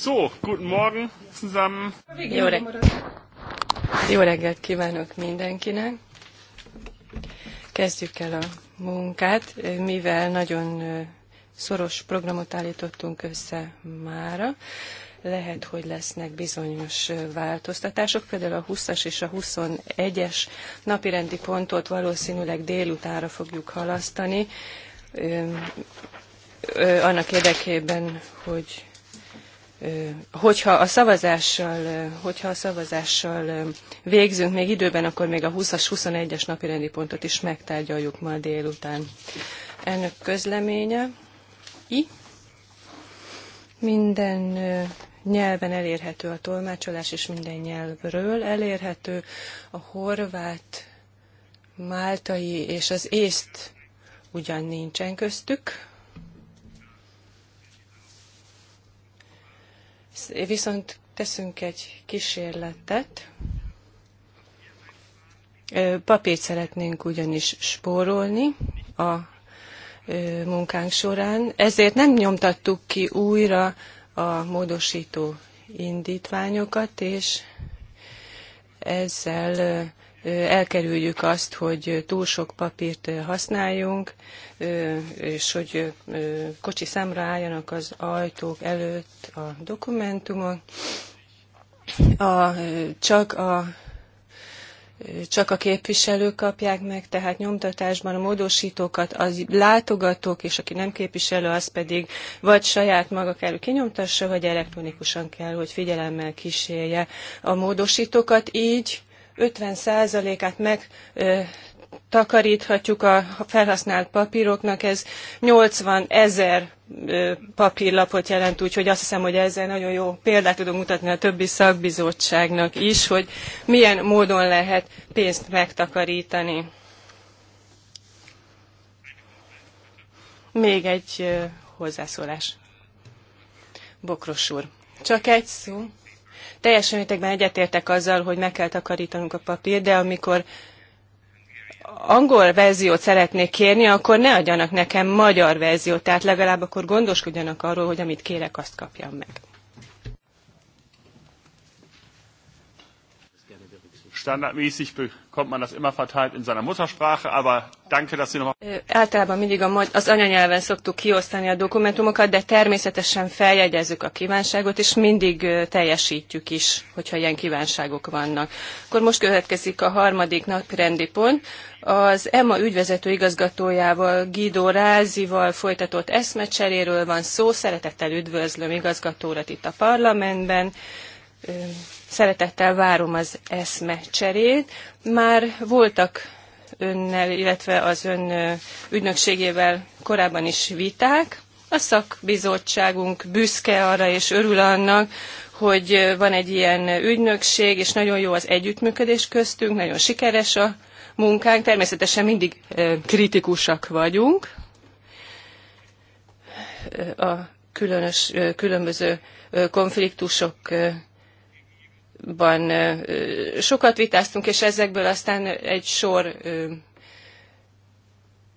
So, guten Morgen zusammen. Jó, reg- Jó reggelt kívánok mindenkinek. Kezdjük el a munkát, mivel nagyon szoros programot állítottunk össze mára. Lehet, hogy lesznek bizonyos változtatások, például a 20-as és a 21-es napirendi pontot valószínűleg délutára fogjuk halasztani annak érdekében, hogy hogyha a szavazással, hogyha a szavazással végzünk még időben, akkor még a 20-as, 21-es napirendi pontot is megtárgyaljuk ma délután. Elnök közleménye. I. Minden nyelven elérhető a tolmácsolás, és minden nyelvről elérhető. A horvát, máltai és az észt ugyan nincsen köztük, Viszont teszünk egy kísérletet. Papírt szeretnénk ugyanis spórolni a munkánk során, ezért nem nyomtattuk ki újra a módosító indítványokat, és ezzel elkerüljük azt, hogy túl sok papírt használjunk, és hogy kocsi számra álljanak az ajtók előtt a dokumentumok. A, csak a csak a képviselők kapják meg, tehát nyomtatásban a módosítókat az látogatók, és aki nem képviselő, az pedig vagy saját maga kell kinyomtassa, vagy elektronikusan kell, hogy figyelemmel kísérje a módosítókat. Így 50%-át meg takaríthatjuk a felhasznált papíroknak, ez 80 ezer papírlapot jelent, úgyhogy azt hiszem, hogy ezzel nagyon jó példát tudunk mutatni a többi szakbizottságnak is, hogy milyen módon lehet pénzt megtakarítani. Még egy hozzászólás. Bokros úr. Csak egy szó. Teljes mértékben egyetértek azzal, hogy meg kell takarítanunk a papírt, de amikor angol verziót szeretnék kérni, akkor ne adjanak nekem magyar verziót, tehát legalább akkor gondoskodjanak arról, hogy amit kérek, azt kapjam meg. Standardmäßig bekommt man das immer verteilt in seiner Muttersprache, aber danke, dass Sie nochmal... Általában mindig a, az anyanyelven szoktuk kiosztani a dokumentumokat, de természetesen feljegyezzük a kívánságot, és mindig teljesítjük is, hogyha ilyen kívánságok vannak. Akkor most következik a harmadik naprendi pont. Az EMA ügyvezető igazgatójával, Guido Rázival folytatott eszmecseréről van szó. Szeretettel üdvözlöm igazgatórat itt a parlamentben Szeretettel várom az eszme cserét. Már voltak önnel, illetve az ön ügynökségével korábban is viták. A szakbizottságunk büszke arra és örül annak, hogy van egy ilyen ügynökség, és nagyon jó az együttműködés köztünk, nagyon sikeres a munkánk. Természetesen mindig kritikusak vagyunk a különös, különböző konfliktusok ban sokat vitáztunk, és ezekből aztán egy sor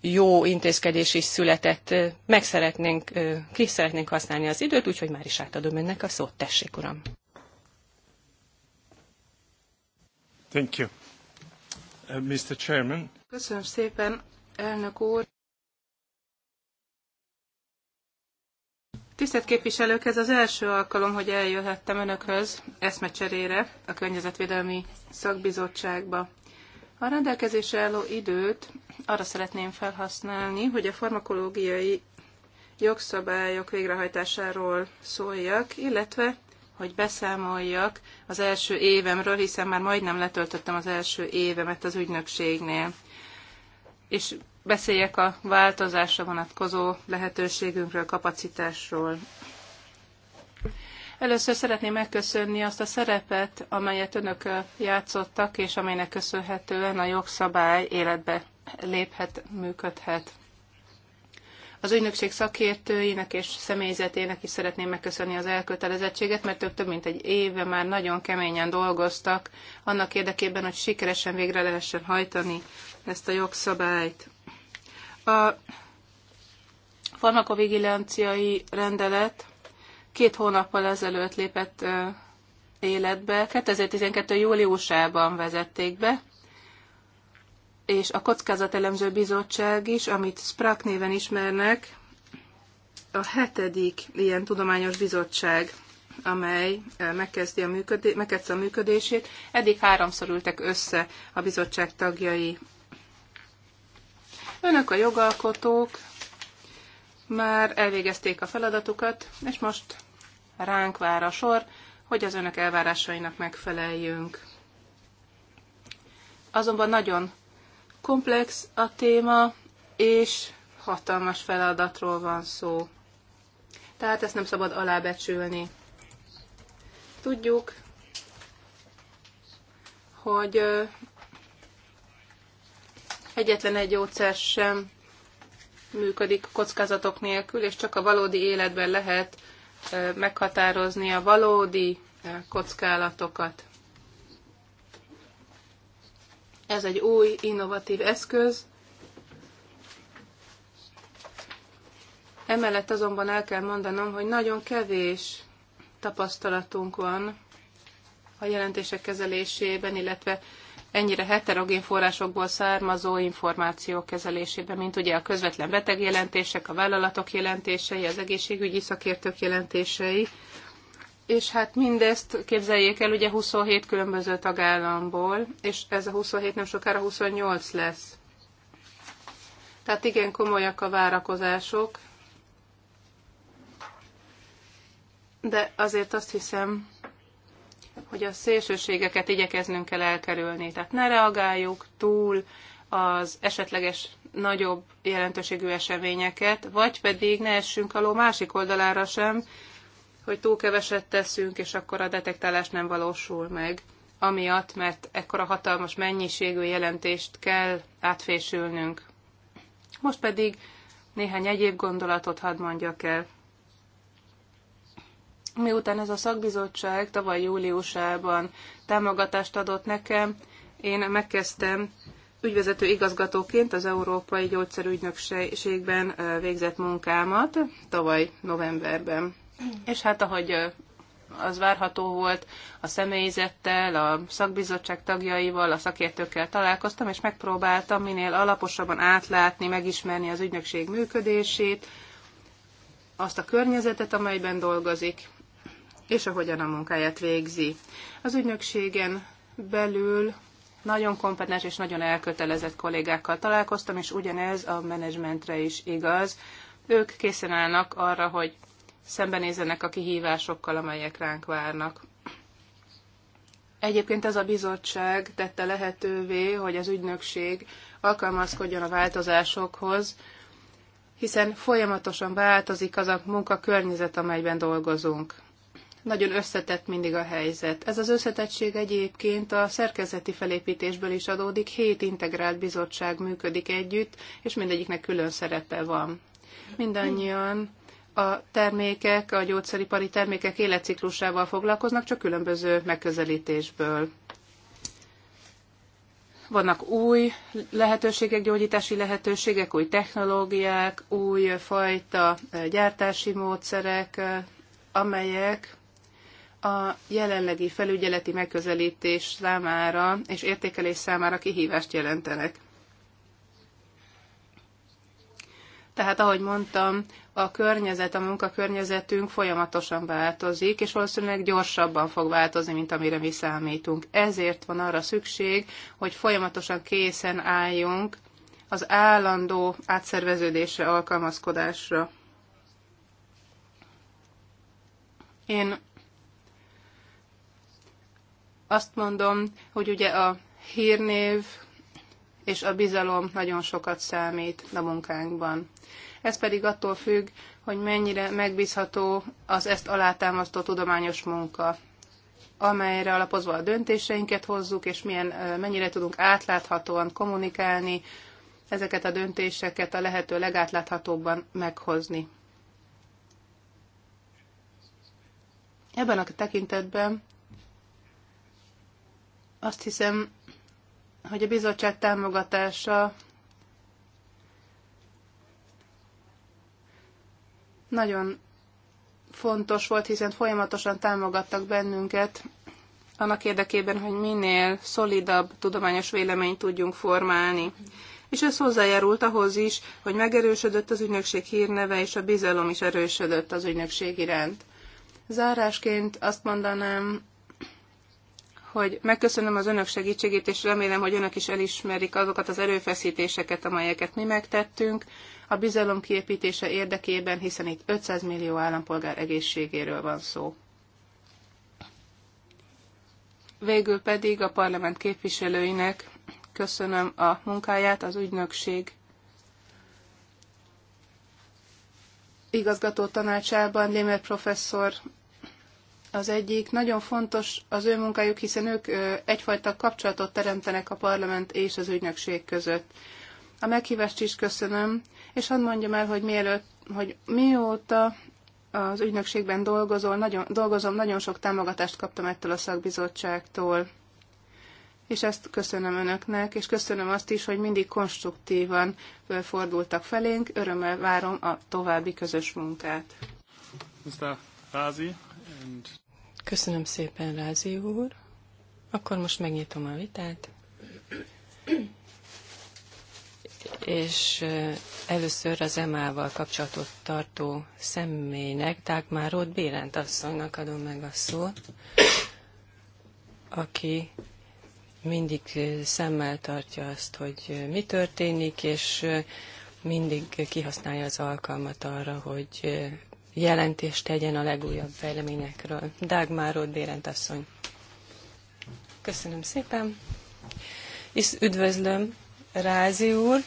jó intézkedés is született. Meg szeretnénk, ki szeretnénk használni az időt, úgyhogy már is átadom önnek a szót. Tessék, uram! Thank you. Uh, Mr. Chairman. Köszönöm szépen, elnök úr! Tisztelt képviselők, ez az első alkalom, hogy eljöhettem Önökhöz eszmecserére a Környezetvédelmi Szakbizottságba. A rendelkezésre álló időt arra szeretném felhasználni, hogy a farmakológiai jogszabályok végrehajtásáról szóljak, illetve hogy beszámoljak az első évemről, hiszen már majdnem letöltöttem az első évemet az ügynökségnél. És beszéljek a változásra vonatkozó lehetőségünkről, kapacitásról. Először szeretném megköszönni azt a szerepet, amelyet önök játszottak, és amelynek köszönhetően a jogszabály életbe léphet, működhet. Az ügynökség szakértőinek és személyzetének is szeretném megköszönni az elkötelezettséget, mert ők több mint egy éve már nagyon keményen dolgoztak annak érdekében, hogy sikeresen végre lehessen hajtani ezt a jogszabályt. A farmakovigilanciai rendelet két hónappal ezelőtt lépett életbe, 2012. júliusában vezették be, és a Kockázatelemző Bizottság is, amit SPRAC néven ismernek, a hetedik ilyen tudományos bizottság, amely megkezdi a, működé- a működését. Eddig háromszor ültek össze a bizottság tagjai Önök a jogalkotók már elvégezték a feladatukat, és most ránk vár a sor, hogy az önök elvárásainak megfeleljünk. Azonban nagyon komplex a téma, és hatalmas feladatról van szó. Tehát ezt nem szabad alábecsülni. Tudjuk, hogy Egyetlen egy gyógyszer sem működik kockázatok nélkül, és csak a valódi életben lehet meghatározni a valódi kockálatokat. Ez egy új, innovatív eszköz. Emellett azonban el kell mondanom, hogy nagyon kevés tapasztalatunk van a jelentések kezelésében, illetve ennyire heterogén forrásokból származó információk kezelésében, mint ugye a közvetlen betegjelentések, a vállalatok jelentései, az egészségügyi szakértők jelentései, és hát mindezt képzeljék el ugye 27 különböző tagállamból, és ez a 27 nem sokára 28 lesz. Tehát igen komolyak a várakozások, de azért azt hiszem, hogy a szélsőségeket igyekeznünk kell elkerülni. Tehát ne reagáljuk túl az esetleges nagyobb jelentőségű eseményeket, vagy pedig ne essünk aló másik oldalára sem, hogy túl keveset teszünk, és akkor a detektálás nem valósul meg, amiatt, mert ekkora hatalmas mennyiségű jelentést kell átfésülnünk. Most pedig néhány egyéb gondolatot hadd mondjak el. Miután ez a szakbizottság tavaly júliusában támogatást adott nekem, én megkezdtem ügyvezető igazgatóként az Európai Gyógyszerügynökségben végzett munkámat tavaly novemberben. És hát ahogy az várható volt, a személyzettel, a szakbizottság tagjaival, a szakértőkkel találkoztam, és megpróbáltam minél alaposabban átlátni, megismerni az ügynökség működését, azt a környezetet, amelyben dolgozik, és ahogyan a munkáját végzi. Az ügynökségen belül nagyon kompetens és nagyon elkötelezett kollégákkal találkoztam, és ugyanez a menedzsmentre is igaz. Ők készen állnak arra, hogy szembenézzenek a kihívásokkal, amelyek ránk várnak. Egyébként ez a bizottság tette lehetővé, hogy az ügynökség alkalmazkodjon a változásokhoz, hiszen folyamatosan változik az a munkakörnyezet, amelyben dolgozunk. Nagyon összetett mindig a helyzet. Ez az összetettség egyébként a szerkezeti felépítésből is adódik, hét integrált bizottság működik együtt, és mindegyiknek külön szerepe van. Mindannyian a termékek, a gyógyszeripari termékek életciklusával foglalkoznak, csak különböző megközelítésből. Vannak új lehetőségek, gyógyítási lehetőségek, új technológiák, új fajta gyártási módszerek, amelyek a jelenlegi felügyeleti megközelítés számára és értékelés számára kihívást jelentenek. Tehát, ahogy mondtam, a környezet, a munkakörnyezetünk folyamatosan változik, és valószínűleg gyorsabban fog változni, mint amire mi számítunk. Ezért van arra szükség, hogy folyamatosan készen álljunk az állandó átszerveződésre, alkalmazkodásra. Én azt mondom, hogy ugye a hírnév és a bizalom nagyon sokat számít a munkánkban. Ez pedig attól függ, hogy mennyire megbízható az ezt alátámasztó tudományos munka, amelyre alapozva a döntéseinket hozzuk, és milyen, mennyire tudunk átláthatóan kommunikálni, ezeket a döntéseket a lehető legátláthatóbban meghozni. Ebben a tekintetben azt hiszem, hogy a bizottság támogatása nagyon fontos volt, hiszen folyamatosan támogattak bennünket annak érdekében, hogy minél szolidabb tudományos véleményt tudjunk formálni. És ez hozzájárult ahhoz is, hogy megerősödött az ügynökség hírneve, és a bizalom is erősödött az ügynökség iránt. Zárásként azt mondanám, hogy megköszönöm az önök segítségét, és remélem, hogy önök is elismerik azokat az erőfeszítéseket, amelyeket mi megtettünk a bizalom kiépítése érdekében, hiszen itt 500 millió állampolgár egészségéről van szó. Végül pedig a parlament képviselőinek köszönöm a munkáját, az ügynökség igazgató tanácsában Lémer professzor az egyik nagyon fontos az ő munkájuk, hiszen ők egyfajta kapcsolatot teremtenek a parlament és az ügynökség között. A meghívást is köszönöm, és hadd mondjam el, hogy mielőtt, hogy mióta az ügynökségben dolgozol, nagyon, dolgozom, nagyon sok támogatást kaptam ettől a szakbizottságtól. És ezt köszönöm önöknek, és köszönöm azt is, hogy mindig konstruktívan fordultak felénk. Örömmel várom a további közös munkát. Mr. Rázi, and... Köszönöm szépen, Rázi úr. Akkor most megnyitom a vitát. És eh, először az emával kapcsolatot tartó személynek, Dagmar Roth Bérent asszonynak adom meg a szót, aki mindig eh, szemmel tartja azt, hogy eh, mi történik, és mindig kihasználja az alkalmat arra, hogy jelentést tegyen a legújabb fejleményekről. Dagmar Roth Bérent asszony. Köszönöm szépen. És üdvözlöm Rázi úr,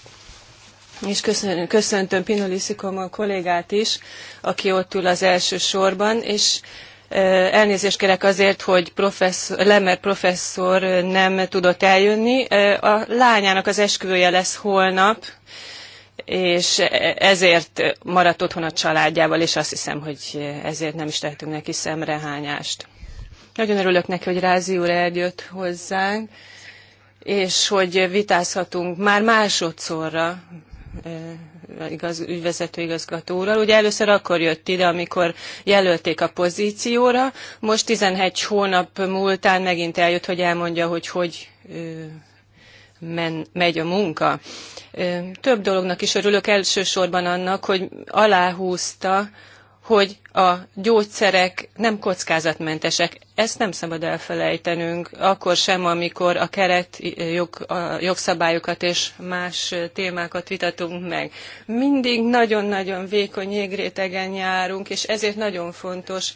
és köszönöm, köszöntöm Pinolisztikom a kollégát is, aki ott ül az első sorban, és Elnézést kérek azért, hogy professzor, Lemmer professzor nem tudott eljönni. A lányának az esküvője lesz holnap, és ezért maradt otthon a családjával, és azt hiszem, hogy ezért nem is tehetünk neki szemrehányást. Nagyon örülök neki, hogy Rázi úr eljött hozzánk, és hogy vitázhatunk már másodszorra igaz, ügyvezető igazgatóról. Ugye először akkor jött ide, amikor jelölték a pozícióra, most 11 hónap múltán megint eljött, hogy elmondja, hogy hogy men, megy a munka. Több dolognak is örülök, elsősorban annak, hogy aláhúzta, hogy a gyógyszerek nem kockázatmentesek. Ezt nem szabad elfelejtenünk, akkor sem, amikor a keret jog, a jogszabályokat és más témákat vitatunk meg. Mindig nagyon-nagyon vékony jégrétegen járunk, és ezért nagyon fontos,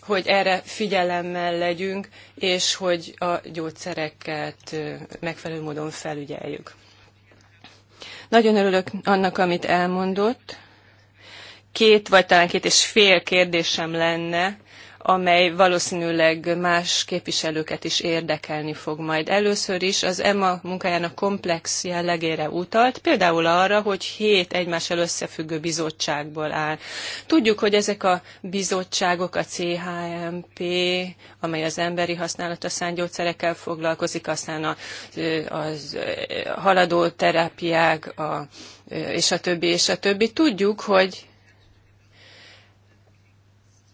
hogy erre figyelemmel legyünk, és hogy a gyógyszereket megfelelő módon felügyeljük. Nagyon örülök annak, amit elmondott. Két vagy talán két és fél kérdésem lenne amely valószínűleg más képviselőket is érdekelni fog majd. Először is az EMA munkájának komplex jellegére utalt, például arra, hogy hét egymással összefüggő bizottságból áll. Tudjuk, hogy ezek a bizottságok, a CHMP, amely az emberi használata szángyógyszerekkel foglalkozik, aztán a, az haladó terápiák, a, és a többi, és a többi. Tudjuk, hogy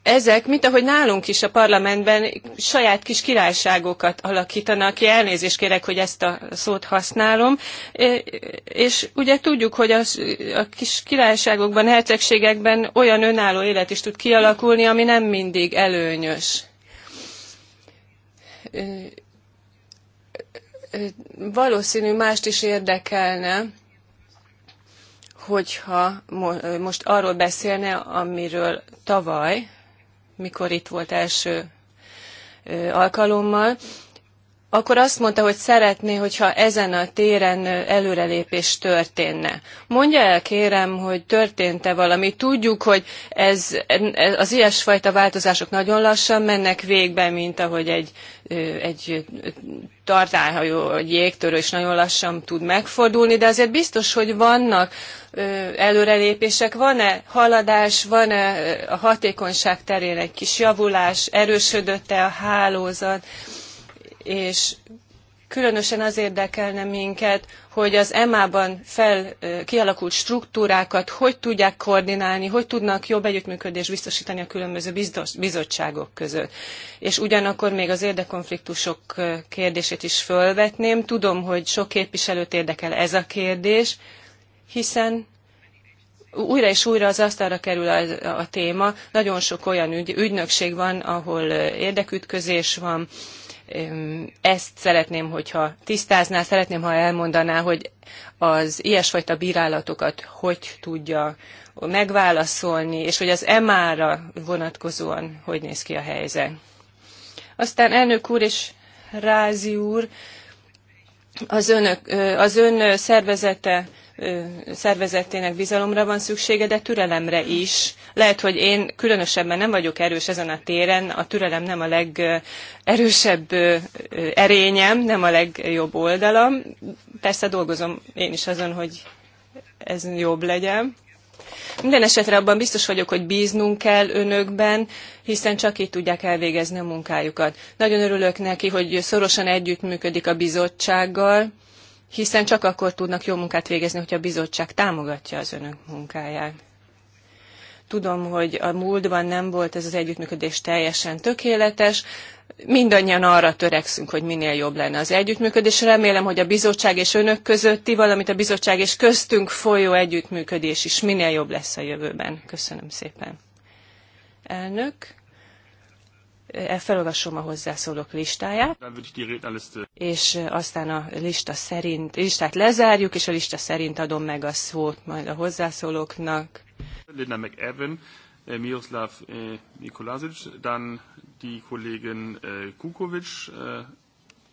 ezek, mint ahogy nálunk is a parlamentben, saját kis királyságokat alakítanak ki, elnézést kérek, hogy ezt a szót használom, és ugye tudjuk, hogy a, a kis királyságokban, hercegségekben olyan önálló élet is tud kialakulni, ami nem mindig előnyös valószínű mást is érdekelne, hogyha most arról beszélne, amiről tavaly mikor itt volt első alkalommal akkor azt mondta, hogy szeretné, hogyha ezen a téren előrelépés történne. Mondja el, kérem, hogy történt-e valami. Tudjuk, hogy ez, az ilyesfajta változások nagyon lassan mennek végbe, mint ahogy egy, egy tartályhajó, egy jégtörő is nagyon lassan tud megfordulni, de azért biztos, hogy vannak előrelépések. Van-e haladás, van-e a hatékonyság terén egy kis javulás, erősödött-e a hálózat? és különösen az érdekelne minket, hogy az EMA-ban fel kialakult struktúrákat hogy tudják koordinálni, hogy tudnak jobb együttműködést biztosítani a különböző biztos, bizottságok között. És ugyanakkor még az érdekonfliktusok kérdését is fölvetném. Tudom, hogy sok képviselőt érdekel ez a kérdés, hiszen újra és újra az asztalra kerül a, a téma. Nagyon sok olyan ügy, ügynökség van, ahol érdekütközés van, ezt szeretném, hogyha tisztázná, szeretném, ha elmondaná, hogy az ilyesfajta bírálatokat hogy tudja megválaszolni, és hogy az emára vonatkozóan hogy néz ki a helyzet. Aztán elnök úr és Rázi úr, az, önök, az ön szervezete szervezetének bizalomra van szüksége, de türelemre is. Lehet, hogy én különösebben nem vagyok erős ezen a téren, a türelem nem a legerősebb erényem, nem a legjobb oldalam. Persze dolgozom én is azon, hogy ez jobb legyen. Minden esetre abban biztos vagyok, hogy bíznunk kell önökben, hiszen csak így tudják elvégezni a munkájukat. Nagyon örülök neki, hogy szorosan együttműködik a bizottsággal, hiszen csak akkor tudnak jó munkát végezni, hogyha a bizottság támogatja az önök munkáját. Tudom, hogy a múltban nem volt ez az együttműködés teljesen tökéletes. Mindannyian arra törekszünk, hogy minél jobb lenne az együttműködés. Remélem, hogy a bizottság és önök közötti, valamint a bizottság és köztünk folyó együttműködés is minél jobb lesz a jövőben. Köszönöm szépen. Elnök. E, felolvasom a hozzászólók listáját, és e, aztán a lista szerint, listát lezárjuk, és a lista szerint adom meg a szót majd a hozzászólóknak. Linda McEwan, e, Miroslav Mikolasic, dann die Kollegin Kukovic,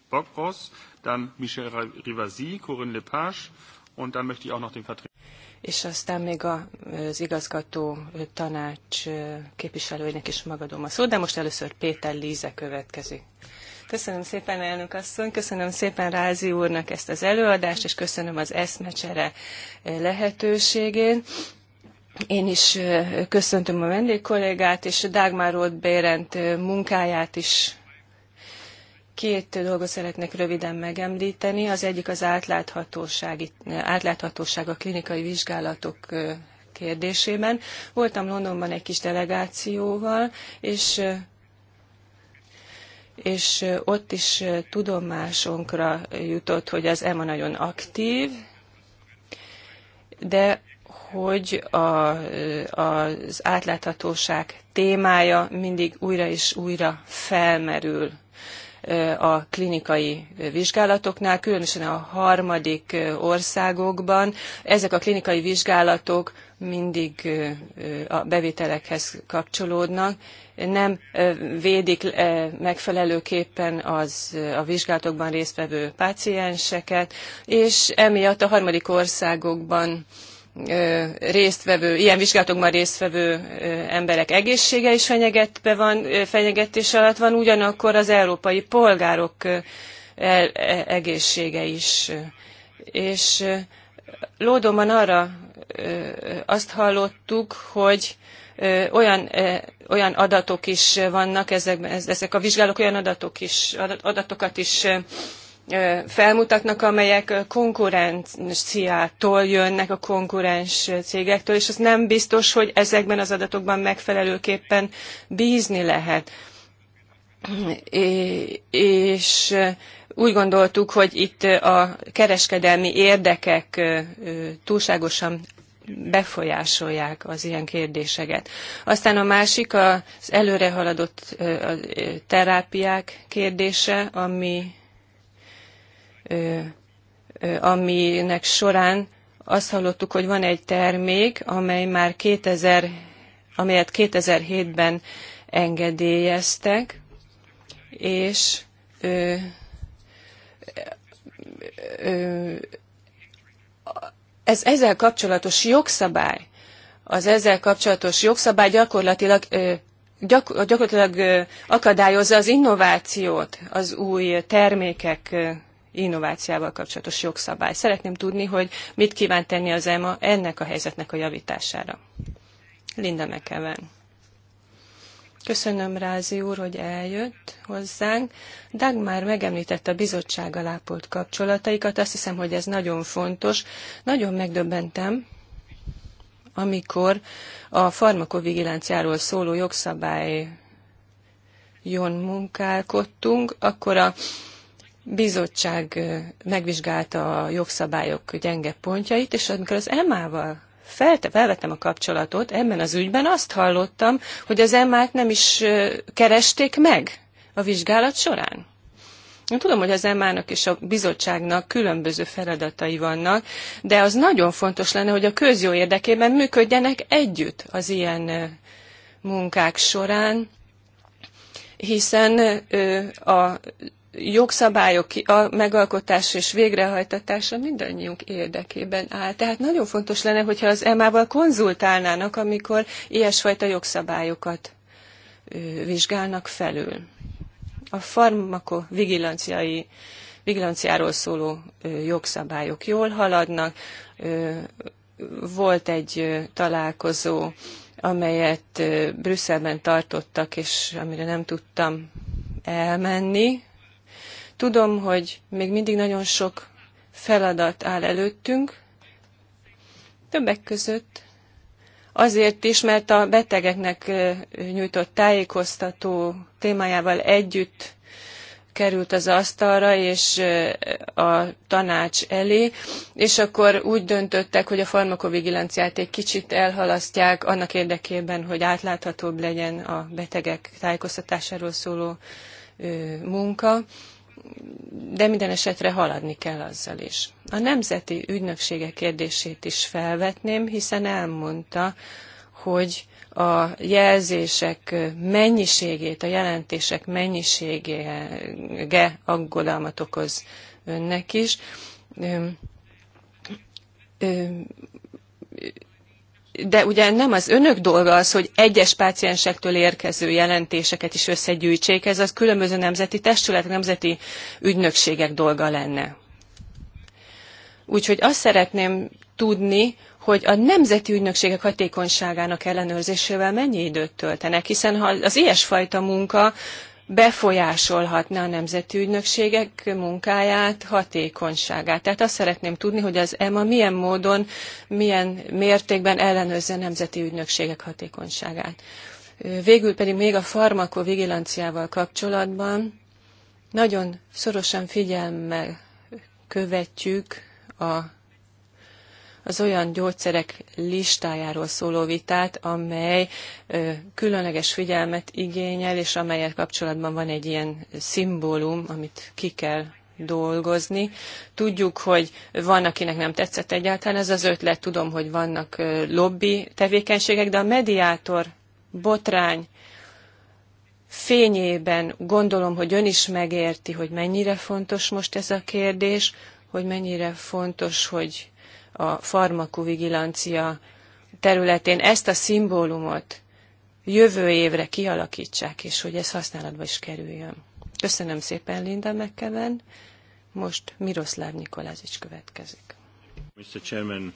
Bokros, dann Michel Rivasi, Corinne Lepage und dann möchte ich auch noch den Vertreter és aztán még az igazgató tanács képviselőinek is magadom a szót, de most először Péter Líze következik. Köszönöm szépen, elnök asszony, köszönöm szépen Rázi úrnak ezt az előadást, és köszönöm az eszmecsere lehetőségén. Én is köszöntöm a vendégkollégát, és Dagmar Roth Bérent munkáját is Két dolgot szeretnék röviden megemlíteni. Az egyik az átláthatóság, átláthatóság a klinikai vizsgálatok kérdésében. Voltam Londonban egy kis delegációval, és és ott is tudomásunkra jutott, hogy az EMA nagyon aktív, de hogy a, az átláthatóság témája mindig újra és újra felmerül a klinikai vizsgálatoknál, különösen a harmadik országokban. Ezek a klinikai vizsgálatok mindig a bevételekhez kapcsolódnak, nem védik megfelelőképpen az a vizsgálatokban résztvevő pácienseket, és emiatt a harmadik országokban résztvevő, ilyen vizsgálatokban résztvevő emberek egészsége is fenyegetve van, fenyegetés alatt van, ugyanakkor az európai polgárok e, egészsége is. És Lódóban arra azt hallottuk, hogy olyan, olyan adatok is vannak, ezek, ezek a vizsgálók olyan adatok is, adatokat is felmutatnak, amelyek konkurenciától jönnek a konkurens cégektől, és az nem biztos, hogy ezekben az adatokban megfelelőképpen bízni lehet. És úgy gondoltuk, hogy itt a kereskedelmi érdekek túlságosan befolyásolják az ilyen kérdéseket. Aztán a másik az előrehaladott terápiák kérdése, ami aminek során azt hallottuk, hogy van egy termék, amely már 2000, amelyet 2007-ben engedélyeztek, és ö, ö, ez ezzel kapcsolatos jogszabály, az ezzel kapcsolatos jogszabály gyakorlatilag ö, gyakorlatilag akadályozza az innovációt az új termékek innovációval kapcsolatos jogszabály. Szeretném tudni, hogy mit kíván tenni az EMA ennek a helyzetnek a javítására. Linda McEwen. Köszönöm Rázi úr, hogy eljött hozzánk. Dag már megemlítette a bizottsággal ápolt kapcsolataikat, azt hiszem, hogy ez nagyon fontos. Nagyon megdöbbentem, amikor a farmakovigilanciáról szóló jogszabályon munkálkodtunk, akkor a bizottság megvizsgálta a jogszabályok gyenge pontjait, és amikor az EMA-val felvettem a kapcsolatot, ebben az ügyben azt hallottam, hogy az EMA-t nem is keresték meg a vizsgálat során. Én tudom, hogy az EMA-nak és a bizottságnak különböző feladatai vannak, de az nagyon fontos lenne, hogy a közjó érdekében működjenek együtt az ilyen munkák során, hiszen a jogszabályok megalkotása és végrehajtatása mindannyiunk érdekében áll. Tehát nagyon fontos lenne, hogyha az EMA-val konzultálnának, amikor ilyesfajta jogszabályokat vizsgálnak felül. A farmakovigilanciai vigilanciáról szóló jogszabályok jól haladnak. Volt egy találkozó, amelyet Brüsszelben tartottak, és amire nem tudtam elmenni, Tudom, hogy még mindig nagyon sok feladat áll előttünk, többek között azért is, mert a betegeknek nyújtott tájékoztató témájával együtt került az asztalra és a tanács elé, és akkor úgy döntöttek, hogy a farmakovigilanciát egy kicsit elhalasztják annak érdekében, hogy átláthatóbb legyen a betegek tájékoztatásáról szóló munka de minden esetre haladni kell azzal is. A nemzeti ügynöksége kérdését is felvetném, hiszen elmondta, hogy a jelzések mennyiségét, a jelentések mennyisége aggodalmat okoz önnek is de ugye nem az önök dolga az, hogy egyes páciensektől érkező jelentéseket is összegyűjtsék, ez az különböző nemzeti testület nemzeti ügynökségek dolga lenne. Úgyhogy azt szeretném tudni, hogy a nemzeti ügynökségek hatékonyságának ellenőrzésével mennyi időt töltenek, hiszen ha az ilyesfajta munka befolyásolhatná a nemzeti ügynökségek munkáját, hatékonyságát. Tehát azt szeretném tudni, hogy az EMA milyen módon, milyen mértékben ellenőrzi a nemzeti ügynökségek hatékonyságát. Végül pedig még a farmakovigilanciával kapcsolatban nagyon szorosan figyelmel követjük a az olyan gyógyszerek listájáról szóló vitát, amely különleges figyelmet igényel, és amelyet kapcsolatban van egy ilyen szimbólum, amit ki kell dolgozni. Tudjuk, hogy van, akinek nem tetszett egyáltalán ez az ötlet, tudom, hogy vannak lobby tevékenységek, de a mediátor botrány fényében gondolom, hogy ön is megérti, hogy mennyire fontos most ez a kérdés, hogy mennyire fontos, hogy a farmakovigilancia területén ezt a szimbólumot jövő évre kialakítsák, és hogy ez használatba is kerüljön. Köszönöm szépen, Linda McKeven. Most Miroslav Nikolázics következik. Mr. Chairman,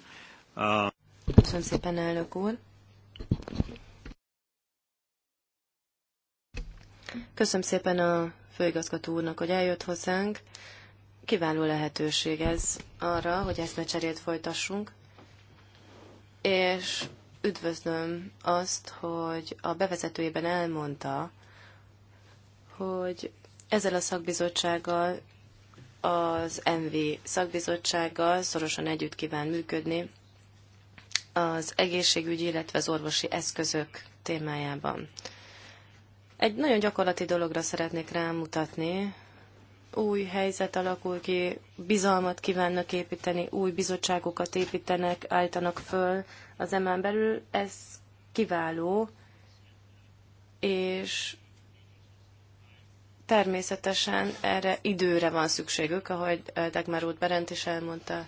uh... Köszönöm szépen, elnök úr. Köszönöm szépen a főigazgató úrnak, hogy eljött hozzánk. Kiváló lehetőség ez arra, hogy ezt cserét folytassunk, és üdvözlöm azt, hogy a bevezetőjében elmondta, hogy ezzel a szakbizottsággal, az MV szakbizottsággal szorosan együtt kíván működni az egészségügyi, illetve az orvosi eszközök témájában. Egy nagyon gyakorlati dologra szeretnék rámutatni, új helyzet alakul ki, bizalmat kívánnak építeni, új bizottságokat építenek, állítanak föl az emán belül. Ez kiváló, és természetesen erre időre van szükségük, ahogy Dagmar út Berent is elmondta.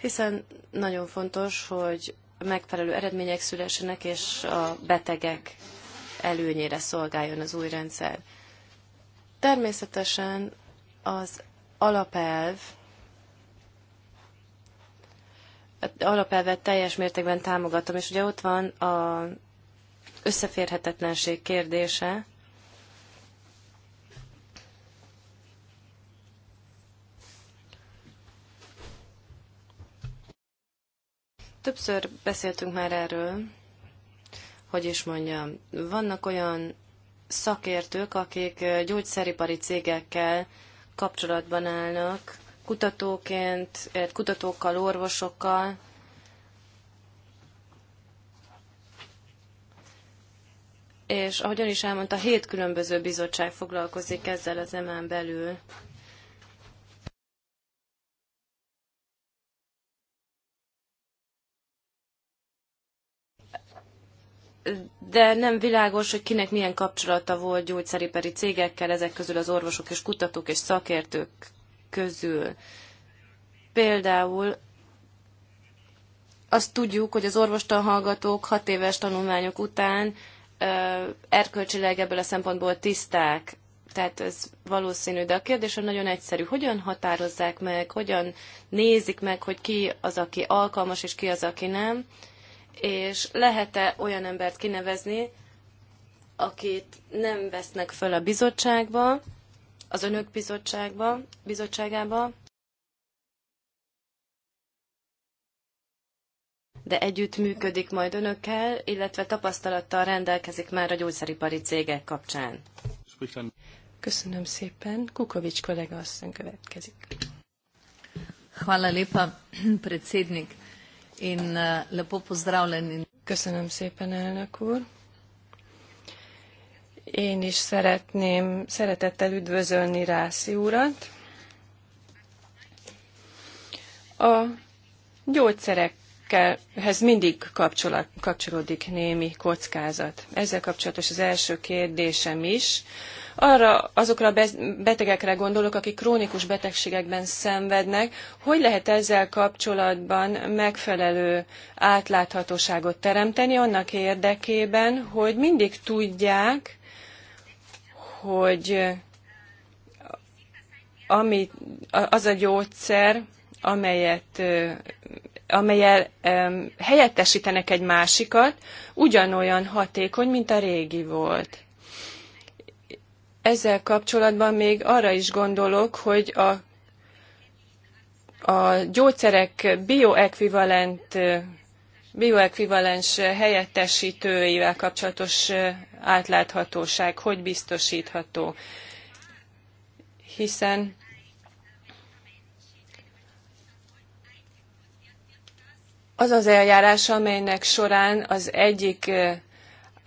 Hiszen nagyon fontos, hogy megfelelő eredmények szülessenek, és a betegek előnyére szolgáljon az új rendszer. Természetesen az alapelv, alapelvet teljes mértékben támogatom, és ugye ott van a összeférhetetlenség kérdése, Többször beszéltünk már erről, hogy is mondjam, vannak olyan szakértők, akik gyógyszeripari cégekkel kapcsolatban állnak, kutatóként, kutatókkal, orvosokkal, és ahogy ön is elmondta, hét különböző bizottság foglalkozik ezzel az emán belül. de nem világos, hogy kinek milyen kapcsolata volt gyógyszeripari cégekkel, ezek közül az orvosok és kutatók és szakértők közül. Például azt tudjuk, hogy az orvostanhallgatók hat éves tanulmányok után erkölcsileg ebből a szempontból tiszták, tehát ez valószínű, de a kérdés nagyon egyszerű. Hogyan határozzák meg, hogyan nézik meg, hogy ki az, aki alkalmas, és ki az, aki nem? és lehet-e olyan embert kinevezni, akit nem vesznek föl a bizottságba, az önök bizottságba, bizottságába, de együtt működik majd önökkel, illetve tapasztalattal rendelkezik már a gyógyszeripari cégek kapcsán. Köszönöm szépen. Kukovics kollega azt következik. Hvala lepa, predsednik in uh, lepo pozdravljeni. Köszönöm szépen, elnök úr. Én is szeretném szeretettel üdvözölni Rászi urat. A gyógyszerekhez mindig kapcsolódik némi kockázat. Ezzel kapcsolatos az első kérdésem is arra azokra a betegekre gondolok, akik krónikus betegségekben szenvednek, hogy lehet ezzel kapcsolatban megfelelő átláthatóságot teremteni annak érdekében, hogy mindig tudják, hogy ami, az a gyógyszer, amelyet, amelyel helyettesítenek egy másikat, ugyanolyan hatékony, mint a régi volt ezzel kapcsolatban még arra is gondolok, hogy a a gyógyszerek bioekvivalent, bioekvivalens helyettesítőivel kapcsolatos átláthatóság hogy biztosítható. Hiszen az az eljárás, amelynek során az egyik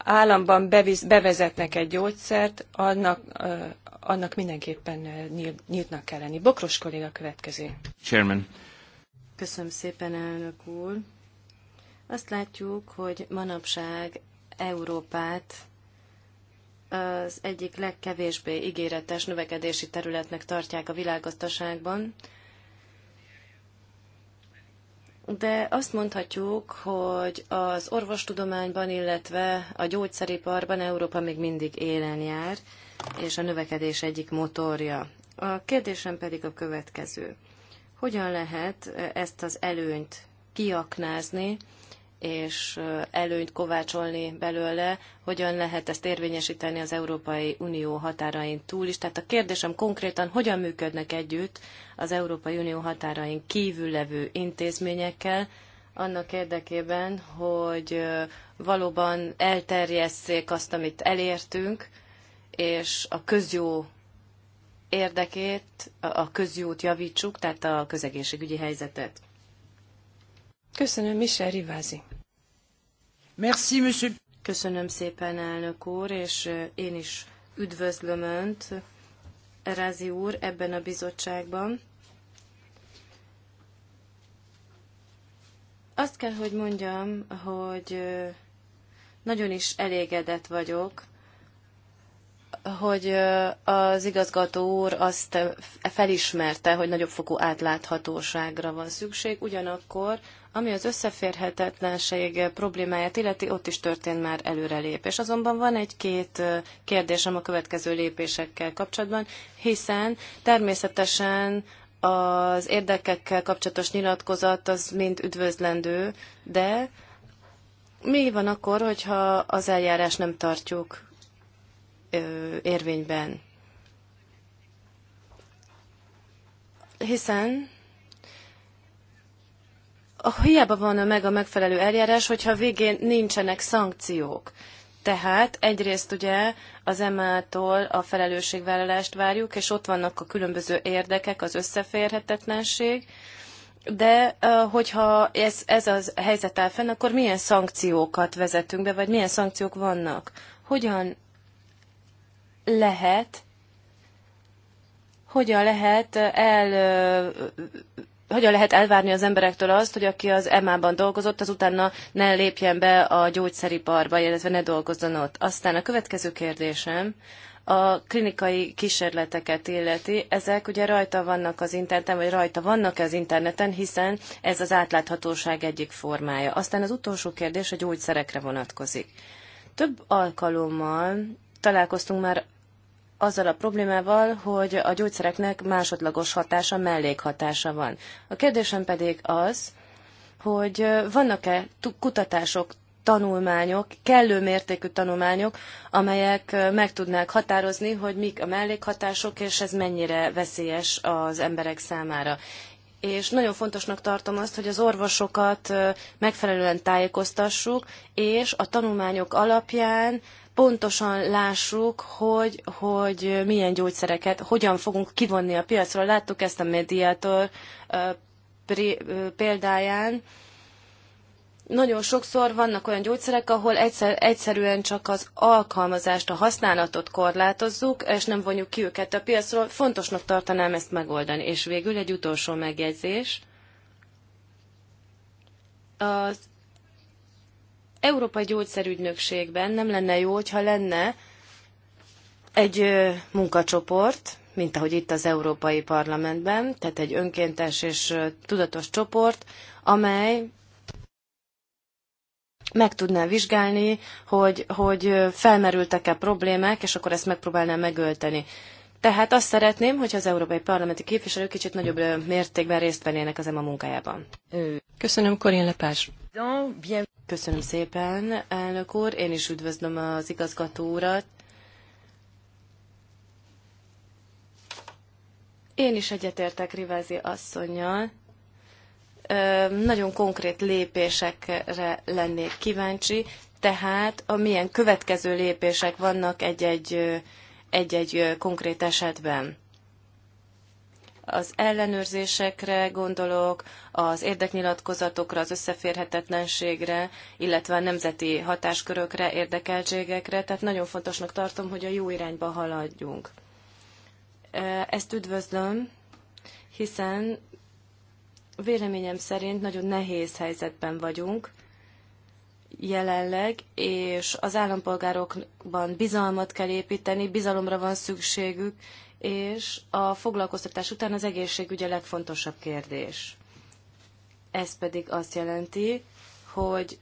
államban bevezetnek egy gyógyszert, annak, annak mindenképpen nyíltnak kell lenni. Bokros kolléga következő. Chairman. Köszönöm szépen, elnök úr. Azt látjuk, hogy manapság Európát az egyik legkevésbé ígéretes növekedési területnek tartják a világgazdaságban de azt mondhatjuk, hogy az orvostudományban, illetve a gyógyszeriparban Európa még mindig élen jár, és a növekedés egyik motorja. A kérdésem pedig a következő. Hogyan lehet ezt az előnyt kiaknázni, és előnyt kovácsolni belőle, hogyan lehet ezt érvényesíteni az Európai Unió határain túl is. Tehát a kérdésem konkrétan, hogyan működnek együtt az Európai Unió határain kívül levő intézményekkel, annak érdekében, hogy valóban elterjesszék azt, amit elértünk, és a közjó érdekét, a közjót javítsuk, tehát a közegészségügyi helyzetet. Köszönöm, Michel Rivázi. Merci, monsieur. Köszönöm szépen, elnök úr, és én is üdvözlöm Önt, Rázi úr, ebben a bizottságban. Azt kell, hogy mondjam, hogy nagyon is elégedett vagyok, hogy az igazgató úr azt felismerte, hogy nagyobb fokú átláthatóságra van szükség, ugyanakkor ami az összeférhetetlenség problémáját illeti, ott is történt már előrelépés. Azonban van egy-két kérdésem a következő lépésekkel kapcsolatban, hiszen természetesen az érdekekkel kapcsolatos nyilatkozat az mind üdvözlendő, de mi van akkor, hogyha az eljárás nem tartjuk érvényben? Hiszen hiába van meg a megfelelő eljárás, hogyha végén nincsenek szankciók. Tehát egyrészt ugye az emától a felelősségvállalást várjuk, és ott vannak a különböző érdekek, az összeférhetetlenség, de hogyha ez, ez a helyzet áll fenn, akkor milyen szankciókat vezetünk be, vagy milyen szankciók vannak? Hogyan lehet, hogyan lehet el hogyan lehet elvárni az emberektől azt, hogy aki az EMA-ban dolgozott, az utána ne lépjen be a gyógyszeriparba, illetve ne dolgozzon ott. Aztán a következő kérdésem a klinikai kísérleteket illeti. Ezek ugye rajta vannak az interneten, vagy rajta vannak az interneten, hiszen ez az átláthatóság egyik formája. Aztán az utolsó kérdés a gyógyszerekre vonatkozik. Több alkalommal találkoztunk már azzal a problémával, hogy a gyógyszereknek másodlagos hatása, mellékhatása van. A kérdésem pedig az, hogy vannak-e kutatások, tanulmányok, kellő mértékű tanulmányok, amelyek meg tudnák határozni, hogy mik a mellékhatások, és ez mennyire veszélyes az emberek számára. És nagyon fontosnak tartom azt, hogy az orvosokat megfelelően tájékoztassuk, és a tanulmányok alapján pontosan lássuk, hogy, hogy milyen gyógyszereket, hogyan fogunk kivonni a piacról. Láttuk ezt a mediátor példáján. Nagyon sokszor vannak olyan gyógyszerek, ahol egyszer, egyszerűen csak az alkalmazást, a használatot korlátozzuk, és nem vonjuk ki őket a piacról. Fontosnak tartanám ezt megoldani. És végül egy utolsó megjegyzés. Az Európai Gyógyszerügynökségben nem lenne jó, hogyha lenne egy munkacsoport, mint ahogy itt az Európai Parlamentben, tehát egy önkéntes és tudatos csoport, amely meg tudná vizsgálni, hogy, hogy felmerültek-e problémák, és akkor ezt megpróbálná megölteni. Tehát azt szeretném, hogy az európai parlamenti képviselők kicsit nagyobb mértékben részt vennének az EMA munkájában. Köszönöm, Korin Lepás. Köszönöm szépen, elnök úr. Én is üdvözlöm az igazgató urat. Én is egyetértek Rivázi asszonynal. Nagyon konkrét lépésekre lennék kíváncsi, tehát a milyen következő lépések vannak egy-egy, egy-egy konkrét esetben az ellenőrzésekre gondolok, az érdeknyilatkozatokra, az összeférhetetlenségre, illetve a nemzeti hatáskörökre, érdekeltségekre, tehát nagyon fontosnak tartom, hogy a jó irányba haladjunk. Ezt üdvözlöm, hiszen véleményem szerint nagyon nehéz helyzetben vagyunk jelenleg, és az állampolgárokban bizalmat kell építeni, bizalomra van szükségük, és a foglalkoztatás után az egészségügy a legfontosabb kérdés. Ez pedig azt jelenti, hogy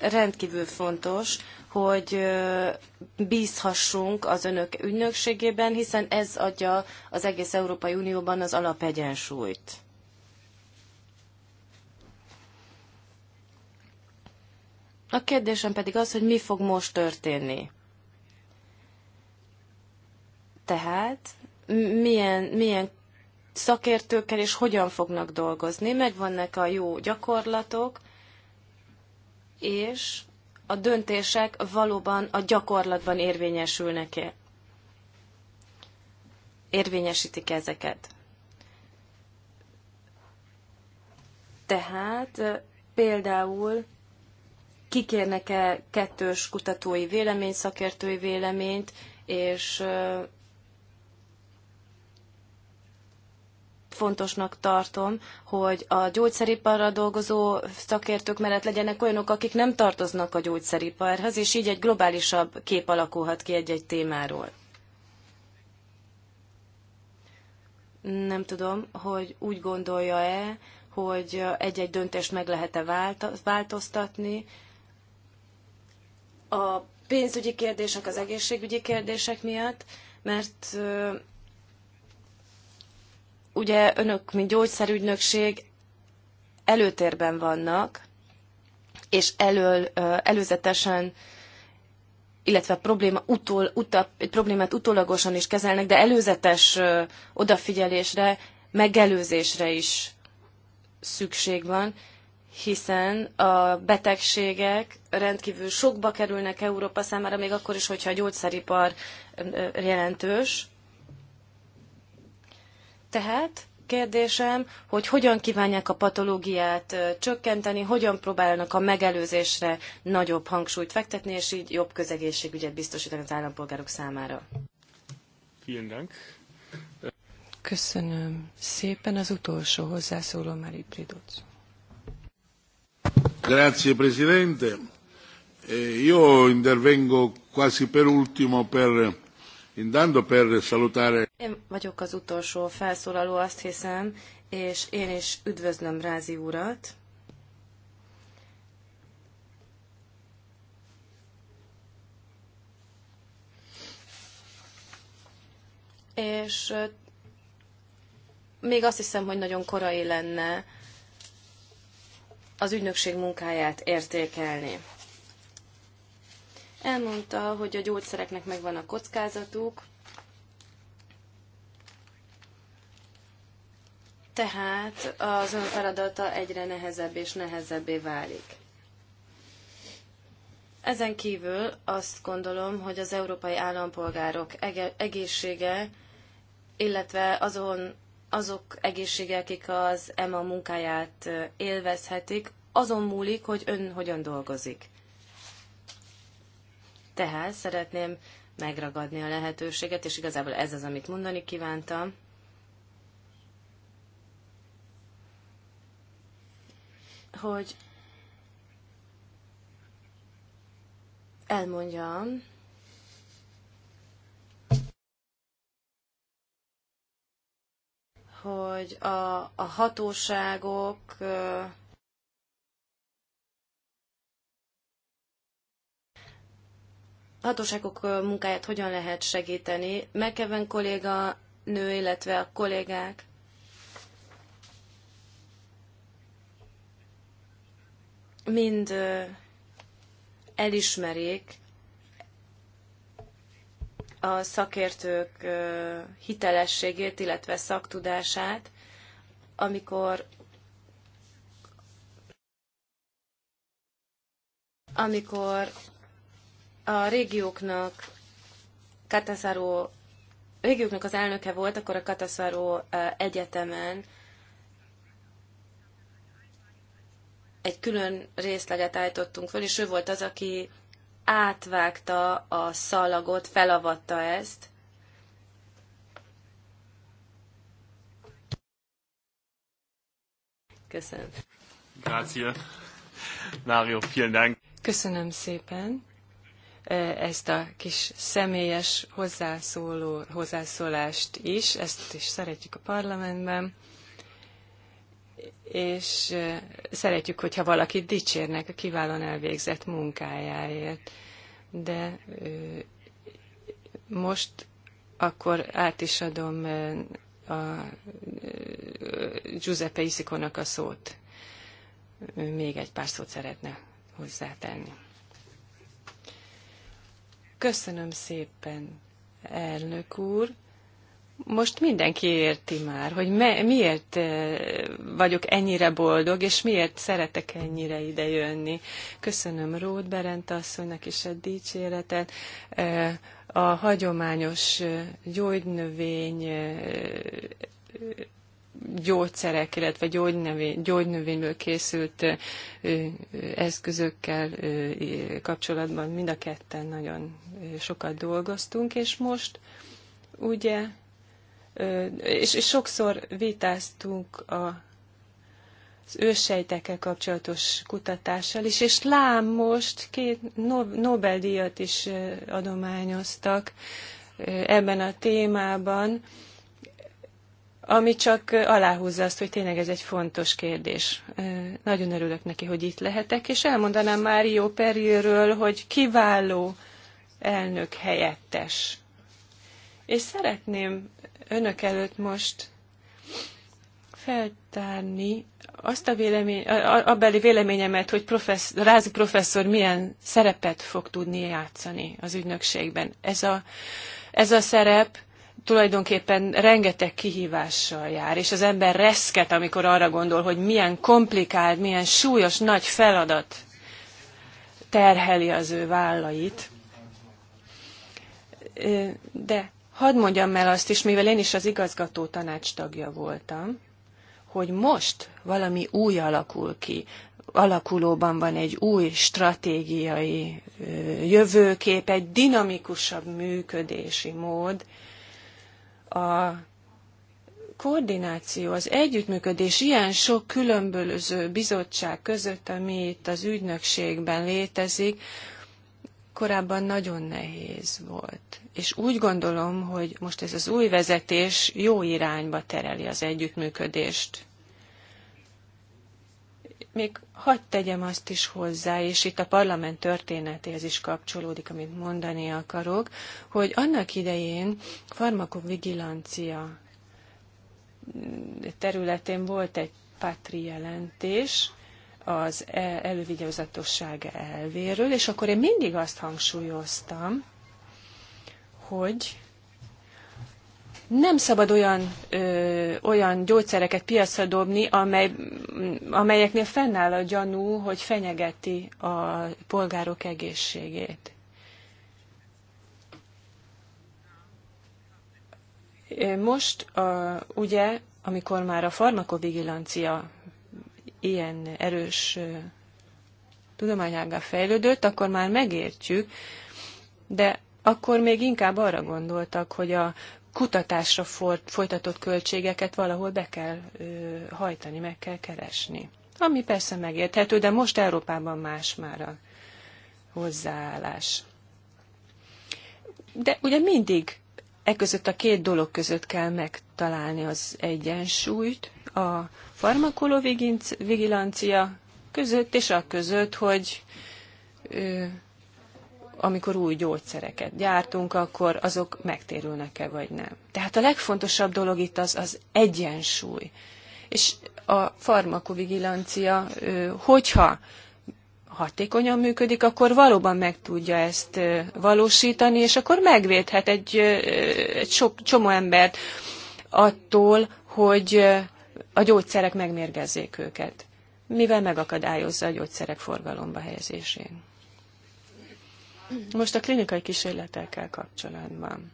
rendkívül fontos, hogy bízhassunk az önök ügynökségében, hiszen ez adja az egész Európai Unióban az alapegyensúlyt. A kérdésem pedig az, hogy mi fog most történni. Tehát milyen, milyen szakértőkkel és hogyan fognak dolgozni, megvannak a jó gyakorlatok, és a döntések valóban a gyakorlatban érvényesülnek-e. Érvényesítik -e ezeket. Tehát például kikérnek-e kettős kutatói vélemény szakértői véleményt, és fontosnak tartom, hogy a gyógyszeriparra dolgozó szakértők mellett legyenek olyanok, akik nem tartoznak a gyógyszeriparhoz, és így egy globálisabb kép alakulhat ki egy-egy témáról. Nem tudom, hogy úgy gondolja-e, hogy egy-egy döntést meg lehet-e változtatni. A pénzügyi kérdések, az egészségügyi kérdések miatt, mert ugye önök, mint gyógyszerügynökség előtérben vannak, és elől, előzetesen illetve probléma utol, uta, egy problémát utólagosan is kezelnek, de előzetes odafigyelésre, megelőzésre is szükség van, hiszen a betegségek rendkívül sokba kerülnek Európa számára, még akkor is, hogyha a gyógyszeripar jelentős. Tehát kérdésem, hogy hogyan kívánják a patológiát csökkenteni, hogyan próbálnak a megelőzésre nagyobb hangsúlyt fektetni, és így jobb közegészségügyet biztosítani az állampolgárok számára. Vielen Dank. Köszönöm szépen. Az utolsó hozzászóló Mari Pridoc. Grazie Presidente. Eh, io intervengo quasi per ultimo per per salutare... Én vagyok az utolsó felszólaló, azt hiszem, és én is üdvözlöm Rázi urat. És még azt hiszem, hogy nagyon korai lenne az ügynökség munkáját értékelni. Elmondta, hogy a gyógyszereknek megvan a kockázatuk, tehát az ön feladata egyre nehezebb és nehezebbé válik. Ezen kívül azt gondolom, hogy az európai állampolgárok egészsége, illetve azon, azok egészsége, akik az EMA munkáját élvezhetik, azon múlik, hogy ön hogyan dolgozik. Tehát szeretném megragadni a lehetőséget, és igazából ez az, amit mondani kívántam. Hogy elmondjam, hogy a, a hatóságok hatóságok munkáját hogyan lehet segíteni. Megkeven kolléga nő, illetve a kollégák. mind elismerik a szakértők hitelességét, illetve szaktudását, amikor amikor a régióknak Kataszáró, régióknak az elnöke volt, akkor a Kataszáró egyetemen egy külön részleget állítottunk föl, és ő volt az, aki átvágta a szalagot, felavatta ezt, Köszönöm. Grazie. Mario, vielen Dank. Köszönöm szépen ezt a kis személyes hozzászóló, hozzászólást is, ezt is szeretjük a parlamentben, és szeretjük, hogyha valakit dicsérnek a kiválóan elvégzett munkájáért. De most akkor át is adom a Giuseppe Isikónak a szót. Ő még egy pár szót szeretne hozzátenni. Köszönöm szépen, elnök úr. Most mindenki érti már, hogy me, miért eh, vagyok ennyire boldog, és miért szeretek ennyire ide jönni. Köszönöm Ród Berent asszonynak is a dicséretet. Eh, a hagyományos eh, gyógynövény gyógyszerek, illetve gyógynövény, gyógynövényből készült eszközökkel kapcsolatban mind a ketten nagyon sokat dolgoztunk, és most ugye, és, és sokszor vitáztunk a az őssejtekkel kapcsolatos kutatással is, és lám most két Nobel-díjat is adományoztak ebben a témában ami csak aláhúzza azt, hogy tényleg ez egy fontos kérdés. Nagyon örülök neki, hogy itt lehetek, és elmondanám Mário Perilről, hogy kiváló elnök helyettes. És szeretném önök előtt most feltárni azt a vélemény, abeli véleményemet, hogy professzor, Rázi professzor milyen szerepet fog tudni játszani az ügynökségben. Ez a, ez a szerep tulajdonképpen rengeteg kihívással jár, és az ember reszket, amikor arra gondol, hogy milyen komplikált, milyen súlyos, nagy feladat terheli az ő vállait. De hadd mondjam el azt is, mivel én is az igazgató tanács tagja voltam, hogy most valami új alakul ki, alakulóban van egy új stratégiai jövőkép, egy dinamikusabb működési mód, a koordináció, az együttműködés ilyen sok különböző bizottság között, ami itt az ügynökségben létezik, korábban nagyon nehéz volt. És úgy gondolom, hogy most ez az új vezetés jó irányba tereli az együttműködést. Még Hadd tegyem azt is hozzá, és itt a parlament történetéhez is kapcsolódik, amit mondani akarok, hogy annak idején farmakovigilancia területén volt egy patri jelentés, az e- elővigyázatosság elvéről, és akkor én mindig azt hangsúlyoztam, hogy nem szabad olyan, ö, olyan gyógyszereket piacra dobni, amely, amelyeknél fennáll a gyanú, hogy fenyegeti a polgárok egészségét. Most a, ugye, amikor már a farmakovigilancia ilyen erős tudományágá fejlődött, akkor már megértjük, de akkor még inkább arra gondoltak, hogy a kutatásra folytatott költségeket valahol be kell hajtani, meg kell keresni. Ami persze megérthető, de most Európában más már a hozzáállás. De ugye mindig e között a két dolog között kell megtalálni az egyensúlyt, a farmakovigilancia között és a között, hogy amikor új gyógyszereket gyártunk, akkor azok megtérülnek-e vagy nem. Tehát a legfontosabb dolog itt az az egyensúly. És a farmakovigilancia, hogyha hatékonyan működik, akkor valóban meg tudja ezt valósítani, és akkor megvédhet egy, egy sok, csomó embert attól, hogy a gyógyszerek megmérgezzék őket, mivel megakadályozza a gyógyszerek forgalomba helyezésén. Most a klinikai kísérletekkel kapcsolatban.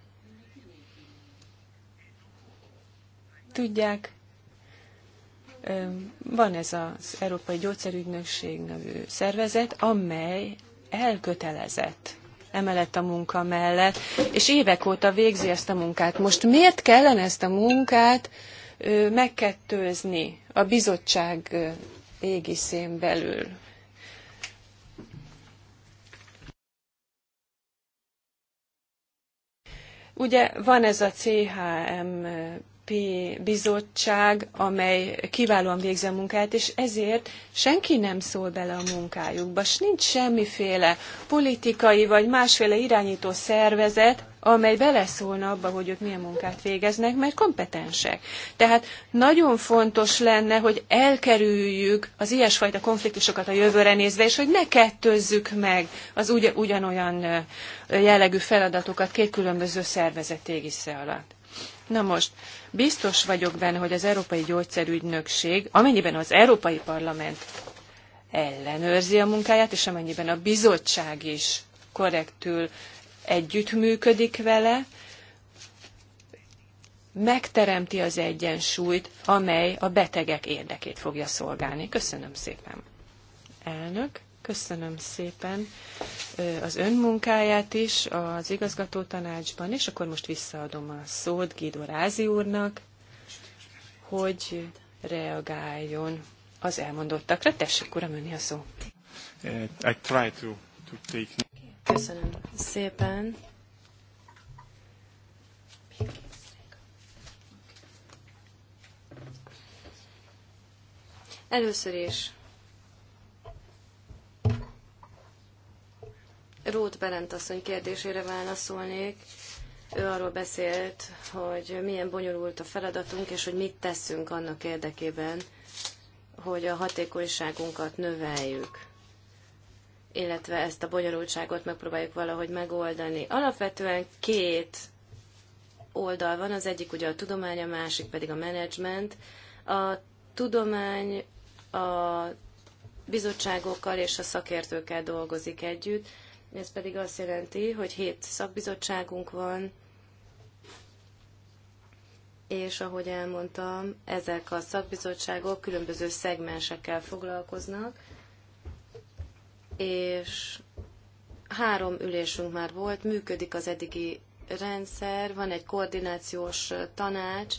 Tudják, van ez az Európai Gyógyszerügynökség nevű szervezet, amely elkötelezett emellett a munka mellett, és évek óta végzi ezt a munkát. Most miért kellene ezt a munkát megkettőzni a bizottság égiszén belül? Ugye van ez a CHMP bizottság, amely kiválóan végzi a munkát, és ezért senki nem szól bele a munkájukba, és nincs semmiféle politikai vagy másféle irányító szervezet, amely beleszólna abba, hogy ők milyen munkát végeznek, mert kompetensek. Tehát nagyon fontos lenne, hogy elkerüljük az ilyesfajta konfliktusokat a jövőre nézve, és hogy ne kettőzzük meg az ugy- ugyanolyan jellegű feladatokat két különböző szervezet égisze alatt. Na most, biztos vagyok benne, hogy az Európai Gyógyszerügynökség, amennyiben az Európai Parlament ellenőrzi a munkáját, és amennyiben a bizottság is korrektül együttműködik vele, megteremti az egyensúlyt, amely a betegek érdekét fogja szolgálni. Köszönöm szépen, elnök. Köszönöm szépen az önmunkáját is az igazgató tanácsban, és akkor most visszaadom a szót Gidó Rázi úrnak, hogy reagáljon az elmondottakra. Tessék, uram, önni a szó. Eh, I try to, to take... Köszönöm szépen. Először is Rót Berent asszony kérdésére válaszolnék. Ő arról beszélt, hogy milyen bonyolult a feladatunk, és hogy mit teszünk annak érdekében, hogy a hatékonyságunkat növeljük illetve ezt a bonyolultságot megpróbáljuk valahogy megoldani. Alapvetően két oldal van, az egyik ugye a tudomány, a másik pedig a menedzsment. A tudomány a bizottságokkal és a szakértőkkel dolgozik együtt, ez pedig azt jelenti, hogy hét szakbizottságunk van, és ahogy elmondtam, ezek a szakbizottságok különböző szegmensekkel foglalkoznak, és három ülésünk már volt, működik az eddigi rendszer, van egy koordinációs tanács,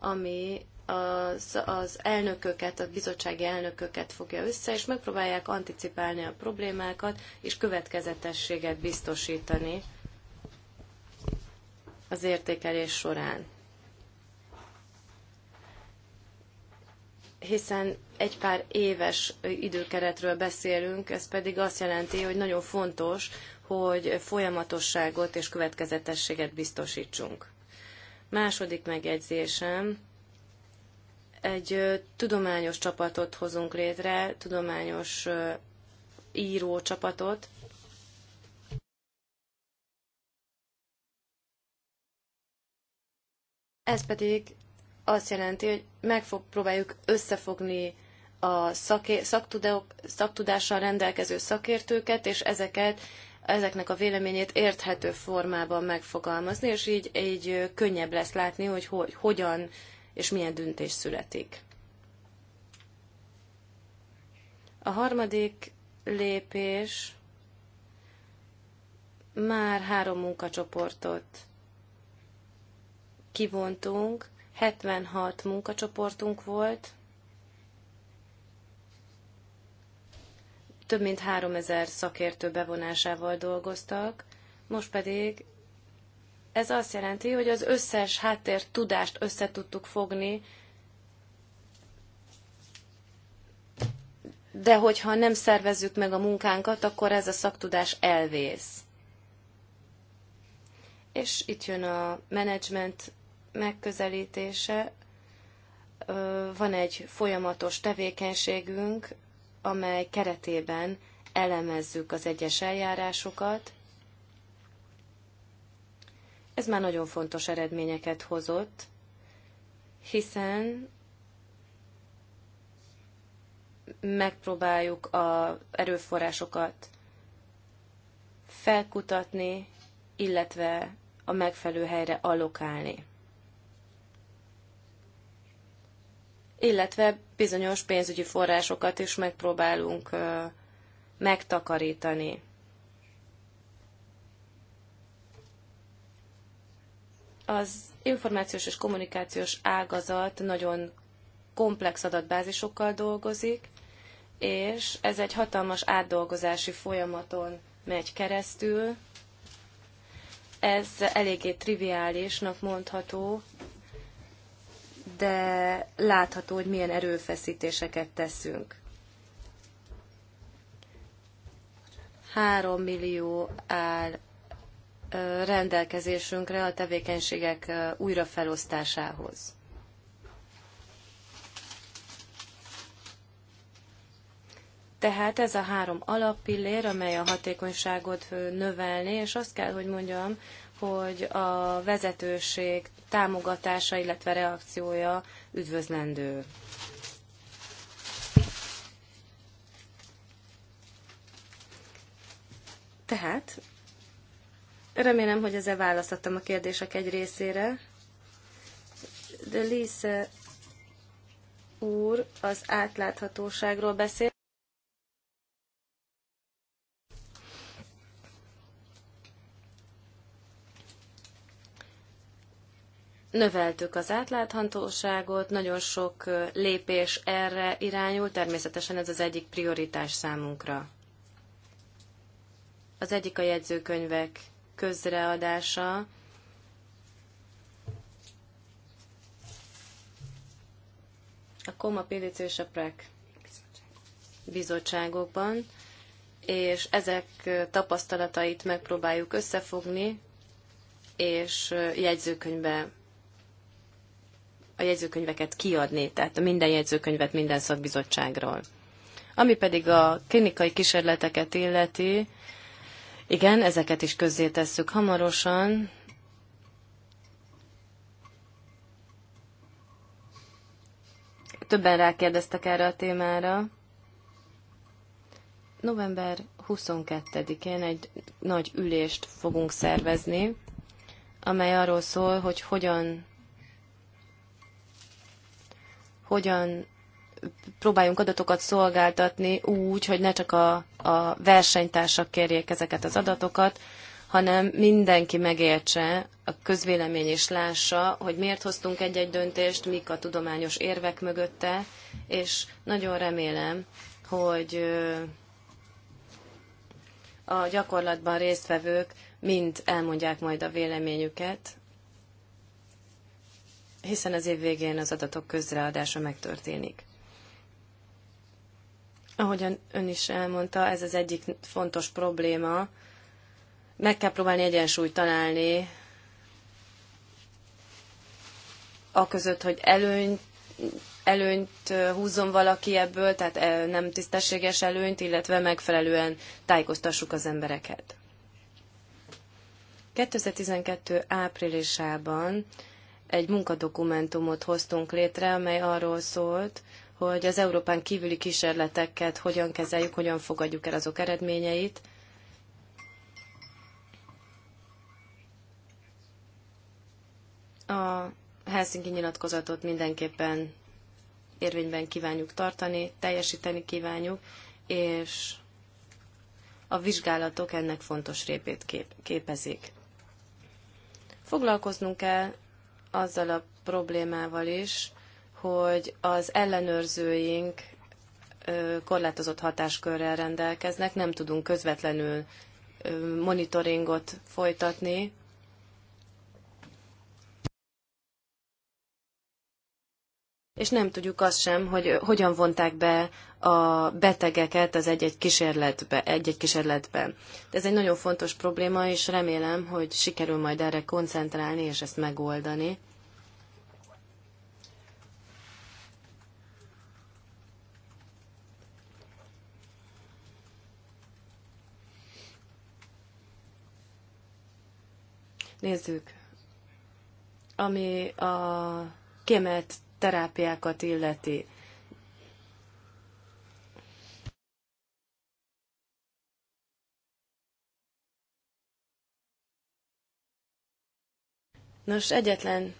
ami az, az elnököket, a bizottsági elnököket fogja össze, és megpróbálják anticipálni a problémákat, és következetességet biztosítani az értékelés során. hiszen egy pár éves időkeretről beszélünk, ez pedig azt jelenti, hogy nagyon fontos, hogy folyamatosságot és következetességet biztosítsunk. Második megjegyzésem, egy tudományos csapatot hozunk létre, tudományos író csapatot, Ez pedig azt jelenti, hogy meg fog, próbáljuk összefogni a szaké, szaktudással rendelkező szakértőket, és ezeket, ezeknek a véleményét érthető formában megfogalmazni, és így, így könnyebb lesz látni, hogy, hogy hogyan és milyen döntés születik. A harmadik lépés már három munkacsoportot kivontunk, 76 munkacsoportunk volt, több mint 3000 szakértő bevonásával dolgoztak, most pedig ez azt jelenti, hogy az összes háttér tudást össze tudtuk fogni, de hogyha nem szervezzük meg a munkánkat, akkor ez a szaktudás elvész. És itt jön a menedzsment megközelítése. Van egy folyamatos tevékenységünk, amely keretében elemezzük az egyes eljárásokat. Ez már nagyon fontos eredményeket hozott, hiszen megpróbáljuk a erőforrásokat felkutatni, illetve a megfelelő helyre allokálni. illetve bizonyos pénzügyi forrásokat is megpróbálunk megtakarítani. Az információs és kommunikációs ágazat nagyon komplex adatbázisokkal dolgozik, és ez egy hatalmas átdolgozási folyamaton megy keresztül. Ez eléggé triviálisnak mondható, de látható, hogy milyen erőfeszítéseket teszünk. 3 millió áll rendelkezésünkre a tevékenységek újrafelosztásához. Tehát ez a három alappillér, amely a hatékonyságot növelni, és azt kell, hogy mondjam, hogy a vezetőség támogatása, illetve reakciója üdvözlendő. Tehát remélem, hogy ezzel választottam a kérdések egy részére. De Lise úr az átláthatóságról beszél. Növeltük az átláthatóságot, nagyon sok lépés erre irányul, természetesen ez az egyik prioritás számunkra. Az egyik a jegyzőkönyvek közreadása, a Koma PDC és a PREK bizottságokban, és ezek tapasztalatait megpróbáljuk összefogni, és jegyzőkönyvbe a jegyzőkönyveket kiadni, tehát minden jegyzőkönyvet minden szakbizottságról. Ami pedig a klinikai kísérleteket illeti, igen, ezeket is közzétesszük hamarosan. Többen rákérdeztek erre a témára. November 22-én egy nagy ülést fogunk szervezni, amely arról szól, hogy hogyan hogyan próbáljunk adatokat szolgáltatni úgy, hogy ne csak a, a versenytársak kérjék ezeket az adatokat, hanem mindenki megértse, a közvélemény is lássa, hogy miért hoztunk egy-egy döntést, mik a tudományos érvek mögötte, és nagyon remélem, hogy a gyakorlatban résztvevők mind elmondják majd a véleményüket, hiszen az év végén az adatok közreadása megtörténik. Ahogyan ön is elmondta, ez az egyik fontos probléma. Meg kell próbálni egyensúlyt találni a között, hogy előnyt, előnyt húzzon valaki ebből, tehát nem tisztességes előnyt, illetve megfelelően tájékoztassuk az embereket. 2012. áprilisában egy munkadokumentumot hoztunk létre, amely arról szólt, hogy az Európán kívüli kísérleteket hogyan kezeljük, hogyan fogadjuk el azok eredményeit. A Helsinki nyilatkozatot mindenképpen érvényben kívánjuk tartani, teljesíteni kívánjuk, és a vizsgálatok ennek fontos répét kép- képezik. Foglalkoznunk kell azzal a problémával is, hogy az ellenőrzőink korlátozott hatáskörrel rendelkeznek, nem tudunk közvetlenül monitoringot folytatni, és nem tudjuk azt sem, hogy hogyan vonták be a betegeket az egy-egy kísérletbe, egy-egy kísérletben. Ez egy nagyon fontos probléma, és remélem, hogy sikerül majd erre koncentrálni és ezt megoldani. Nézzük, ami a kiemelt terápiákat illeti. Nos, egyetlen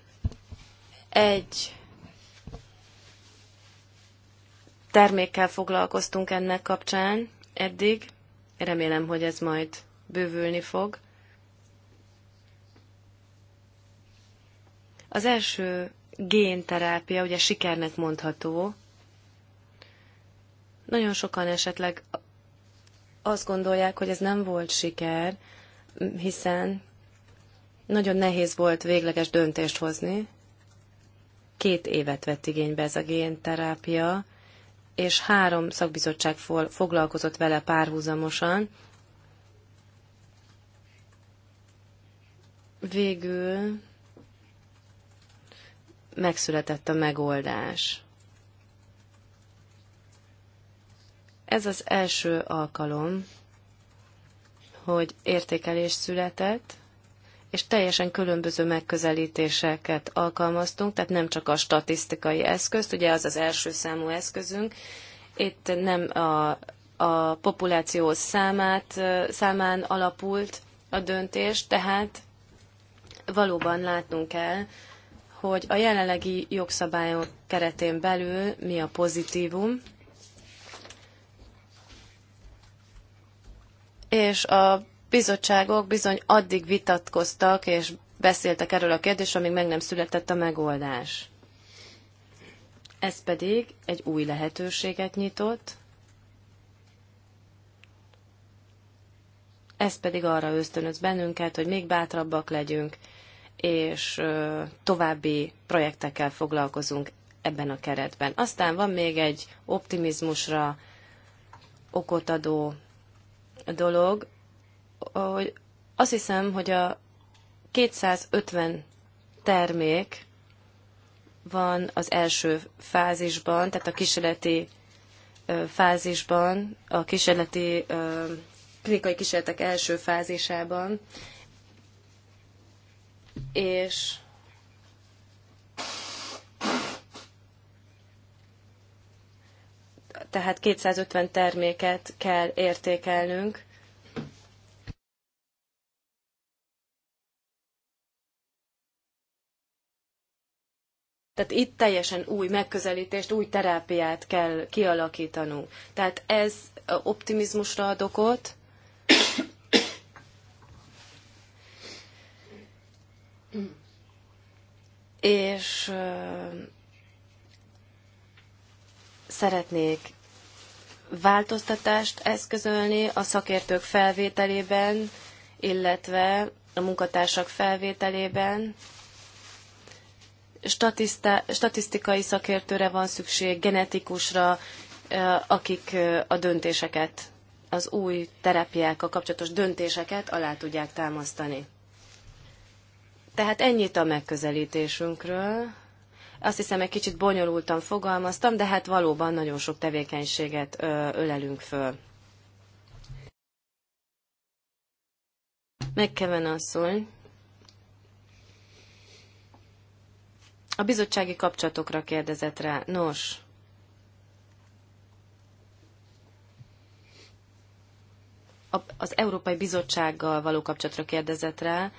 egy termékkel foglalkoztunk ennek kapcsán eddig. Remélem, hogy ez majd bővülni fog. Az első génterápia ugye sikernek mondható. Nagyon sokan esetleg azt gondolják, hogy ez nem volt siker, hiszen nagyon nehéz volt végleges döntést hozni. Két évet vett igénybe ez a génterápia, és három szakbizottság foglalkozott vele párhuzamosan. Végül megszületett a megoldás. Ez az első alkalom, hogy értékelés született, és teljesen különböző megközelítéseket alkalmaztunk, tehát nem csak a statisztikai eszközt, ugye az az első számú eszközünk, itt nem a, a populáció számát, számán alapult a döntés, tehát valóban látnunk kell hogy a jelenlegi jogszabályok keretén belül mi a pozitívum, és a bizottságok bizony addig vitatkoztak és beszéltek erről a kérdésről, amíg meg nem született a megoldás. Ez pedig egy új lehetőséget nyitott, ez pedig arra ösztönöz bennünket, hogy még bátrabbak legyünk, és további projektekkel foglalkozunk ebben a keretben. Aztán van még egy optimizmusra okot adó dolog, hogy azt hiszem, hogy a 250 termék van az első fázisban, tehát a kísérleti fázisban, a kísérleti klinikai kísérletek első fázisában, és tehát 250 terméket kell értékelnünk. Tehát itt teljesen új megközelítést, új terápiát kell kialakítanunk. Tehát ez optimizmusra ad okot, és szeretnék változtatást eszközölni a szakértők felvételében, illetve a munkatársak felvételében. Statiszta, statisztikai szakértőre van szükség, genetikusra, akik a döntéseket, az új terápiákkal kapcsolatos döntéseket alá tudják támasztani. Tehát ennyit a megközelítésünkről. Azt hiszem, egy kicsit bonyolultan fogalmaztam, de hát valóban nagyon sok tevékenységet ölelünk föl. Megkeven asszony. A bizottsági kapcsolatokra kérdezett rá. Nos, az Európai Bizottsággal való kapcsolatra kérdezett rá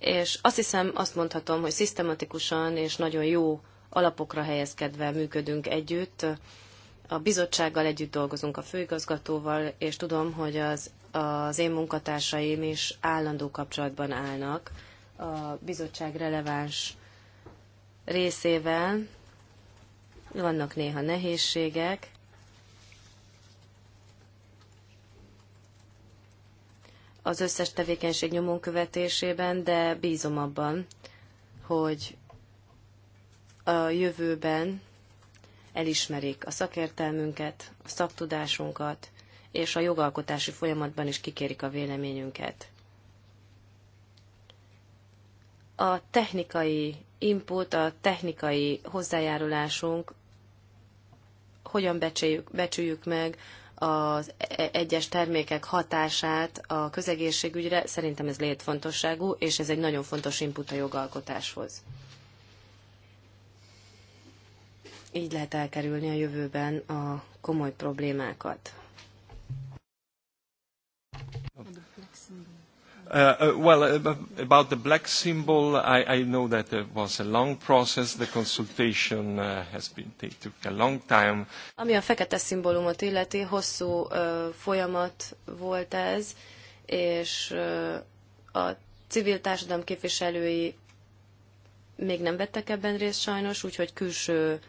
és azt hiszem, azt mondhatom, hogy szisztematikusan és nagyon jó alapokra helyezkedve működünk együtt. A bizottsággal együtt dolgozunk a főigazgatóval, és tudom, hogy az, az én munkatársaim is állandó kapcsolatban állnak a bizottság releváns részével. Vannak néha nehézségek, az összes tevékenység nyomon követésében, de bízom abban, hogy a jövőben elismerik a szakértelmünket, a szaktudásunkat, és a jogalkotási folyamatban is kikérik a véleményünket. A technikai input, a technikai hozzájárulásunk hogyan becsüljük, becsüljük meg az e- e- egyes termékek hatását a közegészségügyre, szerintem ez létfontosságú, és ez egy nagyon fontos input a jogalkotáshoz. Így lehet elkerülni a jövőben a komoly problémákat. Uh, uh, well, uh, about the black symbol, I, I know that it was a long process. The consultation uh, has been took a long time. Ami a fekete szimbólumot illeti, hosszú uh, folyamat volt ez, és uh, a civil társadalom képviselői még nem vettek ebben részt sajnos, úgyhogy külső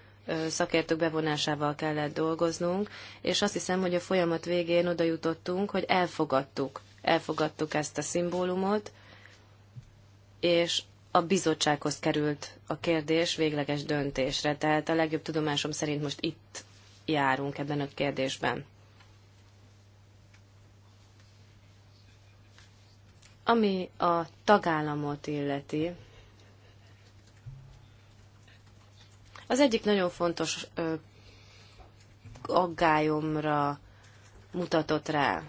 szakértők bevonásával kellett dolgoznunk, és azt hiszem, hogy a folyamat végén oda jutottunk, hogy elfogadtuk elfogadtuk ezt a szimbólumot, és a bizottsághoz került a kérdés végleges döntésre. Tehát a legjobb tudomásom szerint most itt járunk ebben a kérdésben. Ami a tagállamot illeti, az egyik nagyon fontos aggályomra mutatott rá.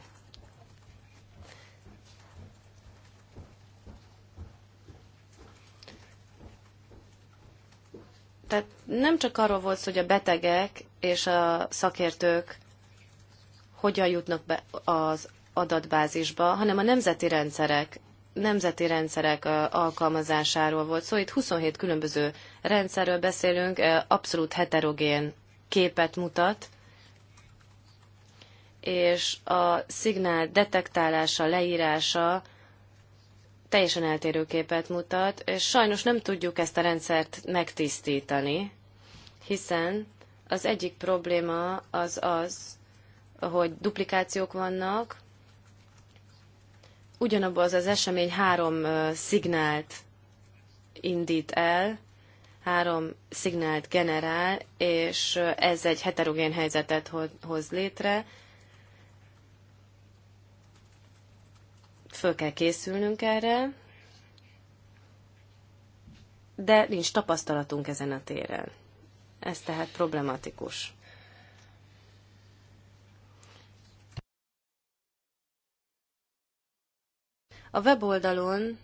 Tehát nem csak arról volt hogy a betegek és a szakértők hogyan jutnak be az adatbázisba, hanem a nemzeti rendszerek nemzeti rendszerek alkalmazásáról volt szó. Szóval itt 27 különböző rendszerről beszélünk, abszolút heterogén képet mutat, és a szignál detektálása, leírása teljesen eltérő képet mutat, és sajnos nem tudjuk ezt a rendszert megtisztítani, hiszen az egyik probléma az az, hogy duplikációk vannak, ugyanabban az az esemény három szignált indít el, három szignált generál, és ez egy heterogén helyzetet hoz létre, föl kell készülnünk erre, de nincs tapasztalatunk ezen a téren. Ez tehát problematikus. A weboldalon,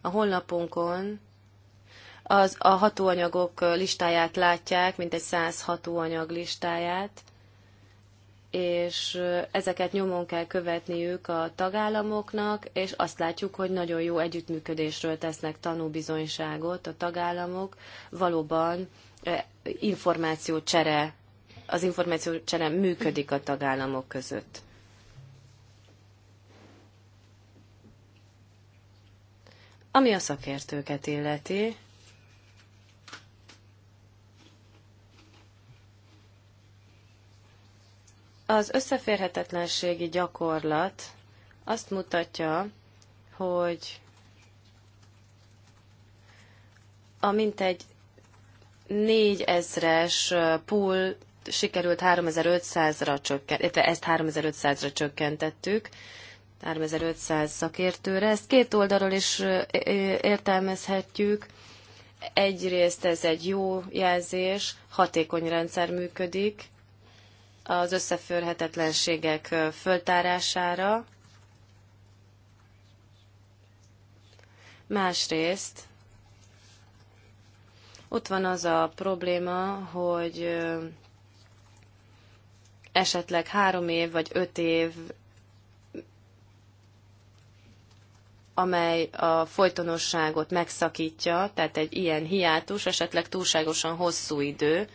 a honlapunkon az a hatóanyagok listáját látják, mint egy 106 hatóanyag listáját és ezeket nyomon kell követniük a tagállamoknak, és azt látjuk, hogy nagyon jó együttműködésről tesznek tanúbizonyságot a tagállamok. Valóban információcsere, az információcsere működik a tagállamok között. Ami a szakértőket illeti, Az összeférhetetlenségi gyakorlat azt mutatja, hogy a mintegy négyezres pool sikerült 3500-ra csökkent, ezt 3500-ra csökkentettük, 3500 szakértőre. Ezt két oldalról is értelmezhetjük. Egyrészt ez egy jó jelzés, hatékony rendszer működik, az összeférhetetlenségek föltárására, másrészt ott van az a probléma, hogy esetleg három év vagy öt év, amely a folytonosságot megszakítja, tehát egy ilyen hiátus, esetleg túlságosan hosszú idő,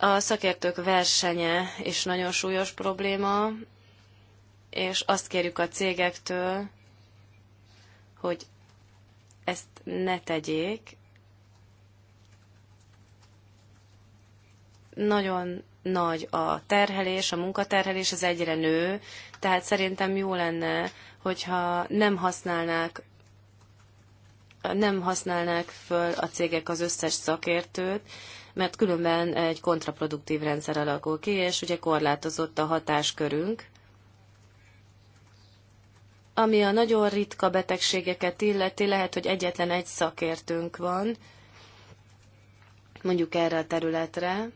a szakértők versenye is nagyon súlyos probléma, és azt kérjük a cégektől, hogy ezt ne tegyék. Nagyon nagy a terhelés, a munkaterhelés, ez egyre nő, tehát szerintem jó lenne, hogyha nem használnák nem használnák föl a cégek az összes szakértőt, mert különben egy kontraproduktív rendszer alakul ki, és ugye korlátozott a hatáskörünk. Ami a nagyon ritka betegségeket illeti, lehet, hogy egyetlen egy szakértőnk van, mondjuk erre a területre.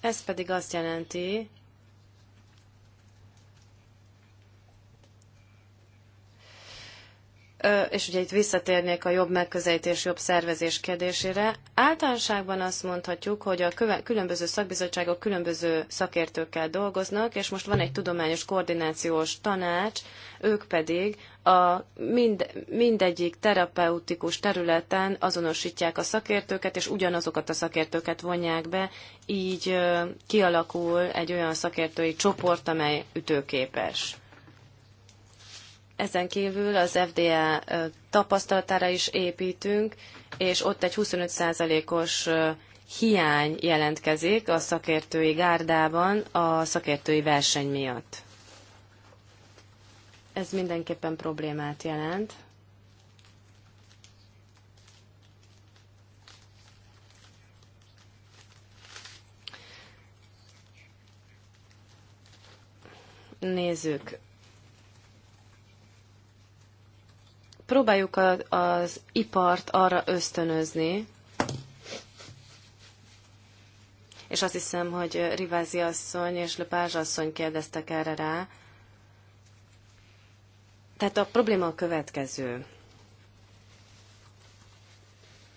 Ez pedig azt jelenti, és ugye itt visszatérnék a jobb megközelítés, jobb szervezés kérdésére. Általánosságban azt mondhatjuk, hogy a különböző szakbizottságok különböző szakértőkkel dolgoznak, és most van egy tudományos koordinációs tanács, ők pedig a mind, mindegyik terapeutikus területen azonosítják a szakértőket, és ugyanazokat a szakértőket vonják be, így kialakul egy olyan szakértői csoport, amely ütőképes. Ezen kívül az FDA tapasztalatára is építünk, és ott egy 25%-os hiány jelentkezik a szakértői gárdában a szakértői verseny miatt. Ez mindenképpen problémát jelent. Nézzük próbáljuk az ipart arra ösztönözni, és azt hiszem, hogy Rivázi asszony és Lepázs asszony kérdeztek erre rá. Tehát a probléma a következő.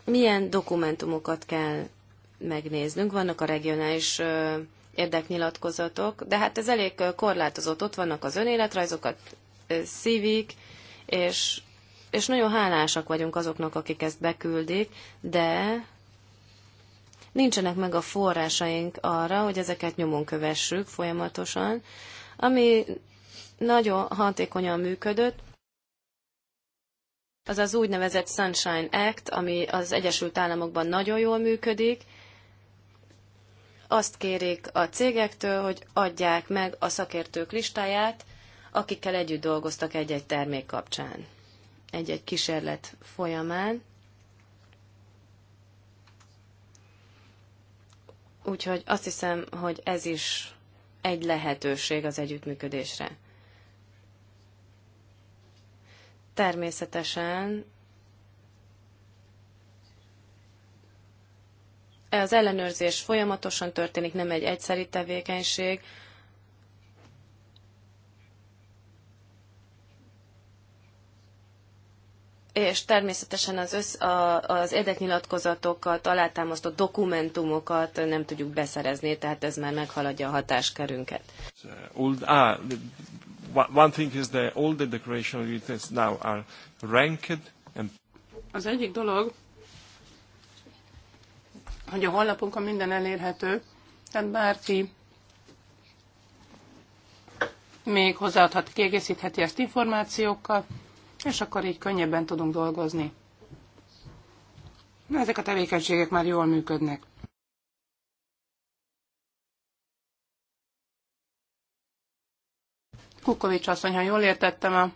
Milyen dokumentumokat kell megnéznünk? Vannak a regionális érdeknyilatkozatok, de hát ez elég korlátozott. Ott vannak az önéletrajzokat, szívik, és és nagyon hálásak vagyunk azoknak, akik ezt beküldik, de nincsenek meg a forrásaink arra, hogy ezeket nyomon kövessük folyamatosan, ami nagyon hatékonyan működött, az az úgynevezett Sunshine Act, ami az Egyesült Államokban nagyon jól működik, azt kérik a cégektől, hogy adják meg a szakértők listáját, akikkel együtt dolgoztak egy-egy termék kapcsán egy-egy kísérlet folyamán. Úgyhogy azt hiszem, hogy ez is egy lehetőség az együttműködésre. Természetesen e az ellenőrzés folyamatosan történik, nem egy egyszeri tevékenység, és természetesen az, össz, a, az érdeknyilatkozatokat, alátámasztott dokumentumokat nem tudjuk beszerezni, tehát ez már meghaladja a hatáskörünket. Uh, ah, az egyik dolog, hogy a honlapunkon minden elérhető, tehát bárki még hozzáadhat, kiegészítheti ezt információkkal, és akkor így könnyebben tudunk dolgozni. Na, ezek a tevékenységek már jól működnek. Kukovics asszony, ha jól értettem a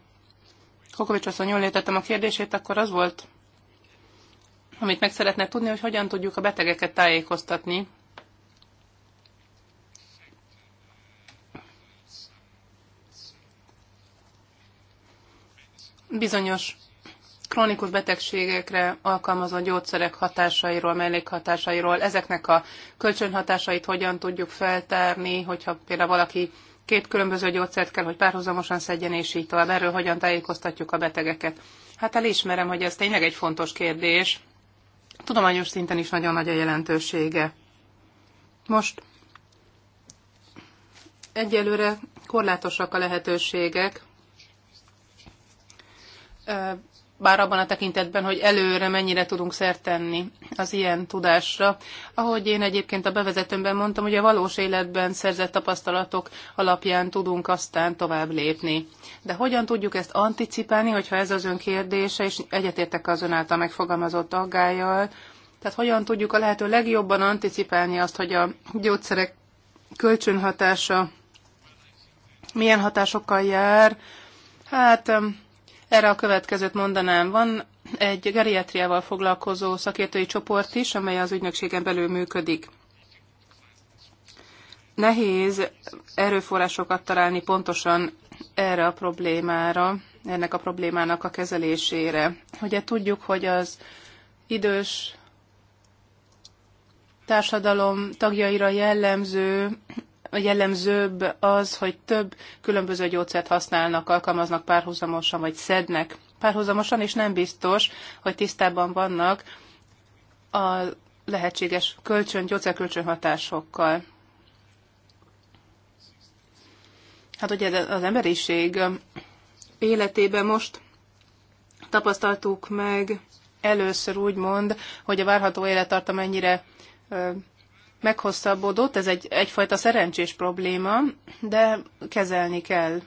Kukovics asszony, jól értettem a kérdését, akkor az volt, amit meg szeretne tudni, hogy hogyan tudjuk a betegeket tájékoztatni bizonyos krónikus betegségekre alkalmazott gyógyszerek hatásairól, mellékhatásairól, ezeknek a kölcsönhatásait hogyan tudjuk feltárni, hogyha például valaki két különböző gyógyszert kell, hogy párhuzamosan szedjen, és így tovább. Erről hogyan tájékoztatjuk a betegeket? Hát elismerem, hogy ez tényleg egy fontos kérdés. Tudományos szinten is nagyon nagy a jelentősége. Most egyelőre korlátosak a lehetőségek, bár abban a tekintetben, hogy előre mennyire tudunk szert tenni az ilyen tudásra. Ahogy én egyébként a bevezetőmben mondtam, hogy a valós életben szerzett tapasztalatok alapján tudunk aztán tovább lépni. De hogyan tudjuk ezt anticipálni, hogyha ez az ön kérdése, és egyetértek az ön által megfogalmazott aggájjal, tehát hogyan tudjuk a lehető legjobban anticipálni azt, hogy a gyógyszerek kölcsönhatása milyen hatásokkal jár, Hát erre a következőt mondanám. Van egy geriatriával foglalkozó szakértői csoport is, amely az ügynökségen belül működik. Nehéz erőforrásokat találni pontosan erre a problémára, ennek a problémának a kezelésére. Ugye tudjuk, hogy az idős társadalom tagjaira jellemző jellemzőbb az, hogy több különböző gyógyszert használnak, alkalmaznak párhuzamosan, vagy szednek párhuzamosan, és nem biztos, hogy tisztában vannak a lehetséges kölcsön, gyógyszerkölcsön hatásokkal. Hát ugye az emberiség életében most tapasztaltuk meg először úgy mond, hogy a várható élettartam ennyire meghosszabbodott, ez egy, egyfajta szerencsés probléma, de kezelni kell.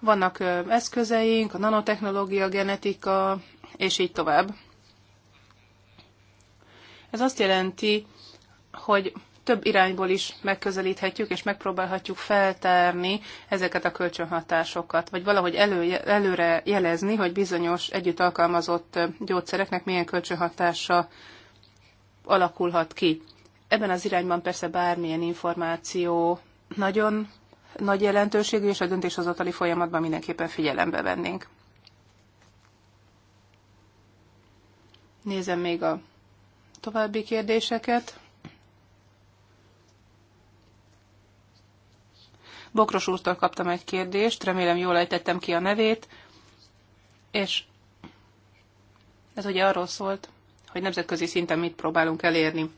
Vannak eszközeink, a nanotechnológia, genetika, és így tovább. Ez azt jelenti, hogy több irányból is megközelíthetjük, és megpróbálhatjuk feltárni ezeket a kölcsönhatásokat, vagy valahogy elő, előre jelezni, hogy bizonyos együtt alkalmazott gyógyszereknek milyen kölcsönhatása alakulhat ki. Ebben az irányban persze bármilyen információ nagyon nagy jelentőségű, és a döntéshozatali folyamatban mindenképpen figyelembe vennénk. Nézem még a további kérdéseket. Bokros úrtól kaptam egy kérdést, remélem jól ejtettem ki a nevét, és ez ugye arról szólt, hogy nemzetközi szinten mit próbálunk elérni.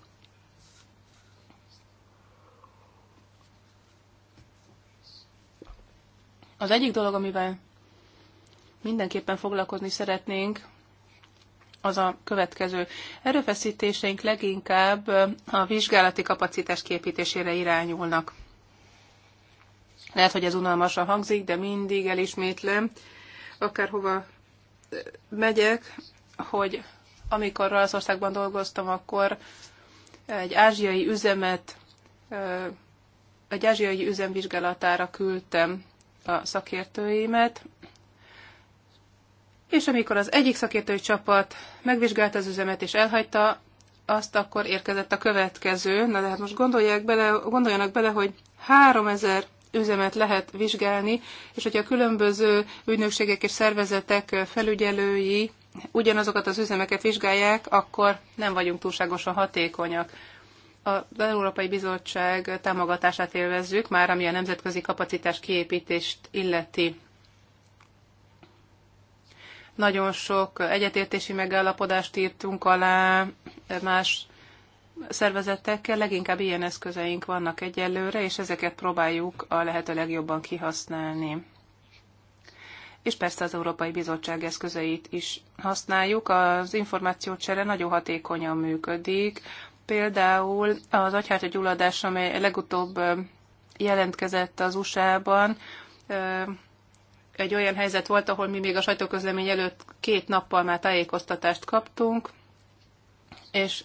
Az egyik dolog, amivel mindenképpen foglalkozni szeretnénk, az a következő. Erőfeszítéseink leginkább a vizsgálati kapacitás képítésére irányulnak. Lehet, hogy ez unalmasan hangzik, de mindig elismétlem, akárhova megyek, hogy amikor Olaszországban dolgoztam, akkor egy ázsiai üzemet, egy ázsiai üzemvizsgálatára küldtem a szakértőimet, és amikor az egyik szakértői csapat megvizsgálta az üzemet és elhagyta, azt akkor érkezett a következő. Na de hát most gondolják bele, gondoljanak bele, hogy 3000 üzemet lehet vizsgálni, és hogyha a különböző ügynökségek és szervezetek felügyelői ugyanazokat az üzemeket vizsgálják, akkor nem vagyunk túlságosan hatékonyak az Európai Bizottság támogatását élvezzük, már ami a nemzetközi kapacitás kiépítést illeti. Nagyon sok egyetértési megállapodást írtunk alá más szervezetekkel, leginkább ilyen eszközeink vannak egyelőre, és ezeket próbáljuk a lehető legjobban kihasználni. És persze az Európai Bizottság eszközeit is használjuk. Az információcsere nagyon hatékonyan működik, Például az agyhártya gyulladás, amely legutóbb jelentkezett az USA-ban, egy olyan helyzet volt, ahol mi még a sajtóközlemény előtt két nappal már tájékoztatást kaptunk, és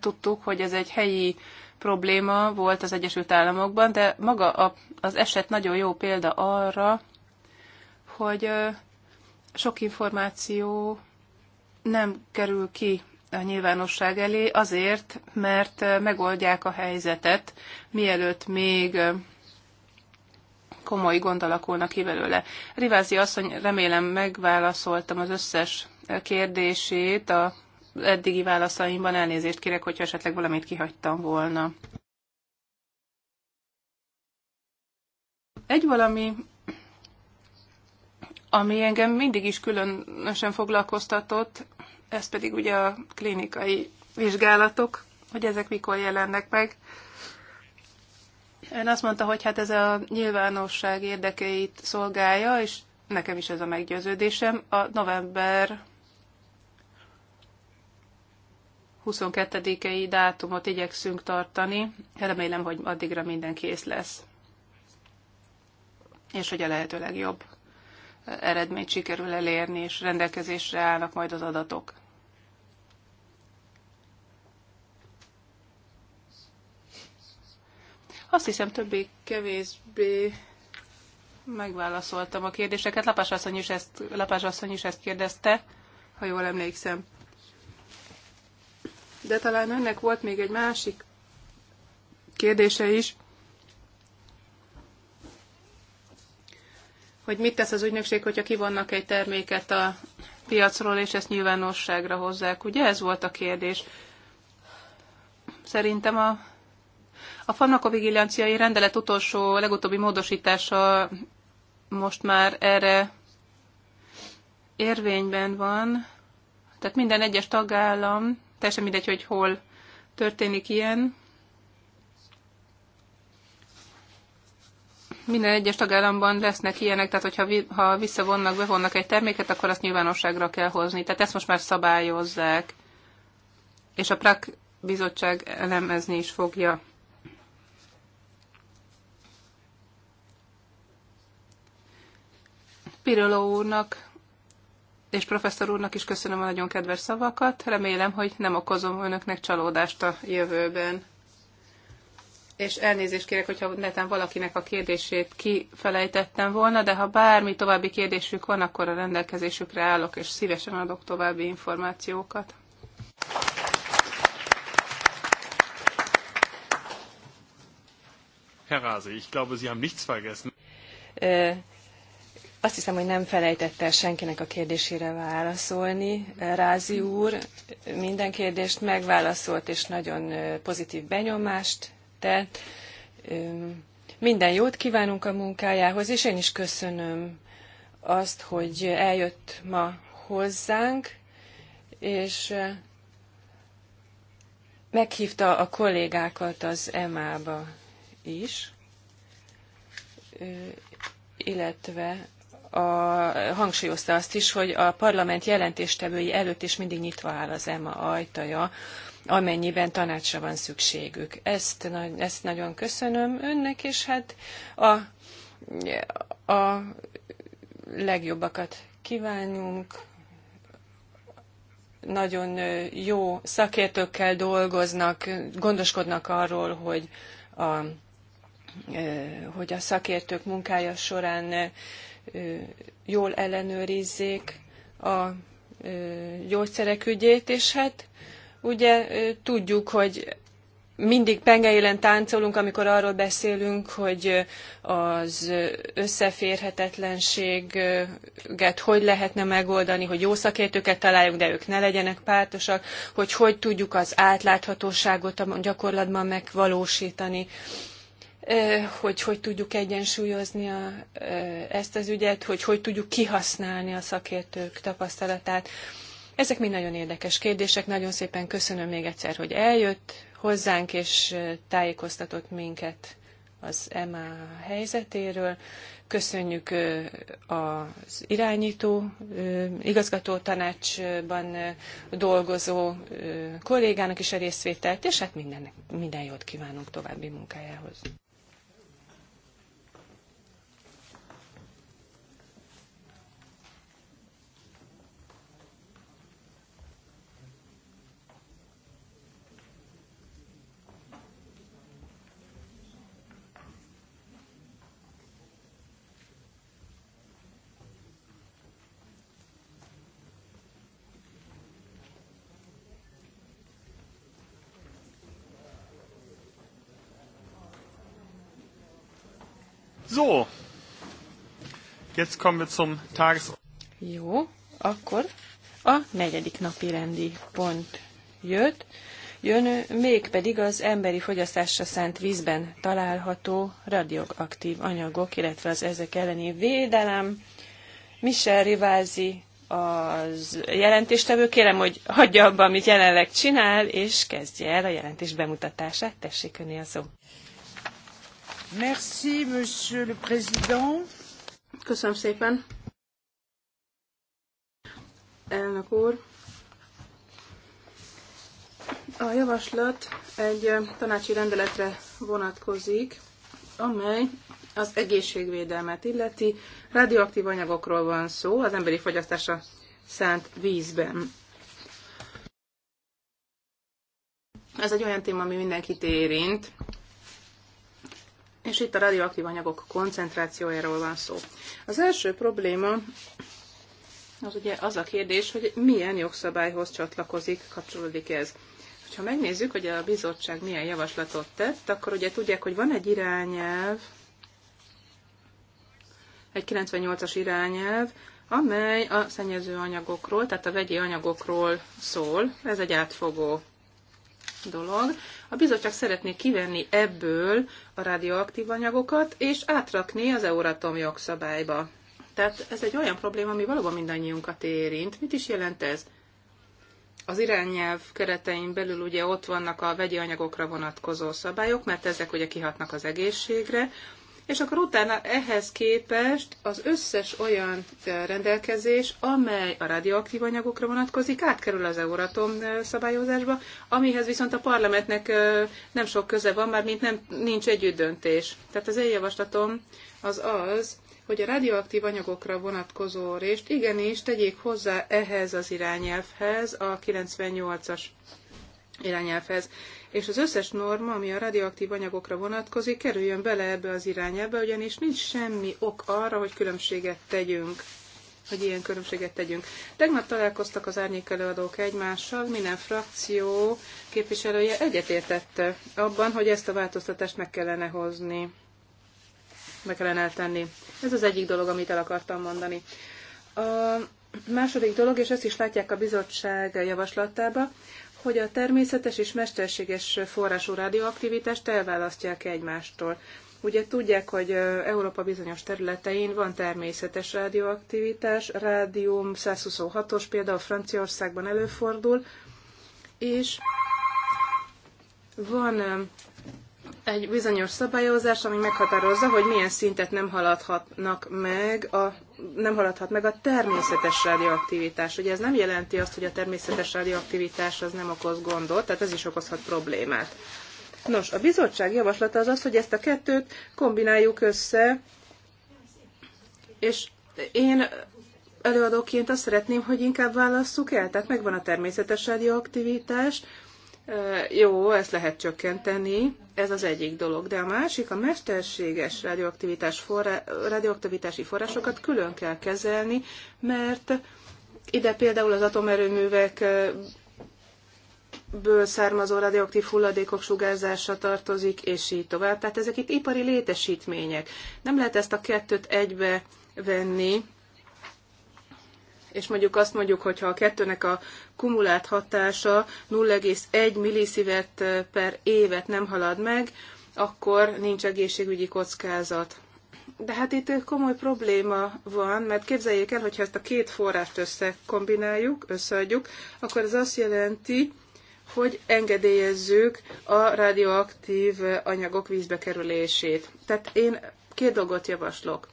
tudtuk, hogy ez egy helyi probléma volt az Egyesült Államokban, de maga a, az eset nagyon jó példa arra, hogy sok információ nem kerül ki a nyilvánosság elé, azért, mert megoldják a helyzetet, mielőtt még komoly gond alakulna ki belőle. Rivázi asszony, remélem megválaszoltam az összes kérdését a eddigi válaszaimban. Elnézést kérek, hogyha esetleg valamit kihagytam volna. Egy valami, ami engem mindig is különösen foglalkoztatott, ez pedig ugye a klinikai vizsgálatok, hogy ezek mikor jelennek meg. Ön azt mondta, hogy hát ez a nyilvánosság érdekeit szolgálja, és nekem is ez a meggyőződésem. A november 22-i dátumot igyekszünk tartani. Remélem, hogy addigra minden kész lesz. És hogy a lehető legjobb eredményt sikerül elérni, és rendelkezésre állnak majd az adatok. Azt hiszem többé-kevésbé megválaszoltam a kérdéseket. Lapás asszony is ezt, Lapás asszony is ezt kérdezte, ha jól emlékszem. De talán önnek volt még egy másik kérdése is, hogy mit tesz az ügynökség, hogyha kivonnak egy terméket a piacról, és ezt nyilvánosságra hozzák. Ugye ez volt a kérdés. Szerintem a a farmakovigilanciai rendelet utolsó, legutóbbi módosítása most már erre érvényben van, tehát minden egyes tagállam, teljesen mindegy, hogy hol történik ilyen, minden egyes tagállamban lesznek ilyenek, tehát hogyha vi, ha visszavonnak, bevonnak egy terméket, akkor azt nyilvánosságra kell hozni. Tehát ezt most már szabályozzák, és a PRAK bizottság elemezni is fogja Pirolo úrnak és professzor úrnak is köszönöm a nagyon kedves szavakat. Remélem, hogy nem okozom önöknek csalódást a jövőben. És elnézést kérek, hogyha netán valakinek a kérdését kifelejtettem volna, de ha bármi további kérdésük van, akkor a rendelkezésükre állok, és szívesen adok további információkat. Herr Rase, ich glaube, Sie haben nichts vergessen. Azt hiszem, hogy nem felejtette senkinek a kérdésére válaszolni. Rázi úr minden kérdést megválaszolt, és nagyon pozitív benyomást tett. Minden jót kívánunk a munkájához, és én is köszönöm azt, hogy eljött ma hozzánk, és meghívta a kollégákat az EMA-ba is, illetve a, hangsúlyozta azt is, hogy a parlament jelentéstevői előtt is mindig nyitva áll az EMA ajtaja, amennyiben tanácsra van szükségük. Ezt, ezt nagyon köszönöm önnek, és hát a, a legjobbakat kívánunk. Nagyon jó szakértőkkel dolgoznak, gondoskodnak arról, hogy a, hogy a szakértők munkája során jól ellenőrizzék a gyógyszerek ügyét, és hát ugye tudjuk, hogy mindig pengeilen táncolunk, amikor arról beszélünk, hogy az összeférhetetlenséget hogy lehetne megoldani, hogy jó szakértőket találjunk, de ők ne legyenek pártosak, hogy hogy tudjuk az átláthatóságot a gyakorlatban megvalósítani hogy hogy tudjuk egyensúlyozni a, ezt az ügyet, hogy hogy tudjuk kihasználni a szakértők tapasztalatát. Ezek mind nagyon érdekes kérdések. Nagyon szépen köszönöm még egyszer, hogy eljött hozzánk és tájékoztatott minket az EMA helyzetéről. Köszönjük az irányító, igazgató tanácsban dolgozó kollégának is a részvételt, és hát minden, minden jót kívánunk további munkájához. So, jetzt kommen wir zum Tages... Jó, akkor a negyedik napi rendi pont jött. Jön mégpedig az emberi fogyasztásra szánt vízben található radioaktív anyagok, illetve az ezek elleni védelem. Michel Rivázi az jelentéstevő. Kérem, hogy hagyja abba, amit jelenleg csinál, és kezdje el a jelentés bemutatását. Tessék öné a szó. Merci, Monsieur le Président. Köszönöm szépen. Elnök úr. A javaslat egy tanácsi rendeletre vonatkozik, amely az egészségvédelmet illeti. Radioaktív anyagokról van szó, az emberi fogyasztása szánt vízben. Ez egy olyan téma, ami mindenkit érint, és itt a radioaktív anyagok koncentrációjáról van szó. Az első probléma az ugye az a kérdés, hogy milyen jogszabályhoz csatlakozik, kapcsolódik ez. Ha megnézzük, hogy a bizottság milyen javaslatot tett, akkor ugye tudják, hogy van egy irányelv, egy 98-as irányelv, amely a szennyező anyagokról, tehát a vegyi anyagokról szól. Ez egy átfogó dolog. A bizottság szeretné kivenni ebből a radioaktív anyagokat, és átrakni az Euratom jogszabályba. Tehát ez egy olyan probléma, ami valóban mindannyiunkat érint. Mit is jelent ez? Az irányelv keretein belül ugye ott vannak a vegyi anyagokra vonatkozó szabályok, mert ezek ugye kihatnak az egészségre, és akkor utána ehhez képest az összes olyan rendelkezés, amely a radioaktív anyagokra vonatkozik, átkerül az Euratom szabályozásba, amihez viszont a parlamentnek nem sok köze van, már mint nem, nincs együtt döntés. Tehát az én javaslatom az az, hogy a radioaktív anyagokra vonatkozó részt igenis tegyék hozzá ehhez az irányelvhez, a 98-as irányelvhez. És az összes norma, ami a radioaktív anyagokra vonatkozik, kerüljön bele ebbe az irányába, ugyanis nincs semmi ok arra, hogy különbséget tegyünk hogy ilyen különbséget tegyünk. Tegnap találkoztak az árnyék előadók egymással, minden frakció képviselője egyetértett abban, hogy ezt a változtatást meg kellene hozni, meg kellene eltenni. Ez az egyik dolog, amit el akartam mondani. A második dolog, és ezt is látják a bizottság javaslatába, hogy a természetes és mesterséges forrású radioaktivitást elválasztják egymástól. Ugye tudják, hogy Európa bizonyos területein van természetes radioaktivitás, rádium 126-os például Franciaországban előfordul, és van egy bizonyos szabályozás, ami meghatározza, hogy milyen szintet nem haladhatnak meg a, nem haladhat meg a természetes radioaktivitás. Ugye ez nem jelenti azt, hogy a természetes radioaktivitás az nem okoz gondot, tehát ez is okozhat problémát. Nos, a bizottság javaslata az az, hogy ezt a kettőt kombináljuk össze, és én előadóként azt szeretném, hogy inkább válasszuk el, tehát megvan a természetes radioaktivitás, jó, ezt lehet csökkenteni, ez az egyik dolog, de a másik, a mesterséges radioaktivitás forrá, radioaktivitási forrásokat külön kell kezelni, mert ide például az atomerőművek ből származó radioaktív hulladékok sugárzása tartozik, és így tovább. Tehát ezek itt ipari létesítmények. Nem lehet ezt a kettőt egybe venni, és mondjuk azt mondjuk, hogyha a kettőnek a kumulált hatása 0,1 millisivert eh, per évet nem halad meg, akkor nincs egészségügyi kockázat. De hát itt komoly probléma van, mert képzeljék el, hogyha ezt a két forrást összekombináljuk, összeadjuk, akkor ez azt jelenti, hogy engedélyezzük a radioaktív anyagok vízbe kerülését. Tehát én két dolgot javaslok.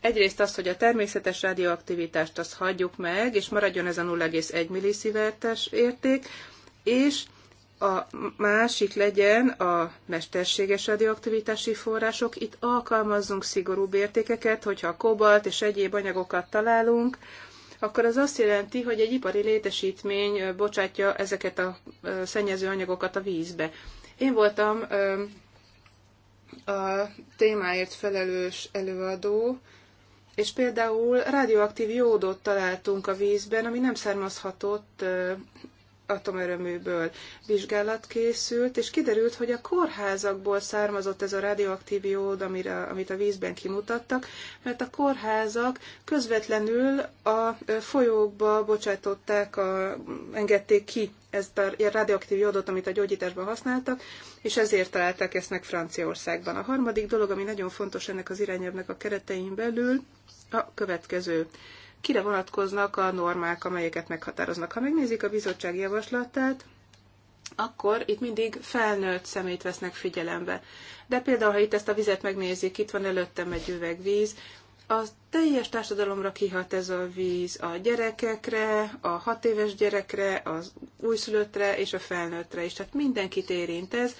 Egyrészt az, hogy a természetes radioaktivitást azt hagyjuk meg, és maradjon ez a 0,1 milliszivertes érték, és a másik legyen a mesterséges radioaktivitási források. Itt alkalmazzunk szigorúbb értékeket, hogyha kobalt és egyéb anyagokat találunk, akkor az azt jelenti, hogy egy ipari létesítmény bocsátja ezeket a szennyező anyagokat a vízbe. Én voltam a témáért felelős előadó, és például radioaktív jódot találtunk a vízben, ami nem származhatott atomerőműből vizsgálat készült, és kiderült, hogy a kórházakból származott ez a radioaktív jód, amire, amit a vízben kimutattak, mert a kórházak közvetlenül a folyókba bocsátották, a, engedték ki ezt a radioaktív jódot, amit a gyógyításban használtak, és ezért találták ezt meg Franciaországban. A harmadik dolog, ami nagyon fontos ennek az irányelvnek a keretein belül, a következő kire vonatkoznak a normák, amelyeket meghatároznak. Ha megnézik a bizottság javaslatát, akkor itt mindig felnőtt szemét vesznek figyelembe. De például, ha itt ezt a vizet megnézik, itt van előttem egy üveg víz, a teljes társadalomra kihat ez a víz a gyerekekre, a hat éves gyerekre, az újszülöttre és a felnőttre is. Tehát mindenkit érint ez.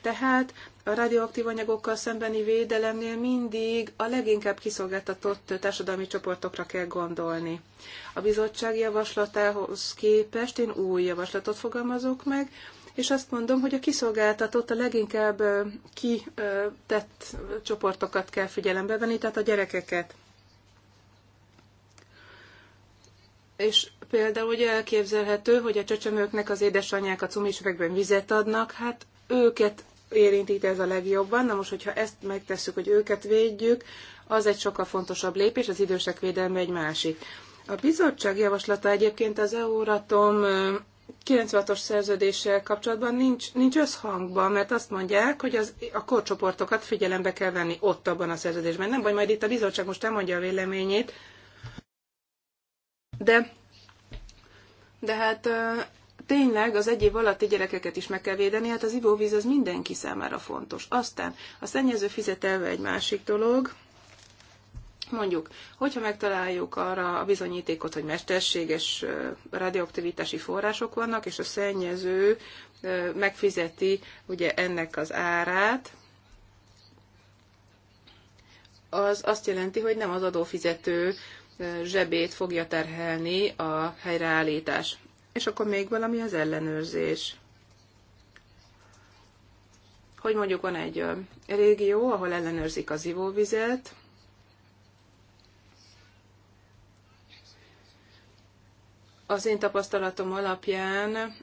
Tehát a radioaktív anyagokkal szembeni védelemnél mindig a leginkább kiszolgáltatott társadalmi csoportokra kell gondolni. A bizottság javaslatához képest én új javaslatot fogalmazok meg, és azt mondom, hogy a kiszolgáltatott, a leginkább kitett csoportokat kell figyelembe venni, tehát a gyerekeket. És például ugye elképzelhető, hogy a csecsemőknek az édesanyák a cumisüvegben vizet adnak, hát őket érintik ez a legjobban. Na most, hogyha ezt megtesszük, hogy őket védjük, az egy sokkal fontosabb lépés, az idősek védelme egy másik. A bizottság javaslata egyébként az Euratom 96-os szerződéssel kapcsolatban nincs, nincs összhangban, mert azt mondják, hogy az, a korcsoportokat figyelembe kell venni ott abban a szerződésben. Nem baj, majd itt a bizottság most elmondja a véleményét, de de hát tényleg az egy év alatti gyerekeket is meg kell védeni, hát az ivóvíz az mindenki számára fontos. Aztán a szennyező fizet egy másik dolog, Mondjuk, hogyha megtaláljuk arra a bizonyítékot, hogy mesterséges radioaktivitási források vannak, és a szennyező megfizeti ugye ennek az árát, az azt jelenti, hogy nem az adófizető zsebét fogja terhelni a helyreállítás. És akkor még valami az ellenőrzés. Hogy mondjuk van egy régió, ahol ellenőrzik az ivóvizet, az én tapasztalatom alapján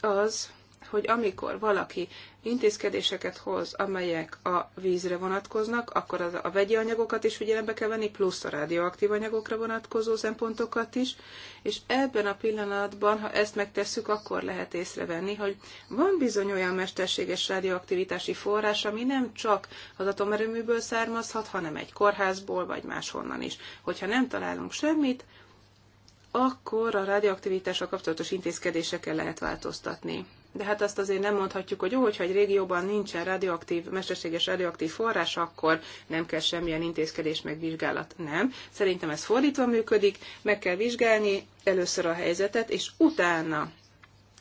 az, hogy amikor valaki intézkedéseket hoz, amelyek a vízre vonatkoznak, akkor az a vegyi anyagokat is figyelembe kell venni, plusz a radioaktív anyagokra vonatkozó szempontokat is, és ebben a pillanatban, ha ezt megtesszük, akkor lehet észrevenni, hogy van bizony olyan mesterséges radioaktivitási forrás, ami nem csak az atomerőműből származhat, hanem egy kórházból, vagy máshonnan is. Hogyha nem találunk semmit, akkor a radioaktivitással kapcsolatos intézkedésekkel lehet változtatni de hát azt azért nem mondhatjuk, hogy jó, hogyha egy régióban nincsen radioaktív, mesterséges radioaktív forrás, akkor nem kell semmilyen intézkedés megvizsgálat. Nem. Szerintem ez fordítva működik, meg kell vizsgálni először a helyzetet, és utána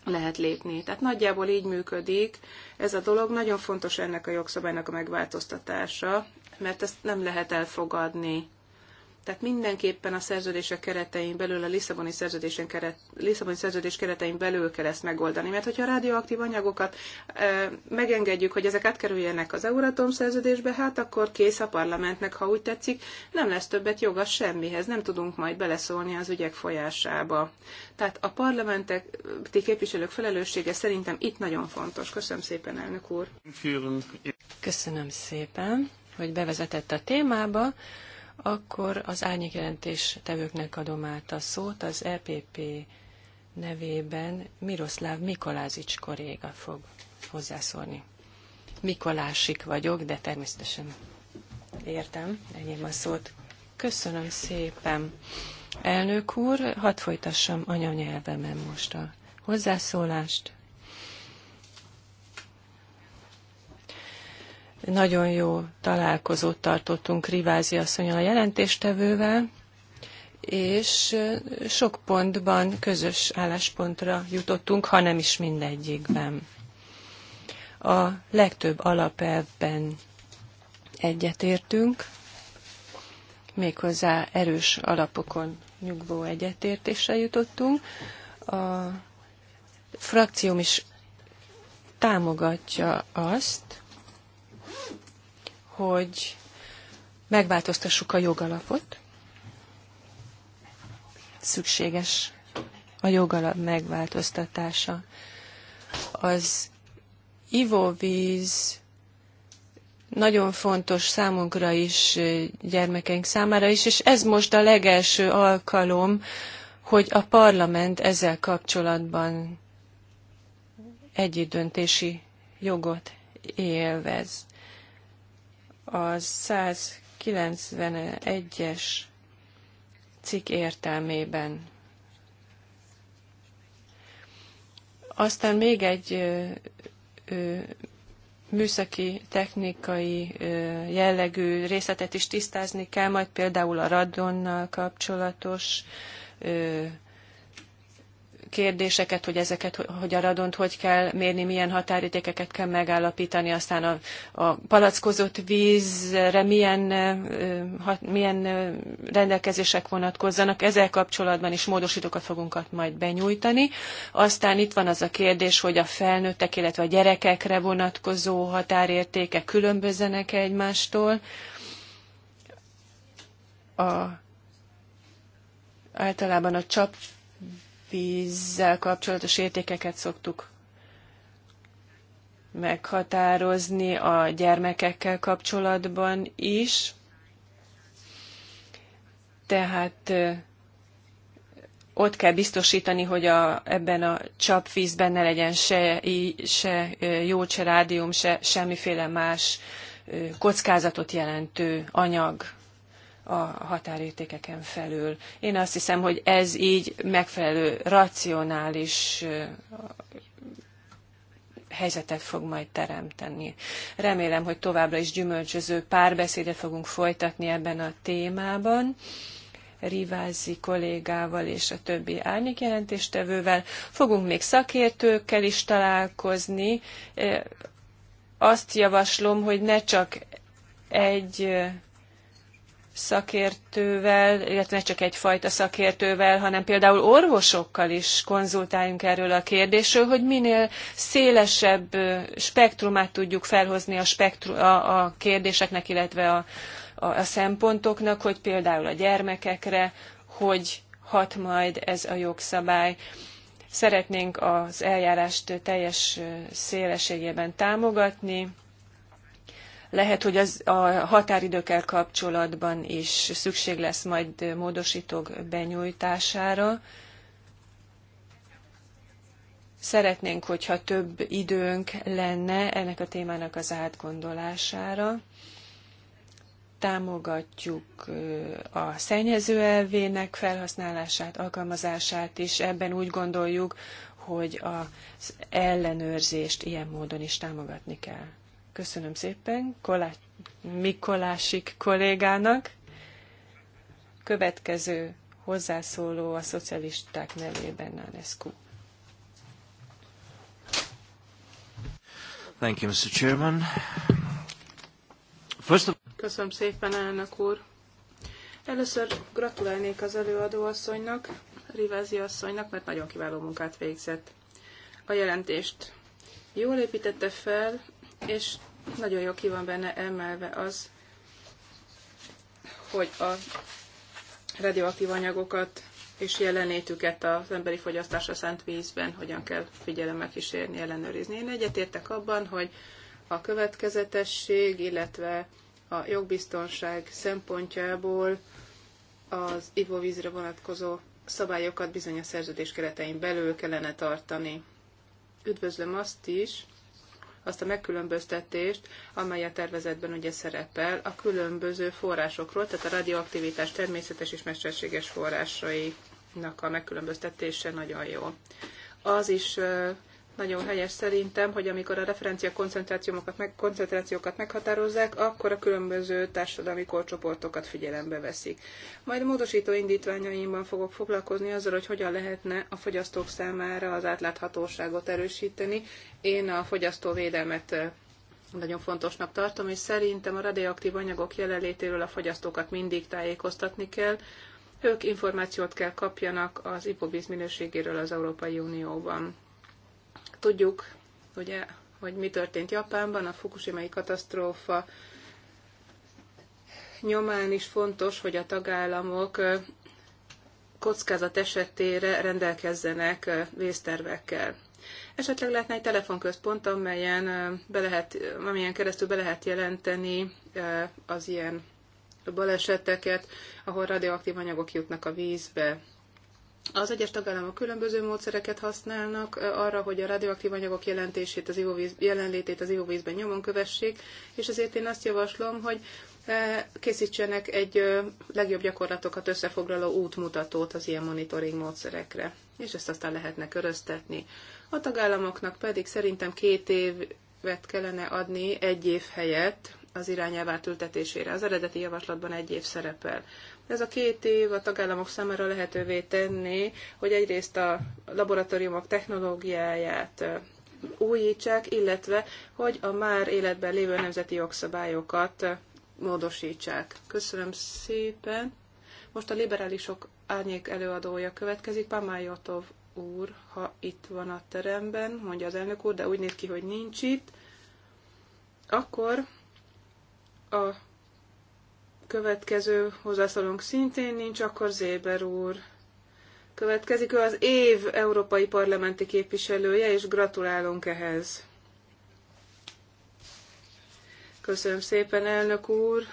lehet lépni. Tehát nagyjából így működik. Ez a dolog nagyon fontos ennek a jogszabálynak a megváltoztatása, mert ezt nem lehet elfogadni tehát mindenképpen a szerződések keretein belül, a Lisszaboni, szerződésen keret, Lisszaboni szerződés keretein belül kell ezt megoldani. Mert hogyha a radioaktív anyagokat e, megengedjük, hogy ezek átkerüljenek az Euratom szerződésbe, hát akkor kész a parlamentnek, ha úgy tetszik, nem lesz többet joga semmihez, nem tudunk majd beleszólni az ügyek folyásába. Tehát a parlamentek, ti képviselők felelőssége szerintem itt nagyon fontos. Köszönöm szépen, elnök úr. Köszönöm szépen, hogy bevezetett a témába. Akkor az árnyékjelentés tevőknek adom át a szót. Az EPP nevében Miroszláv Mikolázics koréga fog hozzászólni. Mikolásik vagyok, de természetesen értem, enyém a szót. Köszönöm szépen. Elnök úr, hadd folytassam anyanyelvemen most a hozzászólást. Nagyon jó találkozót tartottunk Rivázi asszonyal a jelentéstevővel, és sok pontban közös álláspontra jutottunk, ha nem is mindegyikben. A legtöbb alapelvben egyetértünk, méghozzá erős alapokon nyugvó egyetértésre jutottunk. A frakcióm is támogatja azt, hogy megváltoztassuk a jogalapot. Szükséges a jogalap megváltoztatása. Az ivóvíz nagyon fontos számunkra is, gyermekeink számára is, és ez most a legelső alkalom, hogy a parlament ezzel kapcsolatban egyidöntési jogot élvez a 191-es cikk értelmében. Aztán még egy ö, ö, műszaki, technikai ö, jellegű részletet is tisztázni kell, majd például a radonnal kapcsolatos ö, kérdéseket, hogy ezeket, hogy a radont hogy kell mérni, milyen határértékeket kell megállapítani, aztán a, a palackozott vízre milyen, milyen rendelkezések vonatkozzanak. Ezzel kapcsolatban is módosítókat fogunk majd benyújtani. Aztán itt van az a kérdés, hogy a felnőttek, illetve a gyerekekre vonatkozó határértékek különbözzenek -e egymástól. A, általában a csap vízzel kapcsolatos értékeket szoktuk meghatározni a gyermekekkel kapcsolatban is. Tehát ott kell biztosítani, hogy a, ebben a csapvízben ne legyen se, se jó, se rádium, se semmiféle más kockázatot jelentő anyag a határértékeken felül. Én azt hiszem, hogy ez így megfelelő, racionális helyzetet fog majd teremteni. Remélem, hogy továbbra is gyümölcsöző párbeszédet fogunk folytatni ebben a témában. Rivázi kollégával és a többi árnyékjelentéstevővel. Fogunk még szakértőkkel is találkozni. Azt javaslom, hogy ne csak egy szakértővel, illetve ne csak egyfajta szakértővel, hanem például orvosokkal is konzultáljunk erről a kérdésről, hogy minél szélesebb spektrumát tudjuk felhozni a, spektru- a, a kérdéseknek, illetve a, a, a szempontoknak, hogy például a gyermekekre, hogy hat majd ez a jogszabály. Szeretnénk az eljárást teljes szélességében támogatni, lehet, hogy az a határidőkkel kapcsolatban is szükség lesz majd módosítók benyújtására. Szeretnénk, hogyha több időnk lenne ennek a témának az átgondolására támogatjuk a szennyező elvének felhasználását, alkalmazását is. Ebben úgy gondoljuk, hogy az ellenőrzést ilyen módon is támogatni kell. Köszönöm szépen Kolá- Mikolásik kollégának. Következő hozzászóló a szocialisták nevében Nanescu. Thank you, Mr. Chairman. First of... Köszönöm szépen, elnök úr. Először gratulálnék az előadó asszonynak, Rivázi asszonynak, mert nagyon kiváló munkát végzett. A jelentést jól építette fel, és nagyon jó ki van benne emelve az, hogy a radioaktív anyagokat és jelenétüket az emberi fogyasztásra szánt vízben hogyan kell figyelemmel kísérni, ellenőrizni. Én egyetértek abban, hogy a következetesség, illetve a jogbiztonság szempontjából az ivóvízre vonatkozó szabályokat bizony a szerződés keretein belül kellene tartani. Üdvözlöm azt is, azt a megkülönböztetést, amely a tervezetben ugye szerepel a különböző forrásokról, tehát a radioaktivitás természetes és mesterséges forrásainak a megkülönböztetése nagyon jó. Az is nagyon helyes szerintem, hogy amikor a referencia koncentrációkat, meg, koncentrációkat meghatározzák, akkor a különböző társadalmi korcsoportokat figyelembe veszik. Majd a módosító indítványaimban fogok foglalkozni azzal, hogy hogyan lehetne a fogyasztók számára az átláthatóságot erősíteni. Én a fogyasztóvédelmet nagyon fontosnak tartom, és szerintem a radioaktív anyagok jelenlétéről a fogyasztókat mindig tájékoztatni kell, ők információt kell kapjanak az ipóvíz minőségéről az Európai Unióban. Tudjuk, ugye, hogy mi történt Japánban, a Fukushima-i katasztrófa nyomán is fontos, hogy a tagállamok kockázat esetére rendelkezzenek vésztervekkel. Esetleg lehetne egy telefonközpont, amelyen, be lehet, amelyen keresztül be lehet jelenteni az ilyen baleseteket, ahol radioaktív anyagok jutnak a vízbe. Az egyes tagállamok különböző módszereket használnak arra, hogy a radioaktív anyagok jelentését, az ivóvíz, jelenlétét az ivóvízben nyomon kövessék, és ezért én azt javaslom, hogy készítsenek egy legjobb gyakorlatokat összefoglaló útmutatót az ilyen monitoring módszerekre, és ezt aztán lehetne köröztetni. A tagállamoknak pedig szerintem két évet kellene adni egy év helyett az irányelv átültetésére. Az eredeti javaslatban egy év szerepel. Ez a két év a tagállamok számára lehetővé tenni, hogy egyrészt a laboratóriumok technológiáját újítsák, illetve hogy a már életben lévő nemzeti jogszabályokat módosítsák. Köszönöm szépen. Most a liberálisok árnyék előadója következik, Pamájotov úr, ha itt van a teremben, mondja az elnök úr, de úgy néz ki, hogy nincs itt. Akkor a Következő hozzászólónk szintén nincs, akkor Zéber úr. Következik ő az év európai parlamenti képviselője, és gratulálunk ehhez. Köszönöm szépen, elnök úr,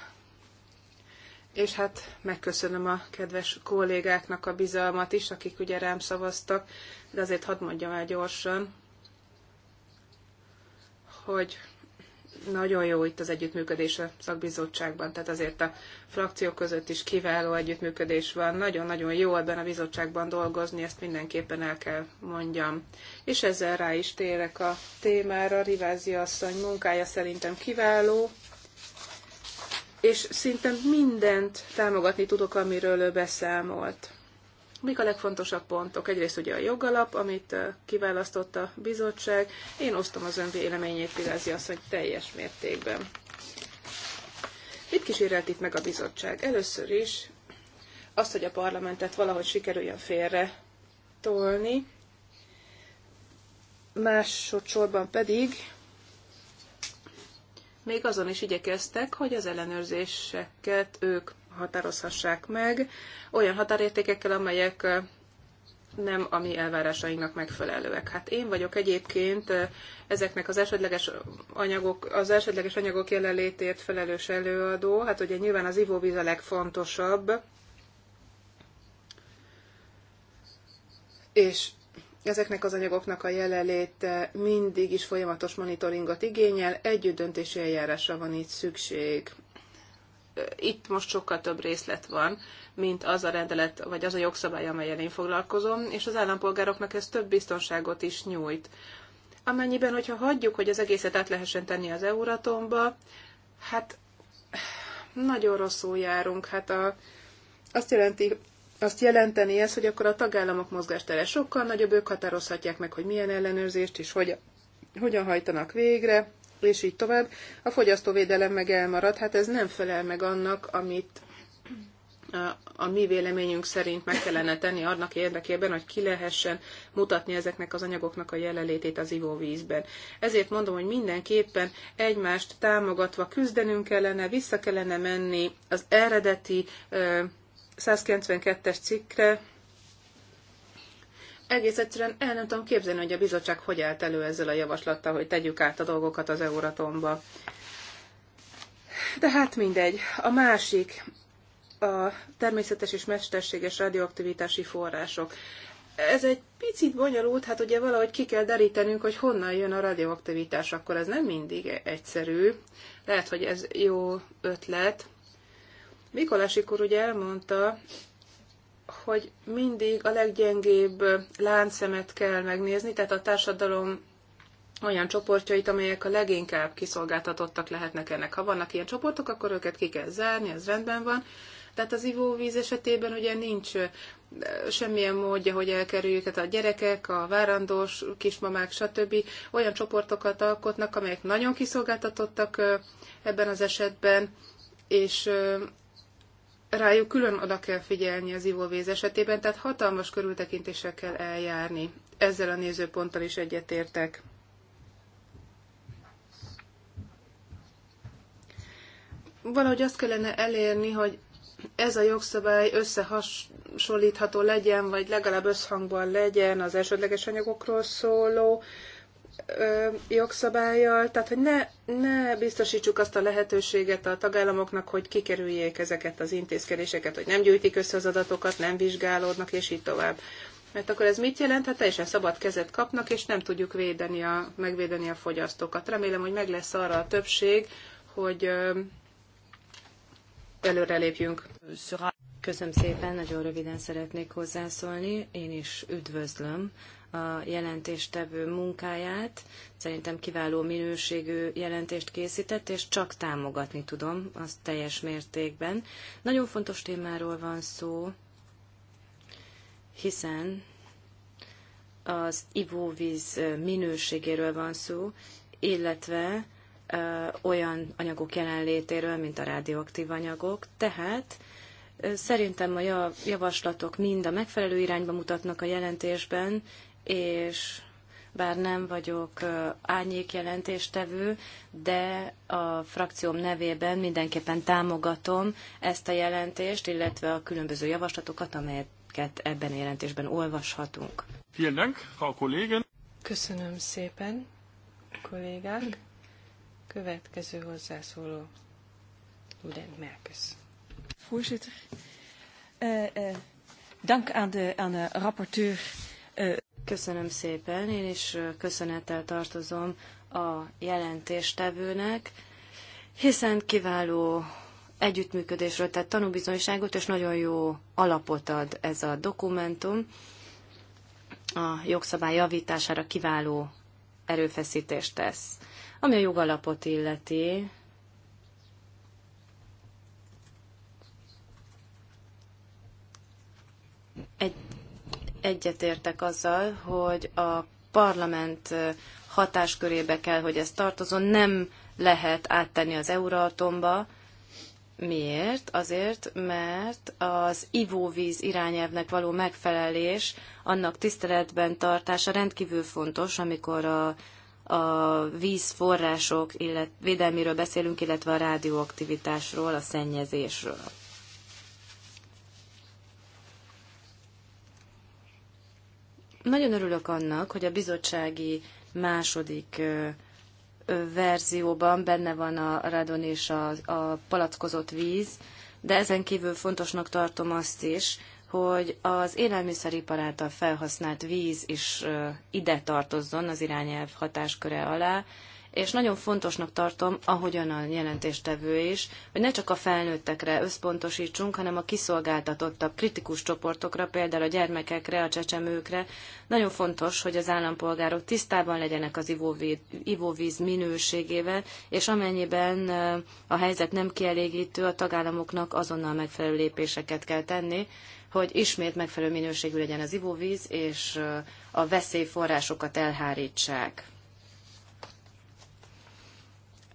és hát megköszönöm a kedves kollégáknak a bizalmat is, akik ugye rám szavaztak, de azért hadd mondjam el gyorsan, hogy nagyon jó itt az együttműködés a szakbizottságban, tehát azért a frakciók között is kiváló együttműködés van. Nagyon-nagyon jó ebben a bizottságban dolgozni, ezt mindenképpen el kell mondjam. És ezzel rá is térek a témára. Rivázi asszony munkája szerintem kiváló, és szinte mindent támogatni tudok, amiről ő beszámolt. Mik a legfontosabb pontok? Egyrészt ugye a jogalap, amit kiválasztott a bizottság. Én osztom az ön véleményét, Pirázi asszony, teljes mértékben. Mit kísérelt itt meg a bizottság? Először is azt, hogy a parlamentet valahogy sikerüljön félre tolni, másodszorban pedig még azon is igyekeztek, hogy az ellenőrzéseket ők határozhassák meg olyan határértékekkel, amelyek nem a mi elvárásainknak megfelelőek. Hát én vagyok egyébként ezeknek az elsődleges anyagok, az elsődleges anyagok jelenlétért felelős előadó. Hát ugye nyilván az ivóvíz a legfontosabb, és ezeknek az anyagoknak a jelenléte mindig is folyamatos monitoringot igényel, együtt döntési eljárásra van itt szükség itt most sokkal több részlet van, mint az a rendelet, vagy az a jogszabály, amelyen én foglalkozom, és az állampolgároknak ez több biztonságot is nyújt. Amennyiben, hogyha hagyjuk, hogy az egészet át lehessen tenni az Euratomba, hát nagyon rosszul járunk. Hát a, azt jelenti, azt jelenteni ez, hogy akkor a tagállamok mozgástere sokkal nagyobb, ők határozhatják meg, hogy milyen ellenőrzést és hogy, hogyan hajtanak végre, és így tovább. A fogyasztóvédelem meg elmarad, hát ez nem felel meg annak, amit a mi véleményünk szerint meg kellene tenni annak érdekében, hogy ki lehessen mutatni ezeknek az anyagoknak a jelenlétét az ivóvízben. Ezért mondom, hogy mindenképpen egymást támogatva küzdenünk kellene, vissza kellene menni az eredeti 192-es cikkre, egész egyszerűen el nem tudom képzelni, hogy a bizottság hogy állt elő ezzel a javaslattal, hogy tegyük át a dolgokat az Euratomba. De hát mindegy. A másik, a természetes és mesterséges radioaktivitási források. Ez egy picit bonyolult, hát ugye valahogy ki kell derítenünk, hogy honnan jön a radioaktivitás, akkor ez nem mindig egyszerű. Lehet, hogy ez jó ötlet. Mikolásikor, ugye elmondta, hogy mindig a leggyengébb láncszemet kell megnézni, tehát a társadalom olyan csoportjait, amelyek a leginkább kiszolgáltatottak lehetnek ennek. Ha vannak ilyen csoportok, akkor őket ki kell zárni, ez rendben van. Tehát az ivóvíz esetében ugye nincs eh, semmilyen módja, hogy elkerüljük, tehát a gyerekek, a várandós kismamák, stb. olyan csoportokat alkotnak, amelyek nagyon kiszolgáltatottak eh, ebben az esetben, és eh, rájuk külön oda kell figyelni az ivóvíz esetében, tehát hatalmas körültekintéssel kell eljárni. Ezzel a nézőponttal is egyetértek. Valahogy azt kellene elérni, hogy ez a jogszabály összehasonlítható legyen, vagy legalább összhangban legyen az elsődleges anyagokról szóló jogszabályjal, tehát hogy ne, ne biztosítsuk azt a lehetőséget a tagállamoknak, hogy kikerüljék ezeket az intézkedéseket, hogy nem gyűjtik össze az adatokat, nem vizsgálódnak, és így tovább. Mert akkor ez mit jelent? Hát teljesen szabad kezet kapnak, és nem tudjuk védeni a, megvédeni a fogyasztókat. Remélem, hogy meg lesz arra a többség, hogy előrelépjünk. Köszönöm szépen, nagyon röviden szeretnék hozzászólni. Én is üdvözlöm a jelentéstevő munkáját. Szerintem kiváló minőségű jelentést készített, és csak támogatni tudom azt teljes mértékben. Nagyon fontos témáról van szó, hiszen az ivóvíz minőségéről van szó, illetve olyan anyagok jelenlétéről, mint a rádióaktív anyagok. Tehát szerintem a javaslatok mind a megfelelő irányba mutatnak a jelentésben, és bár nem vagyok árnyék jelentéstevő, de a frakcióm nevében mindenképpen támogatom ezt a jelentést, illetve a különböző javaslatokat, amelyeket ebben a jelentésben olvashatunk. Vielen Dank, Frau Köszönöm szépen, kollégák. Következő hozzászóló, Ludent Merkes. Voorzitter, uh, uh, dank aan de, aan de rapporteur. Uh, Köszönöm szépen, én is köszönettel tartozom a jelentéstevőnek, hiszen kiváló együttműködésről tett tanúbizonyságot, és nagyon jó alapot ad ez a dokumentum. A jogszabály javítására kiváló erőfeszítést tesz. Ami a jogalapot illeti, egyetértek azzal, hogy a parlament hatáskörébe kell, hogy ez tartozon, nem lehet áttenni az Euratomba. Miért? Azért, mert az ivóvíz irányelvnek való megfelelés, annak tiszteletben tartása rendkívül fontos, amikor a, a vízforrások illet, védelméről beszélünk, illetve a rádióaktivitásról, a szennyezésről. Nagyon örülök annak, hogy a bizottsági második verzióban benne van a radon és a, a palackozott víz, de ezen kívül fontosnak tartom azt is, hogy az élelmiszeripar által felhasznált víz is ide tartozzon az irányelv hatásköre alá, és nagyon fontosnak tartom, ahogyan a jelentéstevő is, hogy ne csak a felnőttekre összpontosítsunk, hanem a kiszolgáltatottabb kritikus csoportokra, például a gyermekekre, a csecsemőkre. Nagyon fontos, hogy az állampolgárok tisztában legyenek az ivóvíz minőségével, és amennyiben a helyzet nem kielégítő, a tagállamoknak azonnal megfelelő lépéseket kell tenni, hogy ismét megfelelő minőségű legyen az ivóvíz, és a veszélyforrásokat elhárítsák.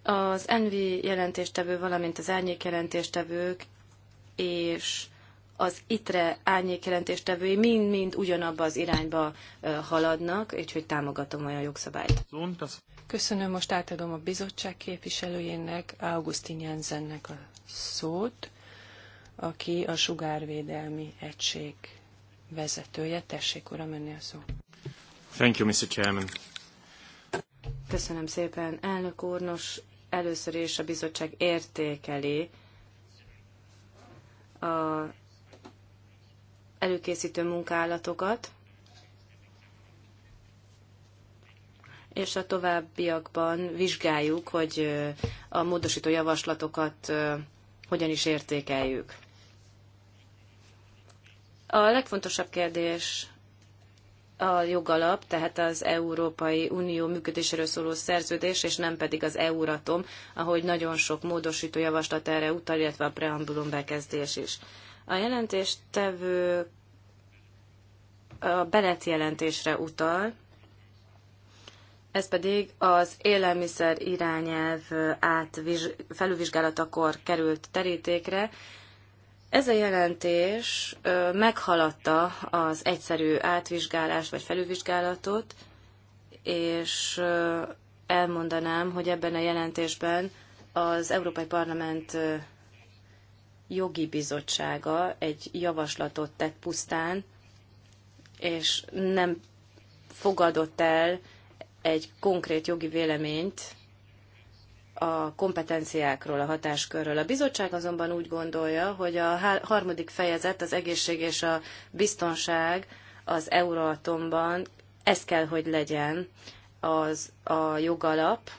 Az ENVI jelentéstevő, valamint az árnyék jelentéstevők és az ITRE árnyék jelentéstevői mind-mind ugyanabba az irányba haladnak, úgyhogy támogatom olyan jogszabályt. Köszönöm, most átadom a bizottság képviselőjének, Augustin Jensennek a szót, aki a sugárvédelmi egység vezetője. Tessék, uram, menni a szó. Thank you, Mr. Chairman. Köszönöm szépen, elnök úr. Nos, Először is a bizottság értékeli a előkészítő munkálatokat, és a továbbiakban vizsgáljuk, hogy a módosító javaslatokat hogyan is értékeljük. A legfontosabb kérdés a jogalap, tehát az Európai Unió működéséről szóló szerződés, és nem pedig az Euratom, ahogy nagyon sok módosító javaslat erre utal, illetve a preambulum bekezdés is. A jelentéstevő a Benet jelentésre utal, ez pedig az élelmiszer irányelv átviz, felülvizsgálatakor került terítékre, ez a jelentés meghaladta az egyszerű átvizsgálást vagy felülvizsgálatot, és elmondanám, hogy ebben a jelentésben az Európai Parlament jogi bizottsága egy javaslatot tett pusztán, és nem fogadott el egy konkrét jogi véleményt a kompetenciákról, a hatáskörről. A bizottság azonban úgy gondolja, hogy a harmadik fejezet, az egészség és a biztonság az Euróatomban, ez kell, hogy legyen az a jogalap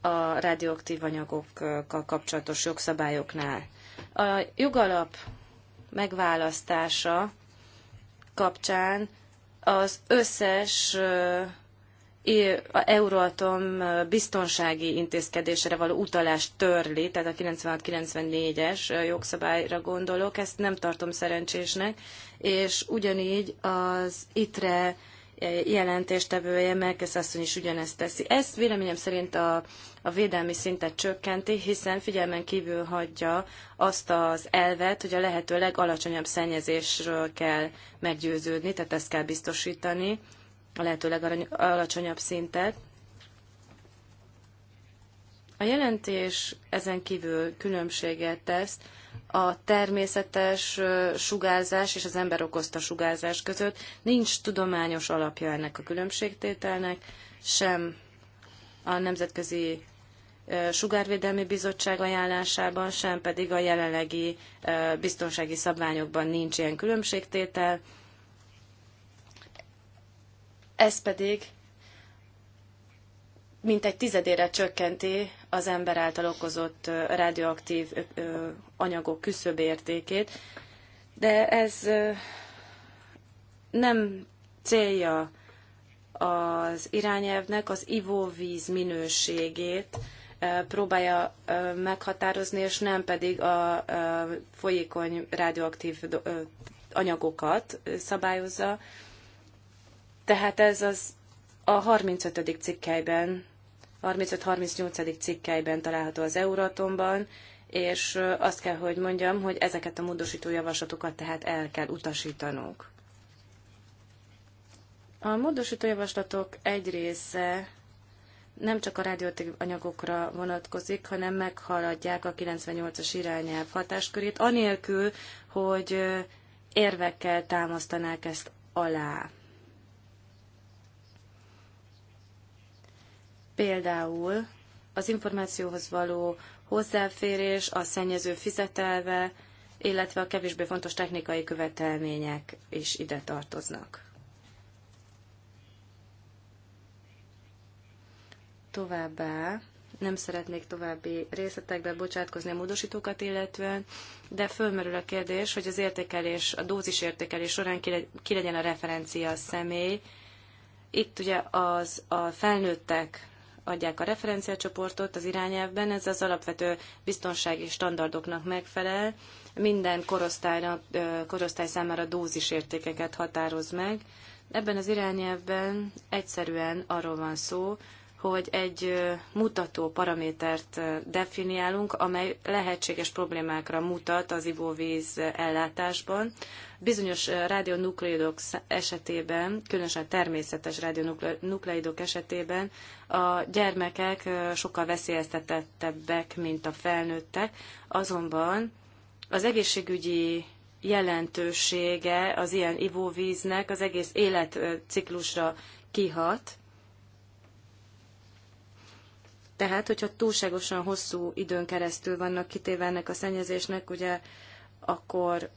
a radioaktív anyagokkal kapcsolatos jogszabályoknál. A jogalap megválasztása kapcsán az összes a Euratom biztonsági intézkedésre való utalást törli, tehát a 96-94-es jogszabályra gondolok, ezt nem tartom szerencsésnek, és ugyanígy az ITRE jelentéstevője, Merkesz asszony is ugyanezt teszi. Ezt véleményem szerint a, a védelmi szintet csökkenti, hiszen figyelmen kívül hagyja azt az elvet, hogy a lehető legalacsonyabb szennyezésről kell meggyőződni, tehát ezt kell biztosítani a lehető legalacsonyabb szintet. A jelentés ezen kívül különbséget tesz a természetes sugárzás és az ember okozta sugárzás között. Nincs tudományos alapja ennek a különbségtételnek, sem a Nemzetközi Sugárvédelmi Bizottság ajánlásában, sem pedig a jelenlegi biztonsági szabványokban nincs ilyen különbségtétel ez pedig mintegy tizedére csökkenti az ember által okozott radioaktív anyagok értékét, de ez nem célja az irányelvnek az ivóvíz minőségét próbálja meghatározni, és nem pedig a folyékony radioaktív anyagokat szabályozza, tehát ez az a 35. cikkelyben, 35-38. cikkelyben található az Euratomban, és azt kell, hogy mondjam, hogy ezeket a módosító javaslatokat tehát el kell utasítanunk. A módosító javaslatok egy része nem csak a rádióaktív anyagokra vonatkozik, hanem meghaladják a 98-as irányelv hatáskörét, anélkül, hogy érvekkel támasztanák ezt alá. Például az információhoz való hozzáférés, a szennyező fizetelve, illetve a kevésbé fontos technikai követelmények is ide tartoznak. Továbbá nem szeretnék további részletekbe bocsátkozni a módosítókat illetően, de fölmerül a kérdés, hogy az értékelés, a dózis értékelés során ki legyen a referencia a személy. Itt ugye az a felnőttek adják a referenciacsoportot az irányelvben, ez az alapvető biztonsági standardoknak megfelel, minden korosztálynak, korosztály számára dózisértékeket határoz meg. Ebben az irányelvben egyszerűen arról van szó, hogy egy mutató paramétert definiálunk, amely lehetséges problémákra mutat az ivóvíz ellátásban. Bizonyos rádionukleidok esetében, különösen természetes rádionukleidok esetében a gyermekek sokkal veszélyeztetettebbek, mint a felnőttek, azonban az egészségügyi jelentősége az ilyen ivóvíznek az egész életciklusra kihat, tehát, hogyha túlságosan hosszú időn keresztül vannak kitéve ennek a szennyezésnek, ugye, akkor,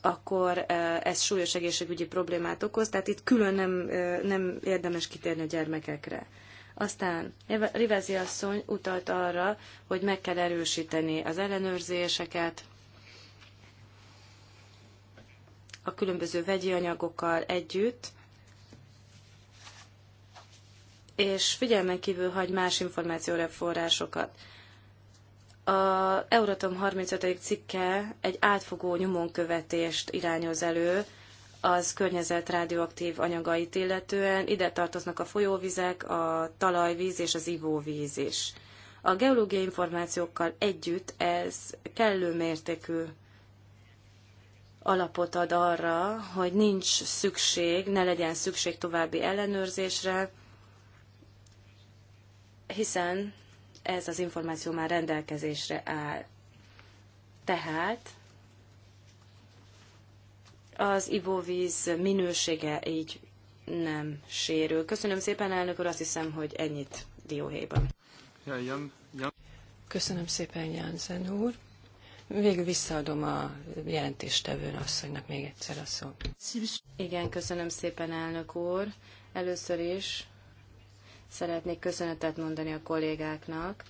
akkor e, ez súlyos egészségügyi problémát okoz, tehát itt külön nem, e, nem érdemes kitérni a gyermekekre. Aztán Rivezi asszony utalt arra, hogy meg kell erősíteni az ellenőrzéseket, a különböző vegyi anyagokkal együtt, és figyelmen kívül hagy más információra forrásokat. A Euratom 35. cikke egy átfogó nyomonkövetést irányoz elő, az környezet radioaktív anyagait illetően. Ide tartoznak a folyóvizek, a talajvíz és az ivóvíz is. A geológiai információkkal együtt ez kellő mértékű alapot ad arra, hogy nincs szükség, ne legyen szükség további ellenőrzésre, hiszen ez az információ már rendelkezésre áll. Tehát az ivóvíz minősége így nem sérül. Köszönöm szépen, elnök úr, azt hiszem, hogy ennyit dióhéjban. Köszönöm szépen, Jánzen úr. Végül visszaadom a jelentéstevőn asszonynak még egyszer a szót. Igen, köszönöm szépen, elnök úr. Először is Szeretnék köszönetet mondani a kollégáknak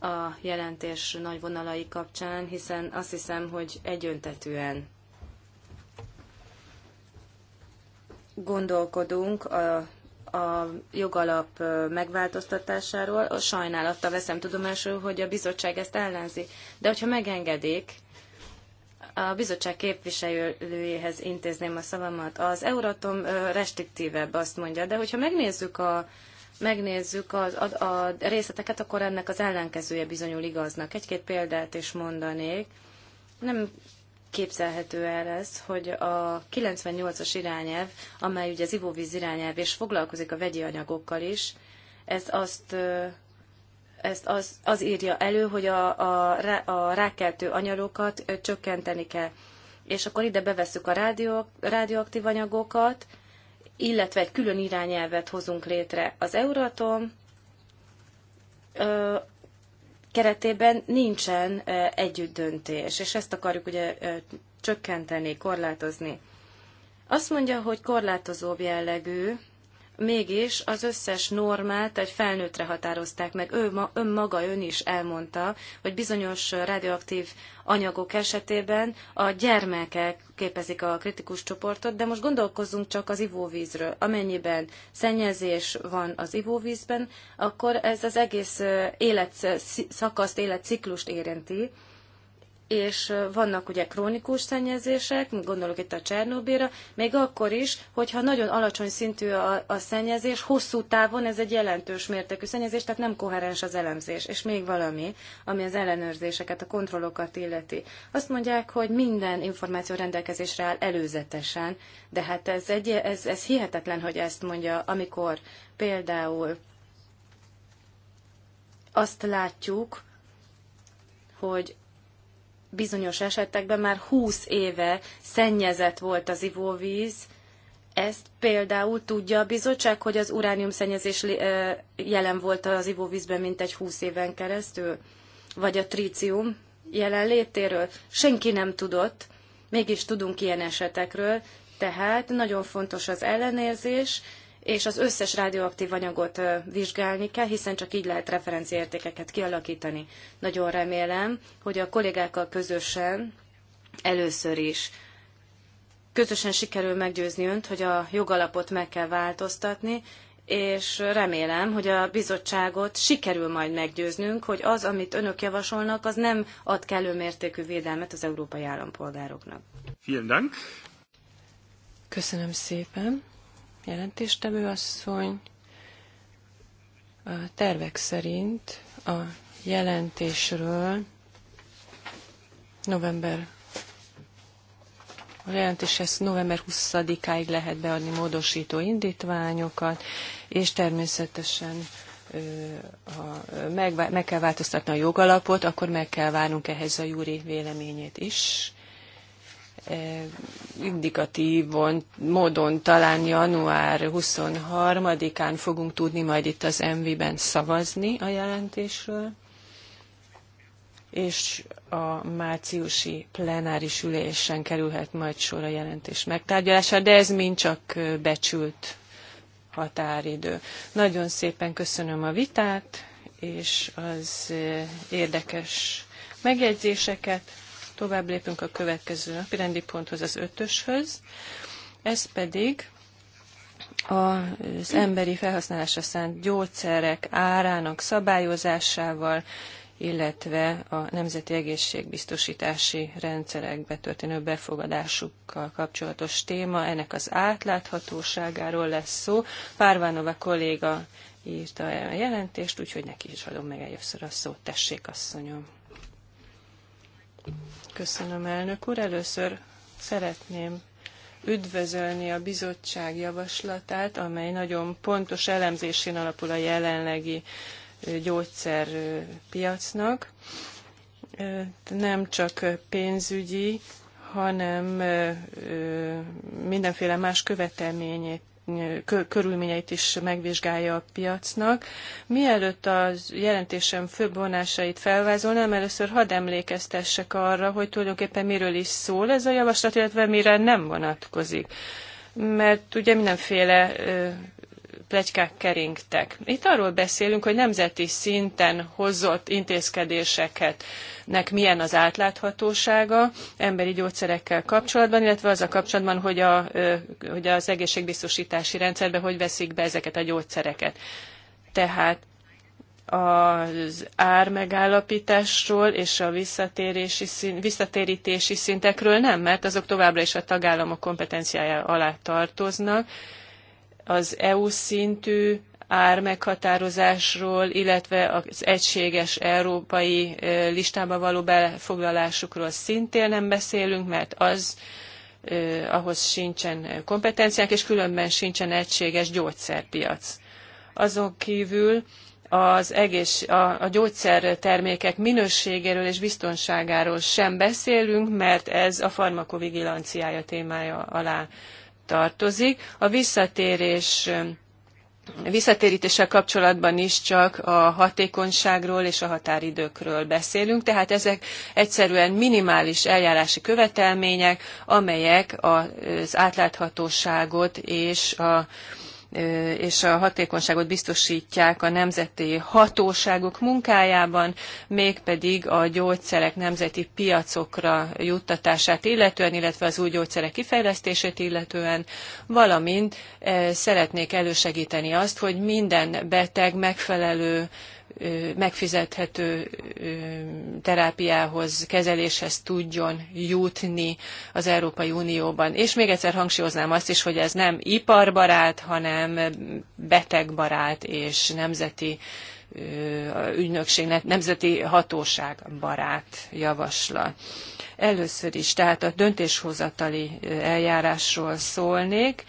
a jelentés nagy vonalai kapcsán, hiszen azt hiszem, hogy egyöntetűen gondolkodunk a, a jogalap megváltoztatásáról. A sajnálattal veszem tudomásul, hogy a bizottság ezt ellenzi. De hogyha megengedik, a bizottság képviselőjéhez intézném a szavamat. Az Euratom restriktívebb, azt mondja, de hogyha megnézzük a megnézzük a, a, a részleteket, akkor ennek az ellenkezője bizonyul igaznak. Egy-két példát is mondanék. Nem képzelhető el ez, hogy a 98-as irányelv, amely ugye az ivóvíz irányelv, és foglalkozik a vegyi anyagokkal is, ez azt ezt az, az írja elő, hogy a, a, a rákeltő anyagokat csökkenteni kell. És akkor ide bevesszük a rádió, rádióaktív anyagokat, illetve egy külön irányelvet hozunk létre. Az Euratom ö, keretében nincsen ö, együttdöntés, és ezt akarjuk ugye ö, csökkenteni, korlátozni. Azt mondja, hogy korlátozóbb jellegű mégis az összes normát egy felnőttre határozták meg. Ő ma, önmaga, ön is elmondta, hogy bizonyos radioaktív anyagok esetében a gyermekek képezik a kritikus csoportot, de most gondolkozzunk csak az ivóvízről. Amennyiben szennyezés van az ivóvízben, akkor ez az egész életszakaszt, életciklust érinti, és vannak ugye krónikus szennyezések, gondolok itt a Csernobéra, még akkor is, hogyha nagyon alacsony szintű a, a szennyezés, hosszú távon ez egy jelentős mértékű szennyezés, tehát nem koherens az elemzés. És még valami, ami az ellenőrzéseket, a kontrollokat illeti. Azt mondják, hogy minden információ rendelkezésre áll előzetesen, de hát ez, egy, ez, ez hihetetlen, hogy ezt mondja, amikor például azt látjuk, hogy bizonyos esetekben már 20 éve szennyezett volt az ivóvíz. Ezt például tudja a bizottság, hogy az urániumszennyezés jelen volt az ivóvízben mintegy 20 éven keresztül, vagy a trícium jelenlétéről. Senki nem tudott, mégis tudunk ilyen esetekről, tehát nagyon fontos az ellenérzés, és az összes rádióaktív anyagot vizsgálni kell, hiszen csak így lehet referenciértékeket kialakítani. Nagyon remélem, hogy a kollégákkal közösen először is közösen sikerül meggyőzni önt, hogy a jogalapot meg kell változtatni, és remélem, hogy a bizottságot sikerül majd meggyőznünk, hogy az, amit önök javasolnak, az nem ad kellő mértékű védelmet az európai állampolgároknak. Vielen Dank. Köszönöm szépen jelentéstevő asszony. A tervek szerint a jelentésről november a jelentéshez november 20-áig lehet beadni módosító indítványokat, és természetesen ha meg, meg kell változtatni a jogalapot, akkor meg kell várnunk ehhez a júri véleményét is. Eh, indikatív módon talán január 23-án fogunk tudni majd itt az MV-ben szavazni a jelentésről, és a márciusi plenáris ülésen kerülhet majd sor a jelentés megtárgyalására, de ez mind csak eh, becsült határidő. Nagyon szépen köszönöm a vitát, és az eh, érdekes megjegyzéseket. Tovább lépünk a következő napirendi ponthoz, az ötöshöz. Ez pedig az emberi felhasználásra szánt gyógyszerek árának szabályozásával, illetve a nemzeti egészségbiztosítási rendszerekbe történő befogadásukkal kapcsolatos téma. Ennek az átláthatóságáról lesz szó. Párvánova kolléga írta el a jelentést, úgyhogy neki is adom meg először a szót. Tessék, asszonyom! Köszönöm, elnök úr. Először szeretném üdvözölni a bizottság javaslatát, amely nagyon pontos elemzésén alapul a jelenlegi gyógyszerpiacnak. Nem csak pénzügyi, hanem mindenféle más követelményét körülményeit is megvizsgálja a piacnak. Mielőtt a jelentésem főbb vonásait felvázolnám, először hadd emlékeztessek arra, hogy tulajdonképpen miről is szól ez a javaslat, illetve mire nem vonatkozik. Mert ugye mindenféle plegykák keringtek. Itt arról beszélünk, hogy nemzeti szinten hozott intézkedéseknek milyen az átláthatósága emberi gyógyszerekkel kapcsolatban, illetve az a kapcsolatban, hogy, a, hogy az egészségbiztosítási rendszerbe hogy veszik be ezeket a gyógyszereket. Tehát az ármegállapításról és a visszatérési szint, visszatérítési szintekről nem, mert azok továbbra is a tagállamok kompetenciája alá tartoznak, az EU szintű ármeghatározásról, illetve az egységes európai listába való belefoglalásukról szintén nem beszélünk, mert az ahhoz sincsen kompetenciák, és különben sincsen egységes gyógyszerpiac. Azon kívül az egész, a, a gyógyszertermékek minőségéről és biztonságáról sem beszélünk, mert ez a farmakovigilanciája témája alá tartozik. A visszatérés visszatérítéssel kapcsolatban is csak a hatékonyságról és a határidőkről beszélünk, tehát ezek egyszerűen minimális eljárási követelmények, amelyek az átláthatóságot és a és a hatékonyságot biztosítják a nemzeti hatóságok munkájában, mégpedig a gyógyszerek nemzeti piacokra juttatását illetően, illetve az új gyógyszerek kifejlesztését illetően, valamint szeretnék elősegíteni azt, hogy minden beteg megfelelő megfizethető terápiához, kezeléshez tudjon jutni az Európai Unióban. És még egyszer hangsúlyoznám azt is, hogy ez nem iparbarát, hanem betegbarát és nemzeti ügynökség, nemzeti hatóság barát javaslat. Először is, tehát a döntéshozatali eljárásról szólnék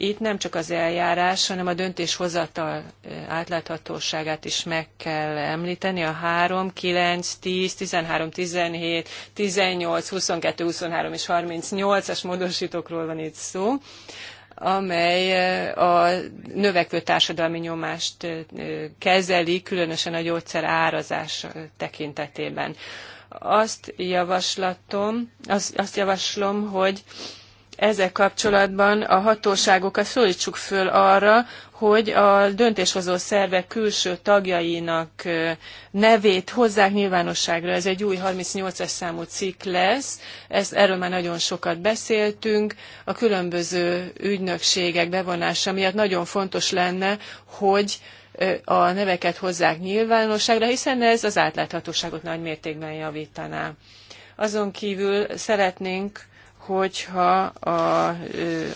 itt nem csak az eljárás, hanem a döntéshozatal átláthatóságát is meg kell említeni. A 3, 9, 10, 13, 17, 18, 22, 23 és 38-as módosítókról van itt szó amely a növekvő társadalmi nyomást kezeli, különösen a gyógyszer árazás tekintetében. Azt javaslatom, azt, azt javaslom, hogy ezzel kapcsolatban a hatóságokat szólítsuk föl arra, hogy a döntéshozó szervek külső tagjainak nevét hozzák nyilvánosságra. Ez egy új 38 as számú cikk lesz, ezt, erről már nagyon sokat beszéltünk. A különböző ügynökségek bevonása miatt nagyon fontos lenne, hogy a neveket hozzák nyilvánosságra, hiszen ez az átláthatóságot nagy mértékben javítaná. Azon kívül szeretnénk hogyha a,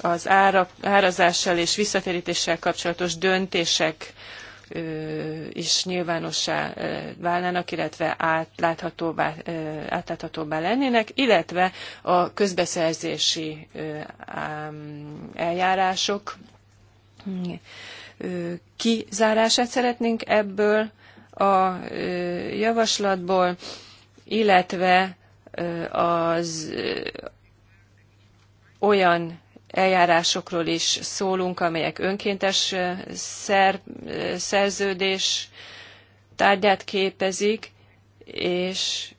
az ára, árazással és visszatérítéssel kapcsolatos döntések is nyilvánossá válnának, illetve átláthatóbbá, átláthatóbbá lennének, illetve a közbeszerzési eljárások kizárását szeretnénk ebből a javaslatból, illetve az olyan eljárásokról is szólunk, amelyek önkéntes szer, szerződés tárgyát képezik, és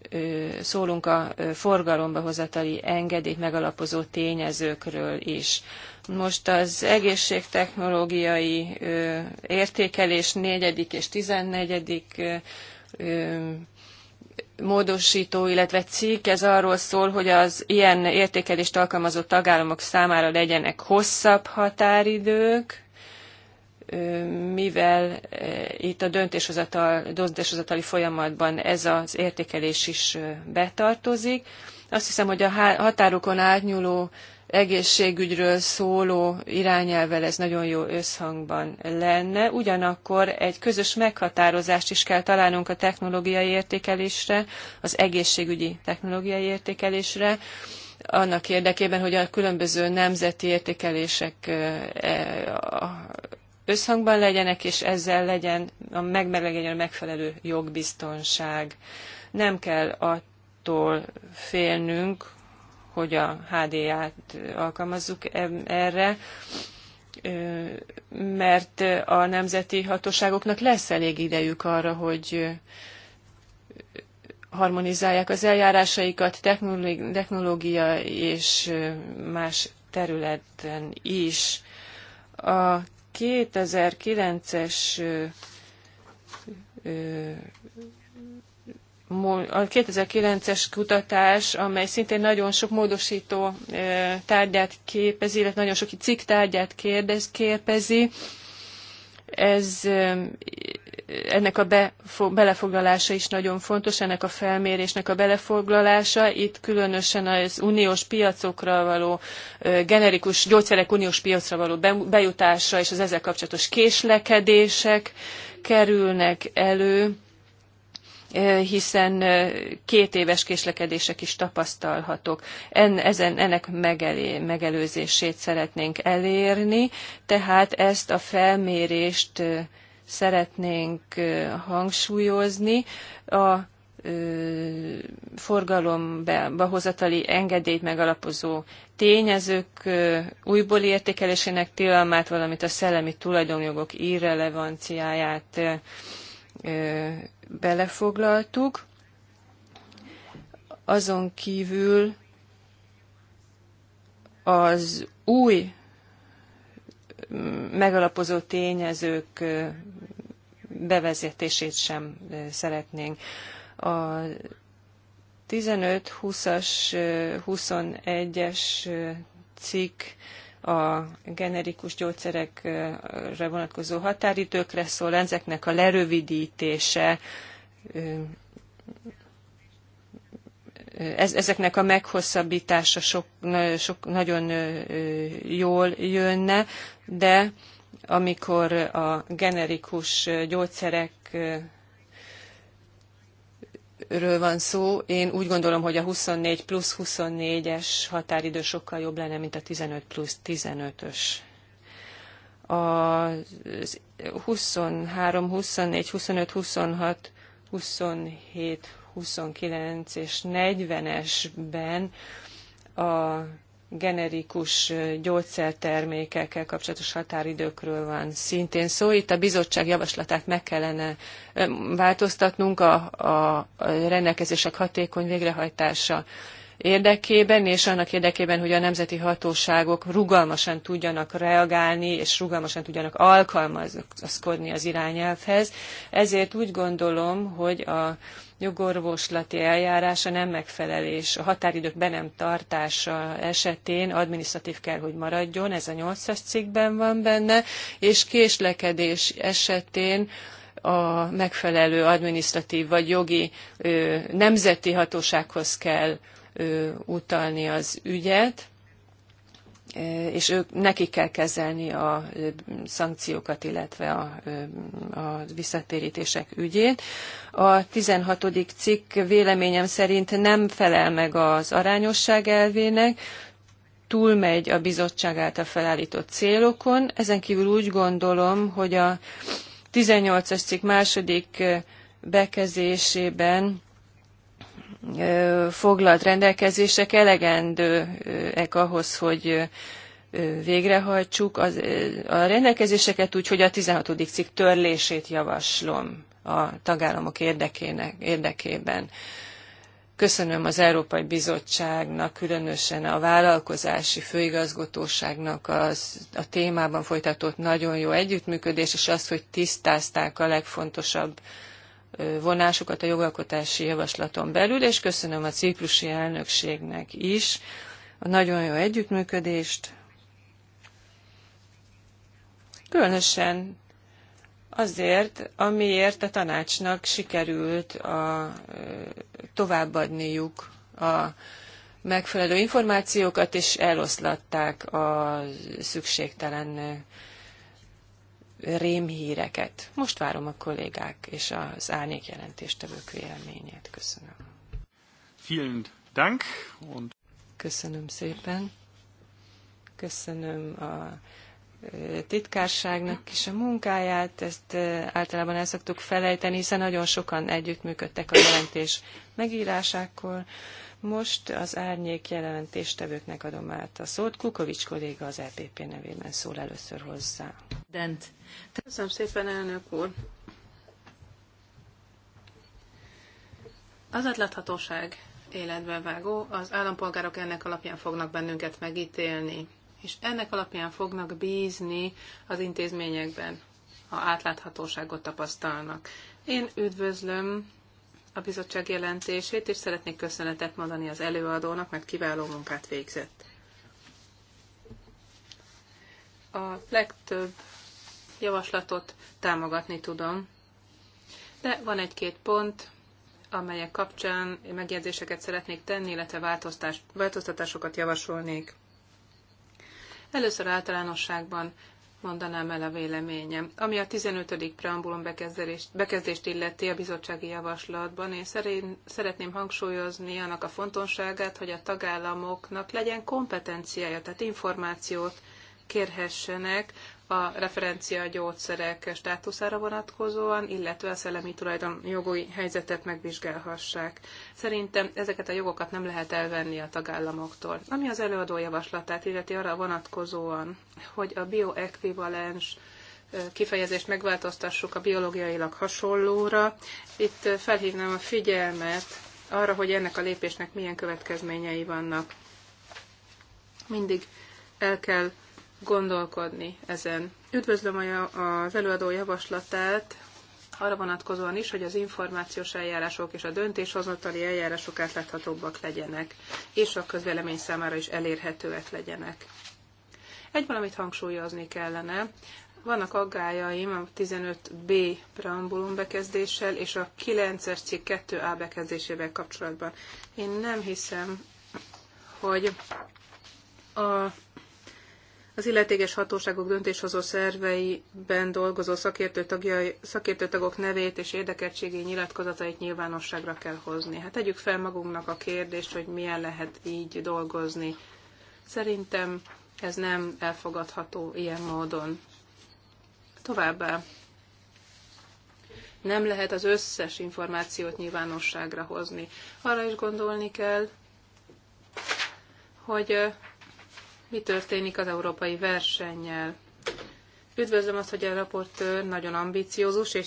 szólunk a forgalomba hozatali engedélyt megalapozó tényezőkről is. Most az egészségtechnológiai értékelés negyedik és tizennegyedik módosító, illetve cikk, ez arról szól, hogy az ilyen értékelést alkalmazó tagállamok számára legyenek hosszabb határidők, mivel itt a döntéshozatal, döntéshozatali folyamatban ez az értékelés is betartozik. Azt hiszem, hogy a határokon átnyúló egészségügyről szóló irányelvel ez nagyon jó összhangban lenne. Ugyanakkor egy közös meghatározást is kell találnunk a technológiai értékelésre, az egészségügyi technológiai értékelésre, annak érdekében, hogy a különböző nemzeti értékelések e, összhangban legyenek, és ezzel legyen, megmelegjen a megfelelő jogbiztonság. Nem kell attól félnünk, hogy a HDA-t alkalmazzuk erre, mert a nemzeti hatóságoknak lesz elég idejük arra, hogy harmonizálják az eljárásaikat technológia és más területen is. A 2009-es a 2009-es kutatás, amely szintén nagyon sok módosító tárgyát képezi, illetve nagyon sok cikk tárgyát kérdez, képezi, ez, ennek a belefoglalása is nagyon fontos, ennek a felmérésnek a belefoglalása. Itt különösen az uniós piacokra való, generikus gyógyszerek uniós piacra való bejutása és az ezzel kapcsolatos késlekedések kerülnek elő hiszen két éves késlekedések is tapasztalhatók. En, ezen, ennek megelé, megelőzését szeretnénk elérni, tehát ezt a felmérést szeretnénk hangsúlyozni. A forgalomba hozatali engedélyt megalapozó tényezők újból értékelésének tilalmát, valamint a szellemi tulajdonjogok irrelevanciáját belefoglaltuk. Azon kívül az új mm, megalapozó tényezők bevezetését sem szeretnénk. A 15, 20-as, 21-es cikk a generikus gyógyszerekre vonatkozó határidőkre szól, ezeknek a lerövidítése, ezeknek a meghosszabbítása sok, sok, nagyon jól jönne, de amikor a generikus gyógyszerek ről van szó. Én úgy gondolom, hogy a 24 plusz 24-es határidő sokkal jobb lenne, mint a 15 plusz 15-ös. A 23, 24, 25, 26, 27, 29 és 40-esben a generikus gyógyszertermékekkel kapcsolatos határidőkről van szintén szó. Itt a bizottság javaslatát meg kellene változtatnunk a, a rendelkezések hatékony végrehajtása érdekében, és annak érdekében, hogy a nemzeti hatóságok rugalmasan tudjanak reagálni, és rugalmasan tudjanak alkalmazkodni az irányelvhez. Ezért úgy gondolom, hogy a jogorvoslati eljárása nem megfelelés, a határidők be nem tartása esetén adminisztratív kell, hogy maradjon, ez a 800 cikkben van benne, és késlekedés esetén a megfelelő adminisztratív vagy jogi nemzeti hatósághoz kell utalni az ügyet és ők, nekik kell kezelni a szankciókat, illetve a, a visszatérítések ügyét. A 16. cikk véleményem szerint nem felel meg az arányosság elvének, túlmegy a bizottság által felállított célokon. Ezen kívül úgy gondolom, hogy a 18-as cikk második bekezésében foglalt rendelkezések elegendőek ahhoz, hogy végrehajtsuk az, a rendelkezéseket úgy, hogy a 16. cikk törlését javaslom a tagállamok érdekének, érdekében. Köszönöm az Európai Bizottságnak, különösen a vállalkozási főigazgatóságnak az, a témában folytatott nagyon jó együttműködés, és azt, hogy tisztázták a legfontosabb vonásukat a jogalkotási javaslaton belül, és köszönöm a ciprusi elnökségnek is a nagyon jó együttműködést. Különösen azért, amiért a tanácsnak sikerült a, továbbadniuk a megfelelő információkat, és eloszlatták a szükségtelen rémhíreket. Most várom a kollégák és az árnyék jelentéstevők véleményét. Köszönöm. Vielen Dank. Und Köszönöm szépen. Köszönöm a titkárságnak is a munkáját, ezt általában el szoktuk felejteni, hiszen nagyon sokan együttműködtek a jelentés megírásakor. Most az árnyék jelentéstevőknek adom át a szót. Kukovics kolléga az EPP nevében szól először hozzá. Dent. Köszönöm szépen, elnök úr. Az átláthatóság életbe vágó, az állampolgárok ennek alapján fognak bennünket megítélni, és ennek alapján fognak bízni az intézményekben, ha átláthatóságot tapasztalnak. Én üdvözlöm a bizottság jelentését, és szeretnék köszönetet mondani az előadónak, mert kiváló munkát végzett. A legtöbb javaslatot támogatni tudom, de van egy-két pont, amelyek kapcsán megjegyzéseket szeretnék tenni, illetve változtatásokat javasolnék. Először általánosságban mondanám el a véleményem. Ami a 15. preambulum bekezdést, bekezdést illeti a bizottsági javaslatban, én szerint, szeretném hangsúlyozni annak a fontosságát, hogy a tagállamoknak legyen kompetenciája, tehát információt kérhessenek a referencia gyógyszerek státuszára vonatkozóan, illetve a szellemi tulajdon jogi helyzetet megvizsgálhassák. Szerintem ezeket a jogokat nem lehet elvenni a tagállamoktól. Ami az előadó javaslatát illeti arra vonatkozóan, hogy a bioekvivalens kifejezést megváltoztassuk a biológiailag hasonlóra. Itt felhívnám a figyelmet arra, hogy ennek a lépésnek milyen következményei vannak. Mindig el kell gondolkodni ezen. Üdvözlöm az előadó javaslatát arra vonatkozóan is, hogy az információs eljárások és a döntéshozatali eljárások átláthatóbbak legyenek, és a közvélemény számára is elérhetőek legyenek. Egy valamit hangsúlyozni kellene, vannak aggájaim a 15b preambulum bekezdéssel és a 9-es cikk 2a bekezdésével kapcsolatban. Én nem hiszem, hogy a az illetékes hatóságok döntéshozó szerveiben dolgozó szakértő tagjai, szakértőtagok nevét és érdekeltségi nyilatkozatait nyilvánosságra kell hozni. Hát tegyük fel magunknak a kérdést, hogy milyen lehet így dolgozni. Szerintem ez nem elfogadható ilyen módon. Továbbá nem lehet az összes információt nyilvánosságra hozni. Arra is gondolni kell, hogy mi történik az európai versennyel. Üdvözlöm azt, hogy a raportőr nagyon ambiciózus, és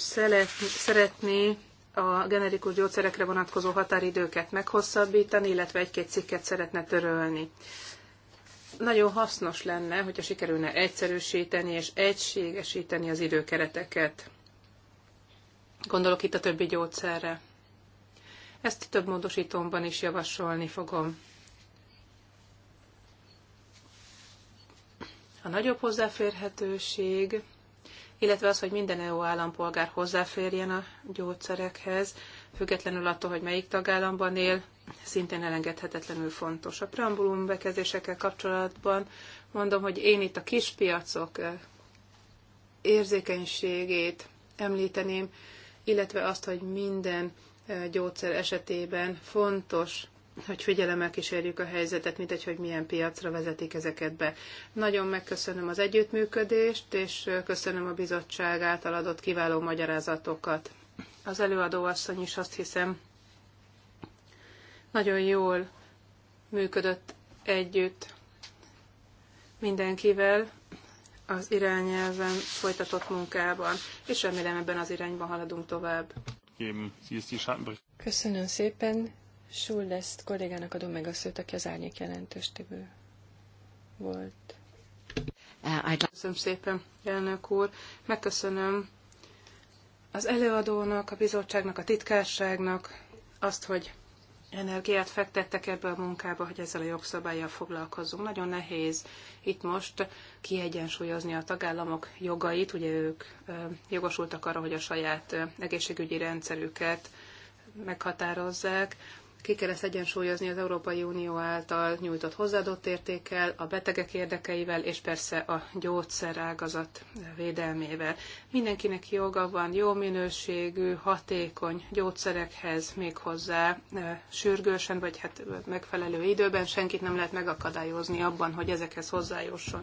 szeretné a generikus gyógyszerekre vonatkozó határidőket meghosszabbítani, illetve egy-két cikket szeretne törölni. Nagyon hasznos lenne, hogyha sikerülne egyszerűsíteni és egységesíteni az időkereteket. Gondolok itt a többi gyógyszerre. Ezt több módosítómban is javasolni fogom. a nagyobb hozzáférhetőség, illetve az, hogy minden EU állampolgár hozzáférjen a gyógyszerekhez, függetlenül attól, hogy melyik tagállamban él, szintén elengedhetetlenül fontos. A preambulum bekezdésekkel kapcsolatban mondom, hogy én itt a kispiacok eh, érzékenységét említeném, illetve azt, hogy minden eh, gyógyszer esetében fontos hogy figyelemmel kísérjük a helyzetet, mint egy, hogy milyen piacra vezetik ezeket be. Nagyon megköszönöm az együttműködést, és köszönöm a bizottság által adott kiváló magyarázatokat. Az előadóasszony is azt hiszem nagyon jól működött együtt mindenkivel az irányelven folytatott munkában, és remélem ebben az irányban haladunk tovább. Köszönöm szépen, Schulz kollégának adom meg a szót, aki az árnyék jelentős tévő volt. Uh, Köszönöm szépen, elnök úr. Megköszönöm az előadónak, a bizottságnak, a titkárságnak azt, hogy energiát fektettek ebbe a munkába, hogy ezzel a jogszabályjal foglalkozzunk. Nagyon nehéz itt most kiegyensúlyozni a tagállamok jogait, ugye ők jogosultak arra, hogy a saját egészségügyi rendszerüket meghatározzák, ki kell ezt egyensúlyozni az Európai Unió által nyújtott hozzáadott értékkel, a betegek érdekeivel és persze a gyógyszerágazat védelmével. Mindenkinek joga van jó minőségű, hatékony gyógyszerekhez még hozzá sürgősen, vagy hát megfelelő időben senkit nem lehet megakadályozni abban, hogy ezekhez hozzájusson.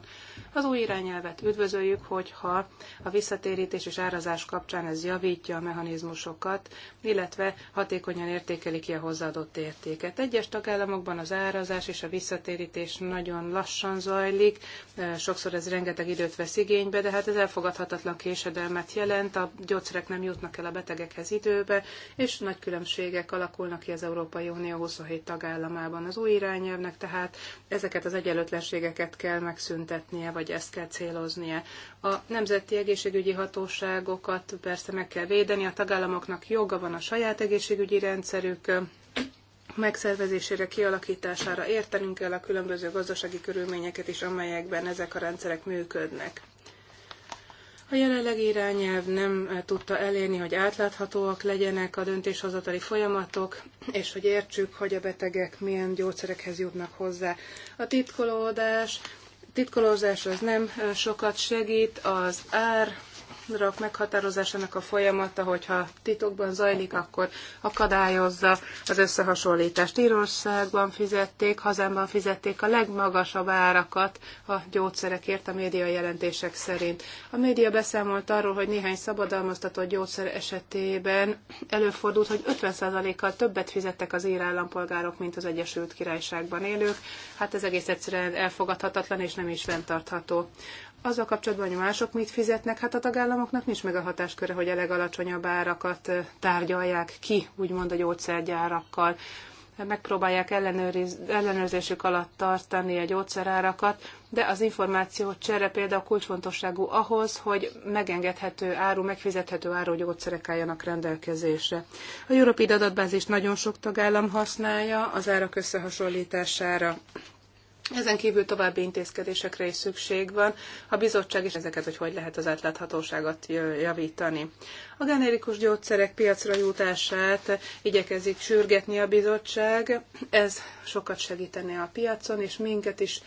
Az új irányelvet üdvözöljük, hogyha a visszatérítés és árazás kapcsán ez javítja a mechanizmusokat, illetve hatékonyan értékeli ki a hozzáadott hozzáadott értéket. Egyes tagállamokban az árazás és a visszatérítés nagyon lassan zajlik, sokszor ez rengeteg időt vesz igénybe, de hát ez elfogadhatatlan késedelmet jelent, a gyógyszerek nem jutnak el a betegekhez időbe, és nagy különbségek alakulnak ki az Európai Unió 27 tagállamában. Az új irányelvnek tehát ezeket az egyenlőtlenségeket kell megszüntetnie, vagy ezt kell céloznia. A nemzeti egészségügyi hatóságokat persze meg kell védeni, a tagállamoknak joga van a saját egészségügyi rendszerük megszervezésére, kialakítására értenünk kell a különböző gazdasági körülményeket is, amelyekben ezek a rendszerek működnek. A jelenlegi irányelv nem eh, tudta elérni, hogy átláthatóak legyenek a döntéshozatali folyamatok, és hogy értsük, hogy a betegek milyen gyógyszerekhez jutnak hozzá. A titkolódás, titkolózás az nem eh, sokat segít, az ár célok meghatározásának a folyamata, hogyha titokban zajlik, akkor akadályozza az összehasonlítást. Írországban fizették, hazámban fizették a legmagasabb árakat a gyógyszerekért a média jelentések szerint. A média beszámolt arról, hogy néhány szabadalmaztatott gyógyszer esetében előfordult, hogy 50%-kal többet fizettek az ír állampolgárok, mint az Egyesült Királyságban élők. Hát ez egész egyszerűen elfogadhatatlan és nem is fenntartható azzal kapcsolatban, hogy mások mit fizetnek, hát a tagállamoknak nincs meg a hatásköre, hogy a legalacsonyabb árakat tárgyalják ki, úgymond a gyógyszergyárakkal. Megpróbálják ellenőriz, ellenőrzésük alatt tartani a gyógyszerárakat, de az információ csere például kulcsfontosságú ahhoz, hogy megengedhető áru, megfizethető áru gyógyszerek álljanak rendelkezésre. A Európai Adatbázis nagyon sok tagállam használja az árak összehasonlítására. Ezen kívül további intézkedésekre is szükség van. A bizottság is ezeket, hogy hogy lehet az átláthatóságot javítani. A generikus gyógyszerek piacra jutását igyekezik sürgetni a bizottság. Ez sokat segítené a piacon, és minket is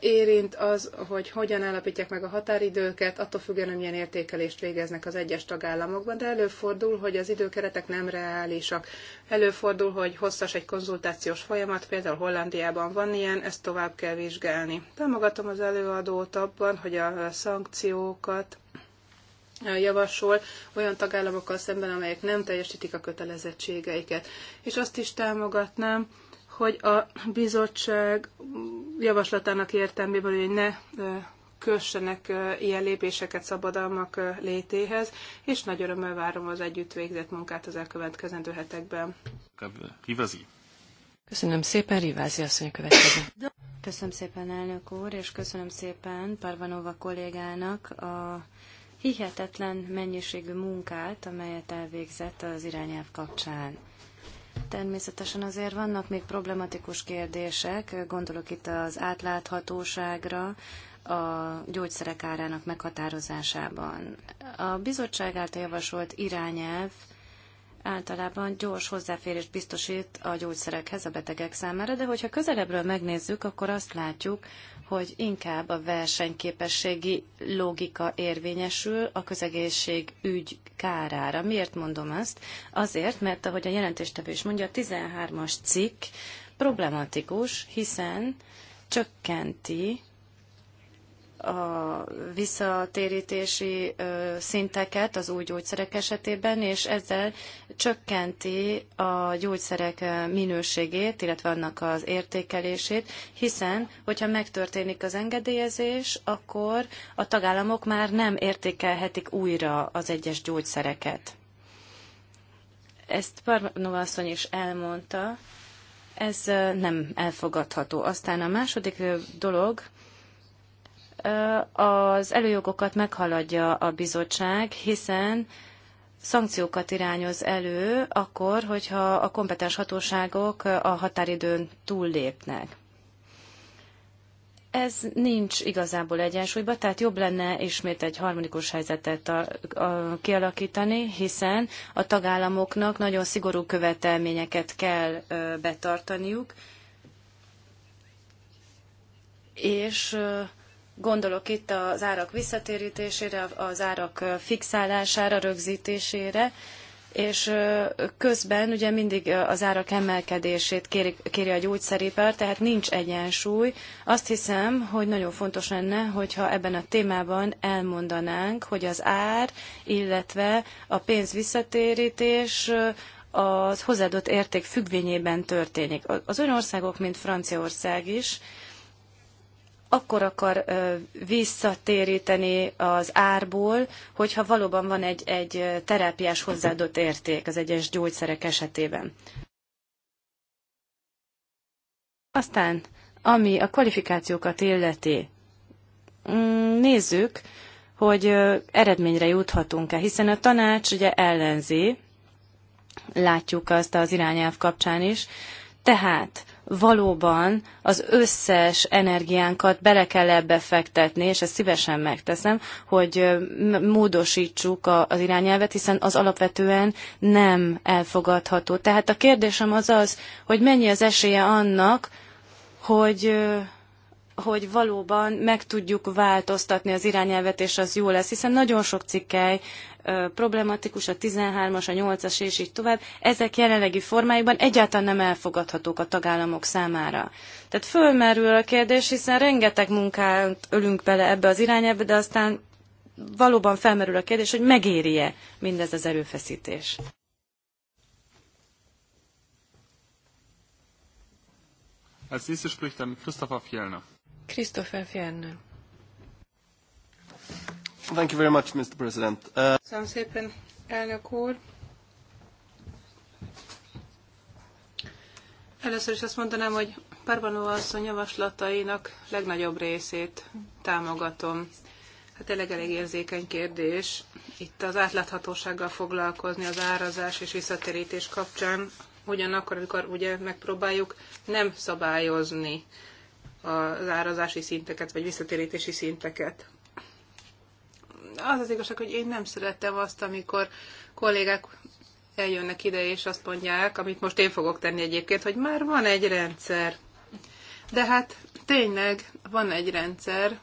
érint az, hogy hogyan állapítják meg a határidőket, attól függően, hogy milyen értékelést végeznek az egyes tagállamokban, de előfordul, hogy az időkeretek nem reálisak. Előfordul, hogy hosszas egy konzultációs folyamat, például Hollandiában van ilyen, ezt tovább kell vizsgálni. Támogatom az előadót abban, hogy a szankciókat javasol olyan tagállamokkal szemben, amelyek nem teljesítik a kötelezettségeiket. És azt is támogatnám, hogy a bizottság javaslatának értelmében hogy ne kössenek ilyen lépéseket szabadalmak létéhez, és nagy örömmel várom az együtt végzett munkát az elkövetkezendő hetekben. Rivazi. Köszönöm szépen, Rivázi asszony következő. Köszönöm szépen, elnök úr, és köszönöm szépen Parvanova kollégának a hihetetlen mennyiségű munkát, amelyet elvégzett az irányelv kapcsán. Természetesen azért vannak még problematikus kérdések, gondolok itt az átláthatóságra, a gyógyszerek árának meghatározásában. A bizottság által javasolt irányelv általában gyors hozzáférést biztosít a gyógyszerekhez a betegek számára, de hogyha közelebbről megnézzük, akkor azt látjuk, hogy inkább a versenyképességi logika érvényesül a közegészség ügy kárára. Miért mondom ezt? Azért, mert ahogy a jelentéstevő is mondja, a 13-as cikk problematikus, hiszen csökkenti a visszatérítési szinteket az új gyógyszerek esetében, és ezzel csökkenti a gyógyszerek minőségét, illetve annak az értékelését, hiszen, hogyha megtörténik az engedélyezés, akkor a tagállamok már nem értékelhetik újra az egyes gyógyszereket. Ezt Parnova asszony is elmondta, ez nem elfogadható. Aztán a második dolog, az előjogokat meghaladja a bizottság, hiszen szankciókat irányoz elő akkor, hogyha a kompetens hatóságok a határidőn túllépnek. Ez nincs igazából egyensúlyban, tehát jobb lenne ismét egy harmonikus helyzetet a, a, kialakítani, hiszen a tagállamoknak nagyon szigorú követelményeket kell ö, betartaniuk, és ö, Gondolok itt az árak visszatérítésére, az árak fixálására, rögzítésére, és közben ugye mindig az árak emelkedését kéri, kéri a gyógyszeripar, tehát nincs egyensúly. Azt hiszem, hogy nagyon fontos lenne, hogyha ebben a témában elmondanánk, hogy az ár, illetve a pénz visszatérítés az hozzáadott érték függvényében történik. Az olyan országok, mint Franciaország is, akkor akar visszatéríteni az árból, hogyha valóban van egy, egy terápiás hozzáadott érték az egyes gyógyszerek esetében. Aztán, ami a kvalifikációkat illeti, mm, nézzük, hogy eredményre juthatunk-e, hiszen a tanács ugye ellenzi, látjuk azt az irányelv kapcsán is, tehát valóban az összes energiánkat bele kell ebbe fektetni, és ezt szívesen megteszem, hogy módosítsuk az irányelvet, hiszen az alapvetően nem elfogadható. Tehát a kérdésem az az, hogy mennyi az esélye annak, hogy hogy valóban meg tudjuk változtatni az irányelvet, és az jó lesz, hiszen nagyon sok cikkely problematikus, a 13-as, a 8-as és így tovább, ezek jelenlegi formájukban egyáltalán nem elfogadhatók a tagállamok számára. Tehát fölmerül a kérdés, hiszen rengeteg munkát ölünk bele ebbe az irányába, de aztán valóban felmerül a kérdés, hogy megéri-e mindez az erőfeszítés. Als nächstes spricht dann Christopher Fjellner. Christopher Fjellner. Thank you very much, Mr. President. Uh, Köszönöm szépen, elnök úr. Először is azt mondanám, hogy Parvanova asszony javaslatainak legnagyobb részét támogatom. Hát tényleg elég érzékeny kérdés. Itt az átláthatósággal foglalkozni az árazás és visszatérítés kapcsán, ugyanakkor, amikor ugye megpróbáljuk nem szabályozni az árazási szinteket, vagy visszatérítési szinteket az az igazság, hogy én nem szerettem azt, amikor kollégák eljönnek ide, és azt mondják, amit most én fogok tenni egyébként, hogy már van egy rendszer. De hát tényleg van egy rendszer,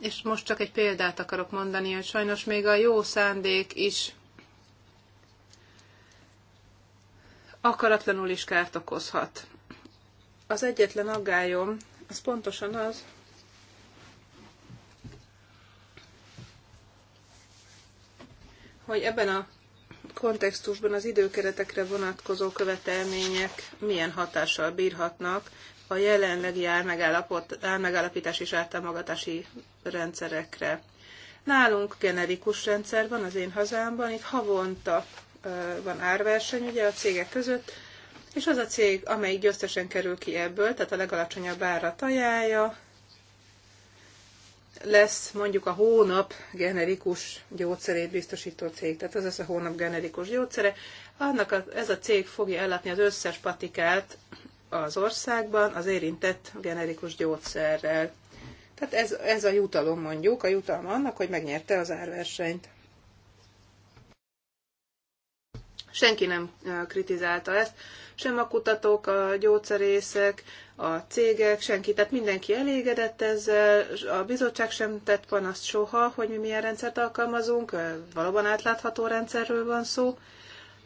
és most csak egy példát akarok mondani, hogy sajnos még a jó szándék is akaratlanul is kárt okozhat. Az egyetlen aggályom, az pontosan az, hogy ebben a kontextusban az időkeretekre vonatkozó követelmények milyen hatással bírhatnak a jelenlegi álmegállapítás és ártámogatási rendszerekre. Nálunk generikus rendszer van az én hazámban, itt havonta van árverseny ugye a cégek között, és az a cég, amelyik győztesen kerül ki ebből, tehát a legalacsonyabb árat ajánlja, lesz mondjuk a hónap generikus gyógyszerét biztosító cég, tehát ez lesz a hónap generikus gyógyszere, annak a, ez a cég fogja ellátni az összes patikát az országban az érintett generikus gyógyszerrel. Tehát ez, ez a jutalom mondjuk, a jutalma annak, hogy megnyerte az árversenyt. Senki nem kritizálta ezt, sem a kutatók, a gyógyszerészek, a cégek, senki, tehát mindenki elégedett ezzel, a bizottság sem tett panaszt soha, hogy mi milyen rendszert alkalmazunk, valóban átlátható rendszerről van szó,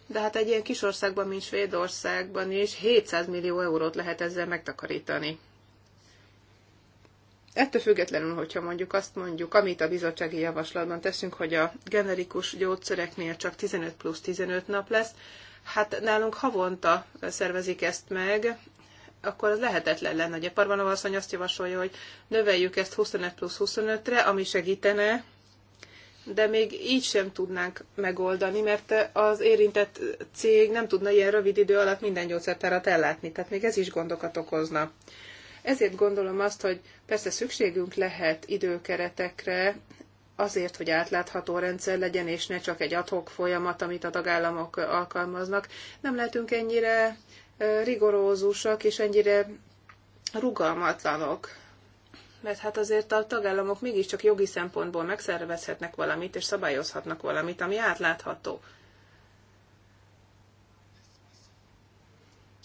de hát egy ilyen kis országban, mint Svédországban is 700 millió eurót lehet ezzel megtakarítani. Ettől függetlenül, hogyha mondjuk azt mondjuk, amit a bizottsági javaslatban teszünk, hogy a generikus gyógyszereknél csak 15 plusz 15 nap lesz, hát nálunk havonta szervezik ezt meg, akkor az lehetetlen lenne. Ugye Parvanov asszony azt javasolja, hogy növeljük ezt 25 plusz 25-re, ami segítene, de még így sem tudnánk megoldani, mert az érintett cég nem tudna ilyen rövid idő alatt minden gyógyszertárat ellátni, tehát még ez is gondokat okozna. Ezért gondolom azt, hogy persze szükségünk lehet időkeretekre, azért, hogy átlátható rendszer legyen, és ne csak egy adhok folyamat, amit a tagállamok alkalmaznak. Nem lehetünk ennyire rigorózusak és ennyire rugalmatlanok. Mert hát azért a tagállamok mégiscsak jogi szempontból megszervezhetnek valamit, és szabályozhatnak valamit, ami átlátható.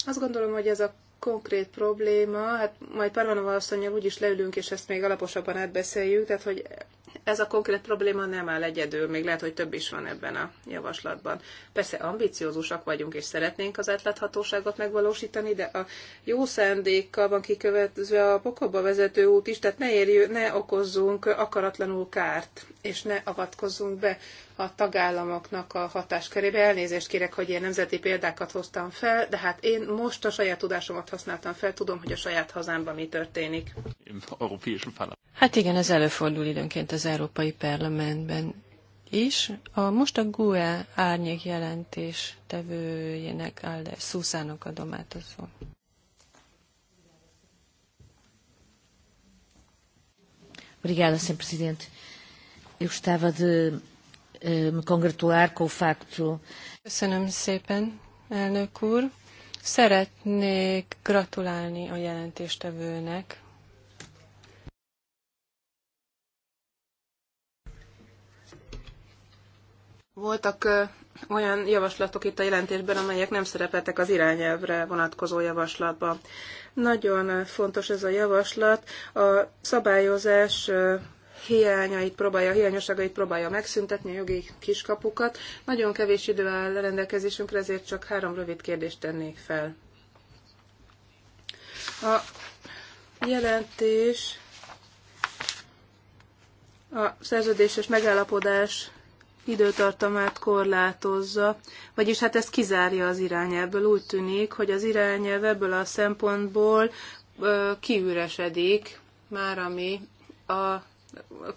Azt gondolom, hogy ez a konkrét probléma, hát majd Parvanova asszonyjal úgyis leülünk, és ezt még alaposabban átbeszéljük, tehát hogy ez a konkrét probléma nem áll egyedül, még lehet, hogy több is van ebben a javaslatban. Persze ambiciózusak vagyunk, és szeretnénk az átláthatóságot megvalósítani, de a jó szándékkal van kikövetve a pokolba vezető út is, tehát ne, érjő, ne okozzunk akaratlanul kárt, és ne avatkozzunk be a tagállamoknak a hatáskörébe. Elnézést kérek, hogy én nemzeti példákat hoztam fel, de hát én most a saját tudásomat használtam fel, tudom, hogy a saját hazámban mi történik. Hát igen, ez előfordul időnként az az Európai Parlamentben is. A, most a GUE árnyék jelentés tevőjének, Alde Szuszának adom át a szó. Obrigada, Sr. Presidente. Eu gostava de eh, me congratular com o facto. Köszönöm szépen, elnök úr. Szeretnék gratulálni a jelentéstevőnek Voltak olyan javaslatok itt a jelentésben, amelyek nem szerepeltek az irányelvre vonatkozó javaslatban. Nagyon fontos ez a javaslat. A szabályozás hiányait próbálja, hiányosságait próbálja megszüntetni, a jogi kiskapukat. Nagyon kevés idő áll rendelkezésünkre, ezért csak három rövid kérdést tennék fel. A jelentés a szerződéses megállapodás időtartamát korlátozza, vagyis hát ez kizárja az irányelvből. Úgy tűnik, hogy az irányelv ebből a szempontból kiüresedik, már ami a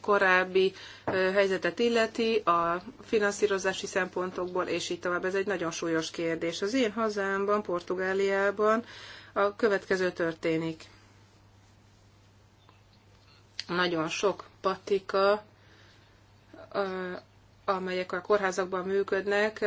korábbi helyzetet illeti, a finanszírozási szempontokból, és így tovább. Ez egy nagyon súlyos kérdés. Az én hazámban, Portugáliában a következő történik. Nagyon sok patika amelyek a kórházakban működnek,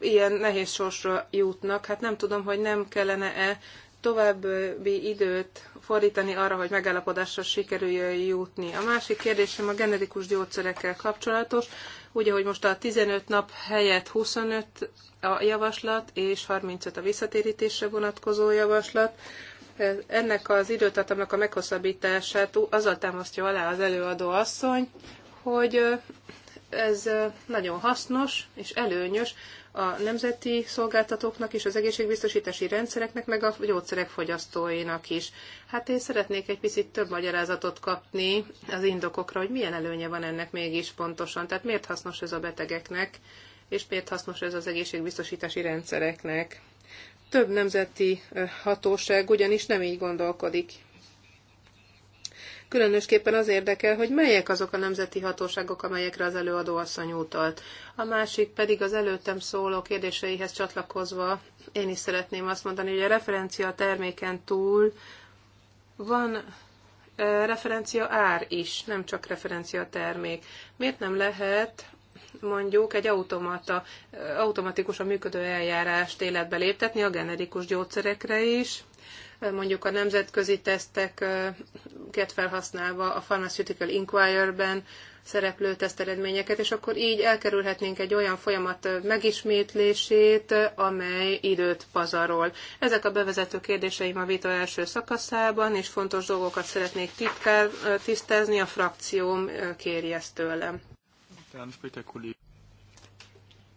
ilyen nehéz sorsra jutnak. Hát nem tudom, hogy nem kellene-e további időt fordítani arra, hogy megállapodásra sikerüljön jutni. A másik kérdésem a generikus gyógyszerekkel kapcsolatos. Ugye, hogy most a 15 nap helyett 25 a javaslat, és 35 a visszatérítésre vonatkozó javaslat. E, ennek az időtartamnak a meghosszabbítását azzal támasztja alá az előadó asszony, hogy ez nagyon hasznos és előnyös a nemzeti szolgáltatóknak is, az egészségbiztosítási rendszereknek, meg a gyógyszerek fogyasztóinak is. Hát én szeretnék egy picit több magyarázatot kapni az indokokra, hogy milyen előnye van ennek mégis pontosan. Tehát miért hasznos ez a betegeknek, és miért hasznos ez az egészségbiztosítási rendszereknek. Több nemzeti hatóság ugyanis nem így gondolkodik Különösképpen az érdekel, hogy melyek azok a nemzeti hatóságok, amelyekre az előadó asszony utalt. A másik pedig az előttem szóló kérdéseihez csatlakozva, én is szeretném azt mondani, hogy a referencia terméken túl van referencia ár is, nem csak referencia termék. Miért nem lehet mondjuk egy automata, automatikusan működő eljárást életbe léptetni a generikus gyógyszerekre is, mondjuk a nemzetközi teszteket felhasználva a Pharmaceutical Inquirer-ben szereplő teszteredményeket, és akkor így elkerülhetnénk egy olyan folyamat megismétlését, amely időt pazarol. Ezek a bevezető kérdéseim a vita első szakaszában, és fontos dolgokat szeretnék titkár, tisztázni, a frakcióm kéri ezt tőlem.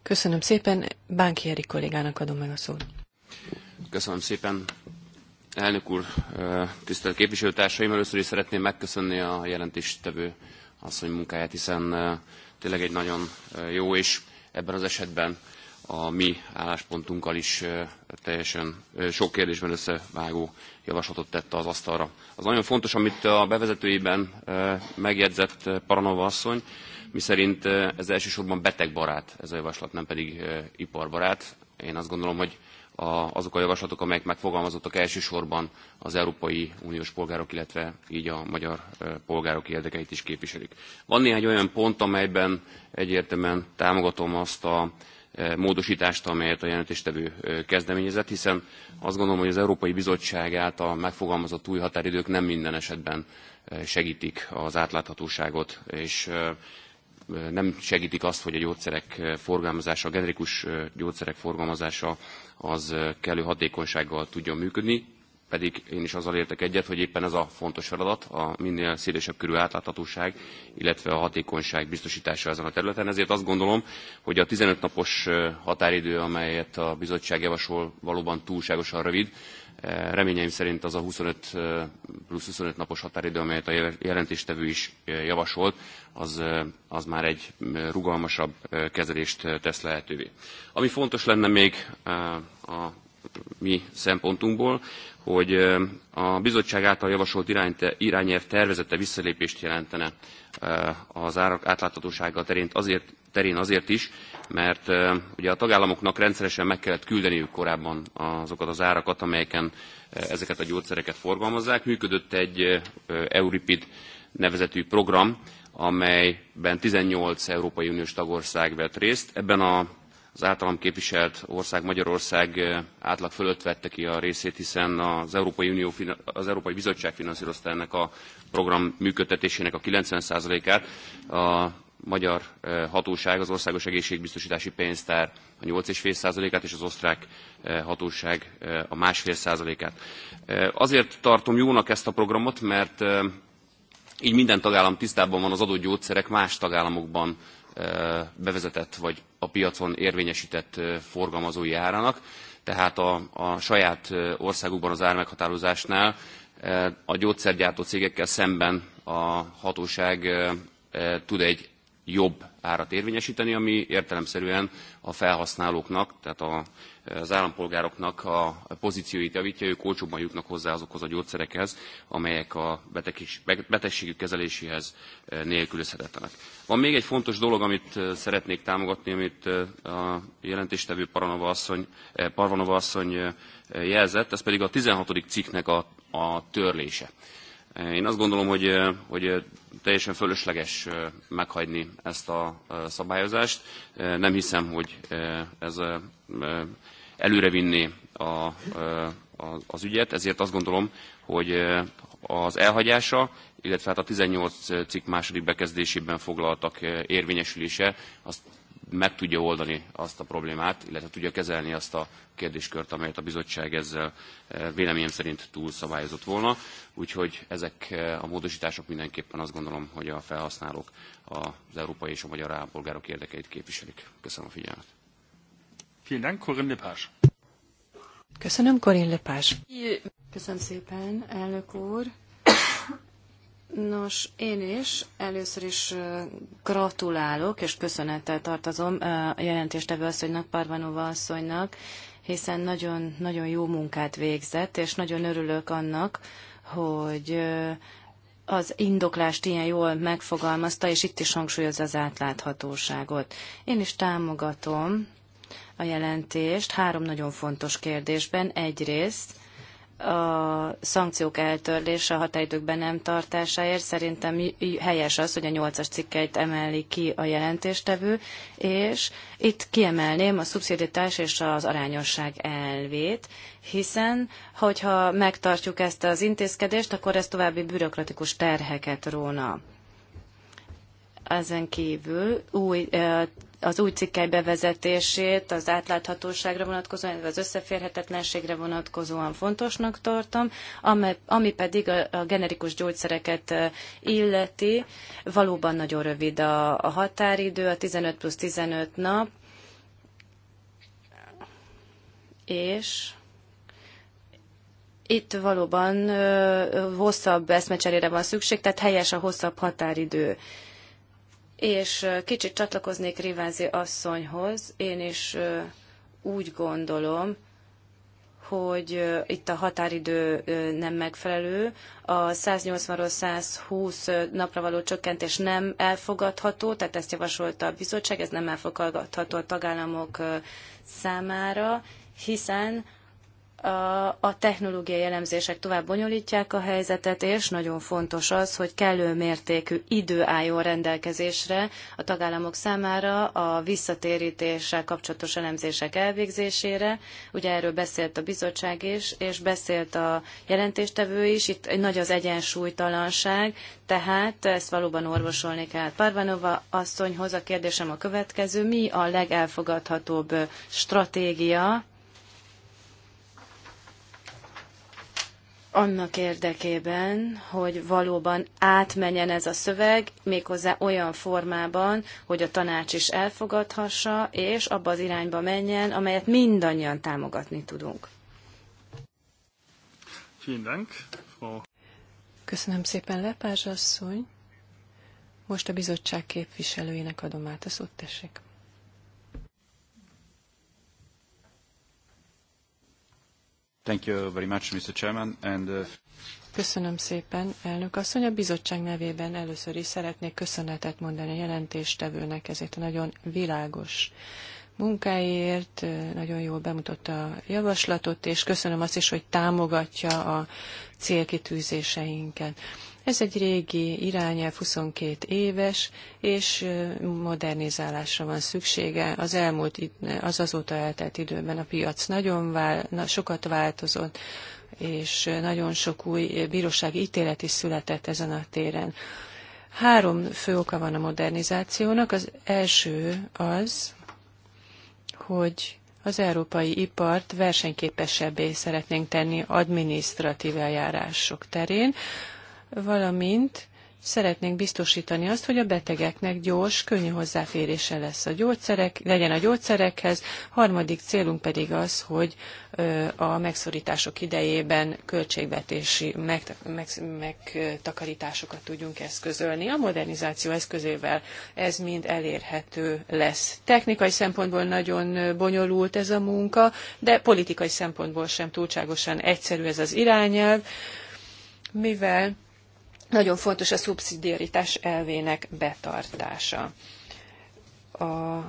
Köszönöm szépen, Bánki Eri kollégának adom meg a szót. Köszönöm szépen, Elnök úr, tisztelt képviselőtársaim, először is szeretném megköszönni a jelentéstevő asszony munkáját, hiszen tényleg egy nagyon jó és ebben az esetben a mi álláspontunkkal is teljesen sok kérdésben összevágó javaslatot tette az asztalra. Az nagyon fontos, amit a bevezetőiben megjegyzett Paranova asszony, miszerint ez elsősorban betegbarát ez a javaslat, nem pedig iparbarát. Én azt gondolom, hogy a, azok a javaslatok, amelyek megfogalmazottak elsősorban az Európai Uniós polgárok, illetve így a magyar polgárok érdekeit is képviselik. Van néhány olyan pont, amelyben egyértelműen támogatom azt a módosítást, amelyet a jelentéstevő kezdeményezett, hiszen azt gondolom, hogy az Európai Bizottság által megfogalmazott új határidők nem minden esetben segítik az átláthatóságot, és nem segítik azt, hogy a gyógyszerek forgalmazása, a generikus gyógyszerek forgalmazása az kellő hatékonysággal tudjon működni, pedig én is azzal értek egyet, hogy éppen ez a fontos feladat, a minél szélesebb körű átláthatóság, illetve a hatékonyság biztosítása ezen a területen. Ezért azt gondolom, hogy a 15 napos határidő, amelyet a bizottság javasol, valóban túlságosan rövid, Reményeim szerint az a 25 plusz 25 napos határidő, amelyet a jelentéstevő is javasolt, az, az már egy rugalmasabb kezelést tesz lehetővé. Ami fontos lenne még a mi szempontunkból, hogy a bizottság által javasolt irányelv tervezete visszalépést jelentene Eh, az árak átláthatósága terén azért, terén azért is, mert eh, ugye a tagállamoknak rendszeresen meg kellett küldeniük korábban azokat az árakat, amelyeken eh, ezeket a gyógyszereket forgalmazzák. Működött egy Euripid nevezetű program, amelyben 18 Európai Uniós tagország vett részt. Ebben a az általam képviselt ország Magyarország átlag fölött vette ki a részét, hiszen az Európai, Unió, az Európai Bizottság finanszírozta ennek a program működtetésének a 90%-át a magyar eh, hatóság, az országos egészségbiztosítási pénztár a 8,5%-át, és az osztrák eh, hatóság eh, a másfél százalékát. Azért tartom jónak ezt a programot, mert így minden tagállam tisztában van az adott gyógyszerek más tagállamokban bevezetett vagy a piacon érvényesített forgalmazói árának, tehát a, a saját országukban az ármeghatározásnál a gyógyszergyártó cégekkel szemben a hatóság tud egy jobb árat érvényesíteni, ami értelemszerűen a felhasználóknak, tehát a, az állampolgároknak a pozícióit javítja, ők olcsóbban jutnak hozzá azokhoz a gyógyszerekhez, amelyek a betegségük kezeléséhez nélkülözhetetlenek. Van még egy fontos dolog, amit szeretnék támogatni, amit a jelentéstevő eh, Parvanova asszony, Parvanova asszony jelzett, ez pedig a 16. cikknek a a törlése. Én azt gondolom, hogy, hogy teljesen fölösleges meghagyni ezt a szabályozást. Nem hiszem, hogy ez előrevinné a, az ügyet, ezért azt gondolom, hogy az elhagyása, illetve hát a 18 cikk második bekezdésében foglaltak érvényesülése, azt meg tudja oldani azt a problémát, illetve tudja kezelni azt a kérdéskört, amelyet a bizottság ezzel eh, véleményem szerint túlszabályozott volna. Úgyhogy ezek eh, a módosítások mindenképpen azt gondolom, hogy a felhasználók az európai és a magyar állampolgárok érdekeit képviselik. Köszönöm a figyelmet. Köszönöm, Korin Lepás. Köszönöm szépen, elnök úr. Nos, én is először is gratulálok, és köszönettel tartozom a jelentéstevő asszonynak, Parvanova asszonynak, hiszen nagyon, nagyon jó munkát végzett, és nagyon örülök annak, hogy az indoklást ilyen jól megfogalmazta, és itt is hangsúlyozza az átláthatóságot. Én is támogatom a jelentést három nagyon fontos kérdésben. Egyrészt a szankciók eltörlése, a határidőkben nem tartásáért szerintem helyes az, hogy a nyolcas cikkeit emeli ki a jelentéstevő, és itt kiemelném a szubszidítás és az arányosság elvét, hiszen hogyha megtartjuk ezt az intézkedést, akkor ez további bürokratikus terheket róna. Ezen kívül új az új cikkely bevezetését az átláthatóságra vonatkozóan, illetve az összeférhetetlenségre vonatkozóan fontosnak tartom, ami pedig a, generikus gyógyszereket illeti. Valóban nagyon rövid a, határidő, a 15 plusz 15 nap, és itt valóban hosszabb eszmecserére van szükség, tehát helyes a hosszabb határidő. És kicsit csatlakoznék Rivázi asszonyhoz. Én is úgy gondolom, hogy itt a határidő nem megfelelő, a 180-ról 120 napra való csökkentés nem elfogadható, tehát ezt javasolta a bizottság, ez nem elfogadható a tagállamok számára, hiszen a technológiai elemzések tovább bonyolítják a helyzetet, és nagyon fontos az, hogy kellő mértékű idő álljon rendelkezésre a tagállamok számára a visszatérítéssel kapcsolatos elemzések elvégzésére. Ugye erről beszélt a bizottság is, és beszélt a jelentéstevő is. Itt nagy az egyensúlytalanság, tehát ezt valóban orvosolni kell. Parvanova asszonyhoz a kérdésem a következő. Mi a legelfogadhatóbb stratégia, annak érdekében, hogy valóban átmenjen ez a szöveg, méghozzá olyan formában, hogy a tanács is elfogadhassa, és abba az irányba menjen, amelyet mindannyian támogatni tudunk. Köszönöm szépen, Lepázs asszony. Most a bizottság képviselőjének adom át a szót, tessék. Thank you very much, Mr. Chairman, and, uh... Köszönöm szépen, elnök asszony. A bizottság nevében először is szeretnék köszönetet mondani a jelentéstevőnek ezért a nagyon világos munkáért, nagyon jól bemutatta a javaslatot, és köszönöm azt is, hogy támogatja a célkitűzéseinket. Ez egy régi irányelv, 22 éves, és modernizálásra van szüksége. Az elmúlt, az azóta eltelt időben a piac nagyon vál, sokat változott, és nagyon sok új bírósági ítélet is született ezen a téren. Három fő oka van a modernizációnak. Az első az, hogy az európai ipart versenyképesebbé szeretnénk tenni adminisztratív eljárások terén valamint szeretnénk biztosítani azt, hogy a betegeknek gyors, könnyű hozzáférése lesz a gyógyszerek, legyen a gyógyszerekhez. Harmadik célunk pedig az, hogy a megszorítások idejében költségvetési megtakarításokat tudjunk eszközölni. A modernizáció eszközével ez mind elérhető lesz. Technikai szempontból nagyon bonyolult ez a munka, de politikai szempontból sem túlságosan egyszerű ez az irányelv, mivel nagyon fontos a szubszidiaritás elvének betartása. A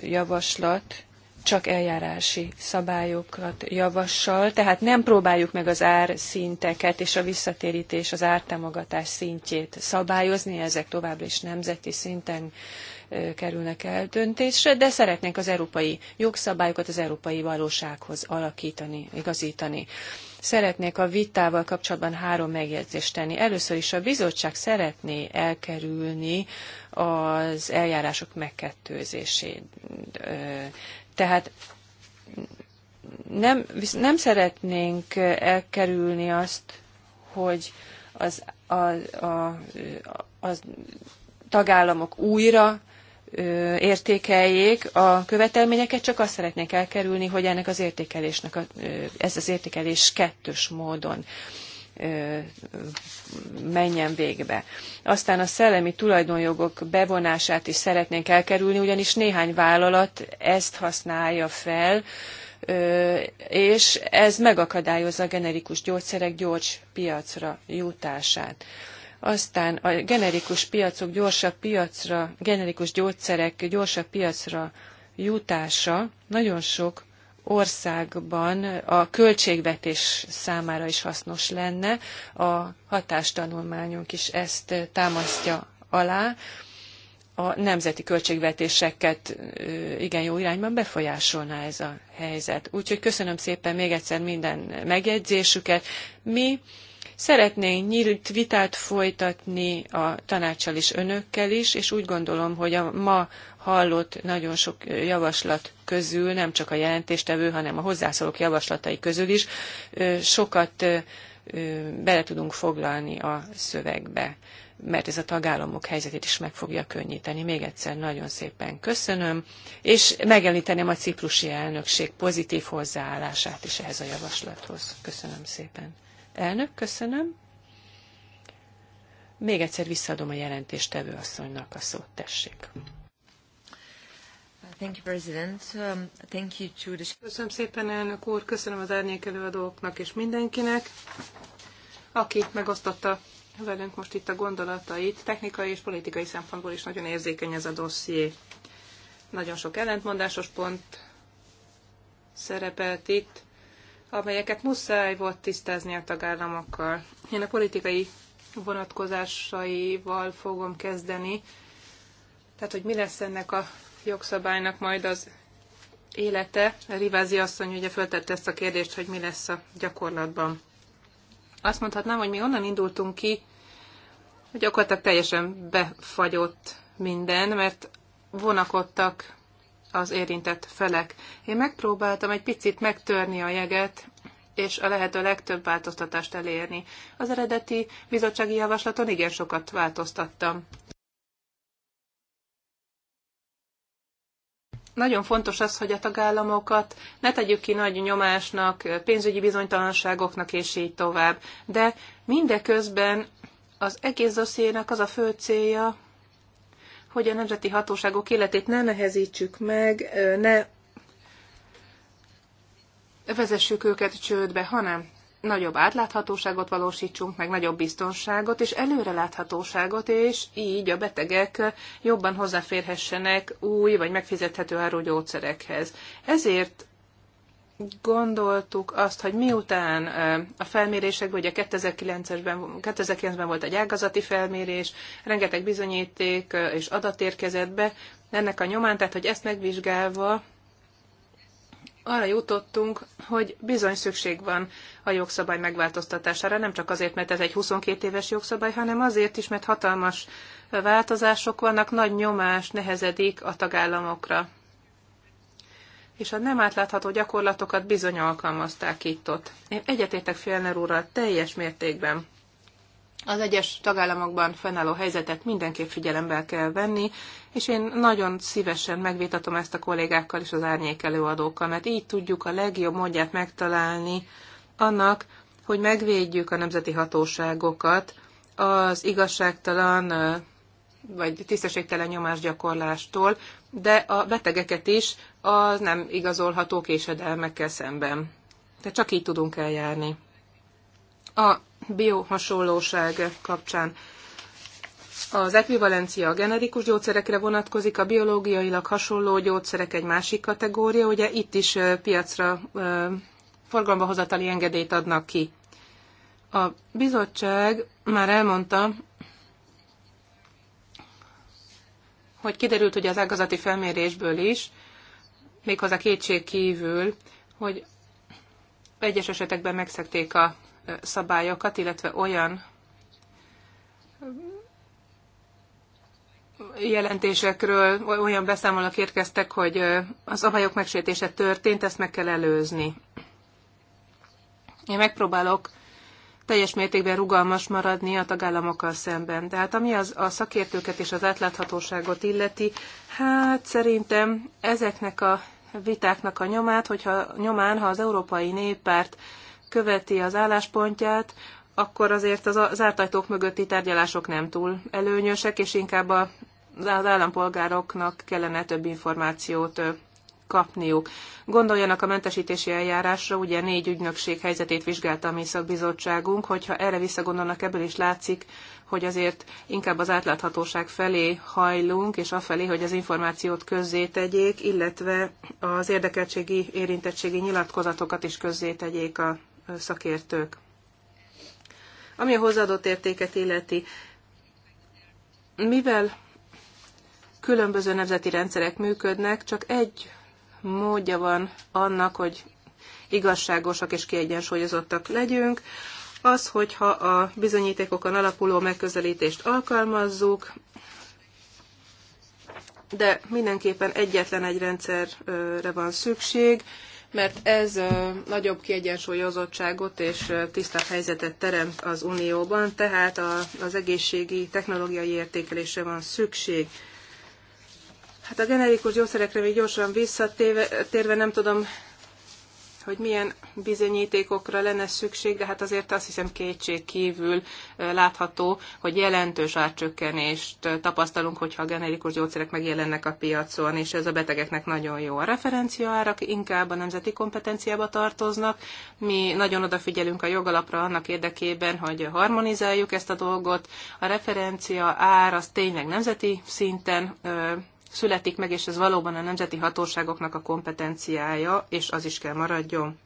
javaslat csak eljárási szabályokat javassal, tehát nem próbáljuk meg az árszinteket és a visszatérítés, az ártámogatás szintjét szabályozni, ezek továbbra is nemzeti szinten kerülnek eldöntésre, de szeretnénk az európai jogszabályokat az európai valósághoz alakítani, igazítani. Szeretnék a vitával kapcsolatban három megjegyzést tenni. Először is a bizottság szeretné elkerülni az eljárások megkettőzését. Tehát nem, nem szeretnénk elkerülni azt, hogy az, a, a, a, a tagállamok újra értékeljék a követelményeket, csak azt szeretnék elkerülni, hogy ennek az értékelésnek a, ez az értékelés kettős módon menjen végbe. Aztán a szellemi tulajdonjogok bevonását is szeretnénk elkerülni, ugyanis néhány vállalat ezt használja fel, és ez megakadályozza a generikus gyógyszerek gyors piacra jutását. Aztán a generikus piacok gyorsabb piacra, generikus gyógyszerek gyorsabb piacra jutása nagyon sok országban a költségvetés számára is hasznos lenne. A hatástanulmányunk is ezt támasztja alá. A nemzeti költségvetéseket igen jó irányban befolyásolná ez a helyzet. Úgyhogy köszönöm szépen még egyszer minden megjegyzésüket. Mi Szeretnénk nyílt vitát folytatni a tanácsal és önökkel is, és úgy gondolom, hogy a ma hallott nagyon sok javaslat közül, nem csak a jelentéstevő, hanem a hozzászólók javaslatai közül is sokat bele tudunk foglalni a szövegbe, mert ez a tagállamok helyzetét is meg fogja könnyíteni. Még egyszer nagyon szépen köszönöm, és megemlíteném a ciprusi elnökség pozitív hozzáállását is ehhez a javaslathoz. Köszönöm szépen. Elnök, köszönöm. Még egyszer visszaadom a jelentéstevő asszonynak a szót, tessék. Thank you, President. Um, thank you to the... Köszönöm szépen, elnök úr, köszönöm az árnyékelőadóknak és mindenkinek, aki megosztotta velünk most itt a gondolatait. Technikai és politikai szempontból is nagyon érzékeny ez a dosszié. Nagyon sok ellentmondásos pont szerepelt itt, amelyeket muszáj volt tisztázni a tagállamokkal. Én a politikai vonatkozásaival fogom kezdeni, tehát hogy mi lesz ennek a jogszabálynak majd az élete. Rivázi asszony ugye föltette ezt a kérdést, hogy mi lesz a gyakorlatban. Azt mondhatnám, hogy mi onnan indultunk ki, hogy gyakorlatilag teljesen befagyott minden, mert vonakodtak az érintett felek. Én megpróbáltam egy picit megtörni a jeget, és a lehető legtöbb változtatást elérni. Az eredeti bizottsági javaslaton igen sokat változtattam. Nagyon fontos az, hogy a tagállamokat ne tegyük ki nagy nyomásnak, pénzügyi bizonytalanságoknak, és így tovább. De mindeközben az egész dossziénak az a fő célja, hogy a nemzeti hatóságok életét ne nehezítsük meg, ne vezessük őket csődbe, hanem nagyobb átláthatóságot valósítsunk, meg nagyobb biztonságot és előreláthatóságot, és így a betegek jobban hozzáférhessenek új vagy megfizethető áru gyógyszerekhez. Ezért gondoltuk azt, hogy miután a felmérések, ugye 2009-ben, 2009-ben volt egy ágazati felmérés, rengeteg bizonyíték és adat érkezett be, ennek a nyomán, tehát hogy ezt megvizsgálva arra jutottunk, hogy bizony szükség van a jogszabály megváltoztatására, nem csak azért, mert ez egy 22 éves jogszabály, hanem azért is, mert hatalmas változások vannak, nagy nyomás nehezedik a tagállamokra és a nem átlátható gyakorlatokat bizony alkalmazták itt-ott. Én egyetétek Fjellner úrral teljes mértékben. Az egyes tagállamokban fennálló helyzetet mindenképp figyelembe kell venni, és én nagyon szívesen megvitatom ezt a kollégákkal és az árnyék előadókkal, mert így tudjuk a legjobb módját megtalálni annak, hogy megvédjük a nemzeti hatóságokat az igazságtalan vagy tisztességtelen nyomásgyakorlástól, de a betegeket is az nem igazolható késedelmekkel szemben. Tehát csak így tudunk eljárni. A biohasonlóság kapcsán az ekvivalencia a generikus gyógyszerekre vonatkozik, a biológiailag hasonló gyógyszerek egy másik kategória, ugye itt is piacra forgalomba hozatali engedélyt adnak ki. A bizottság már elmondta, hogy kiderült ugye az ágazati felmérésből is, méghozzá kétség kívül, hogy egyes esetekben megszekték a szabályokat, illetve olyan jelentésekről, olyan beszámolók érkeztek, hogy a szabályok megsértése történt, ezt meg kell előzni. Én megpróbálok teljes mértékben rugalmas maradni a tagállamokkal szemben. Tehát ami az, a szakértőket és az átláthatóságot illeti, hát szerintem ezeknek a vitáknak a nyomát, hogyha nyomán, ha az Európai Néppárt követi az álláspontját, akkor azért az zárt ajtók mögötti tárgyalások nem túl előnyösek, és inkább a, az állampolgároknak kellene több információt kapniuk. Gondoljanak a mentesítési eljárásra, ugye négy ügynökség helyzetét vizsgálta a mi szakbizottságunk, hogyha erre visszagondolnak, ebből is látszik, hogy azért inkább az átláthatóság felé hajlunk, és afelé, hogy az információt közzétegyék, illetve az érdekeltségi, érintettségi nyilatkozatokat is közzétegyék a szakértők. Ami a hozzáadott értéket illeti, mivel különböző nemzeti rendszerek működnek, csak egy módja van annak, hogy igazságosak és kiegyensúlyozottak legyünk, az, hogyha a bizonyítékokon alapuló megközelítést alkalmazzuk, de mindenképpen egyetlen egy rendszerre van szükség, mert ez nagyobb kiegyensúlyozottságot és tisztább helyzetet teremt az Unióban, tehát az egészségi technológiai értékelésre van szükség. Hát a generikus gyógyszerekre még gyorsan visszatérve nem tudom, hogy milyen bizonyítékokra lenne szükség, de hát azért azt hiszem kétség kívül látható, hogy jelentős árcsökkenést tapasztalunk, hogyha a generikus gyógyszerek megjelennek a piacon, és ez a betegeknek nagyon jó. A referenciaárak inkább a nemzeti kompetenciába tartoznak. Mi nagyon odafigyelünk a jogalapra annak érdekében, hogy harmonizáljuk ezt a dolgot. A referencia ár az tényleg nemzeti szinten születik meg, és ez valóban a nemzeti hatóságoknak a kompetenciája, és az is kell maradjon.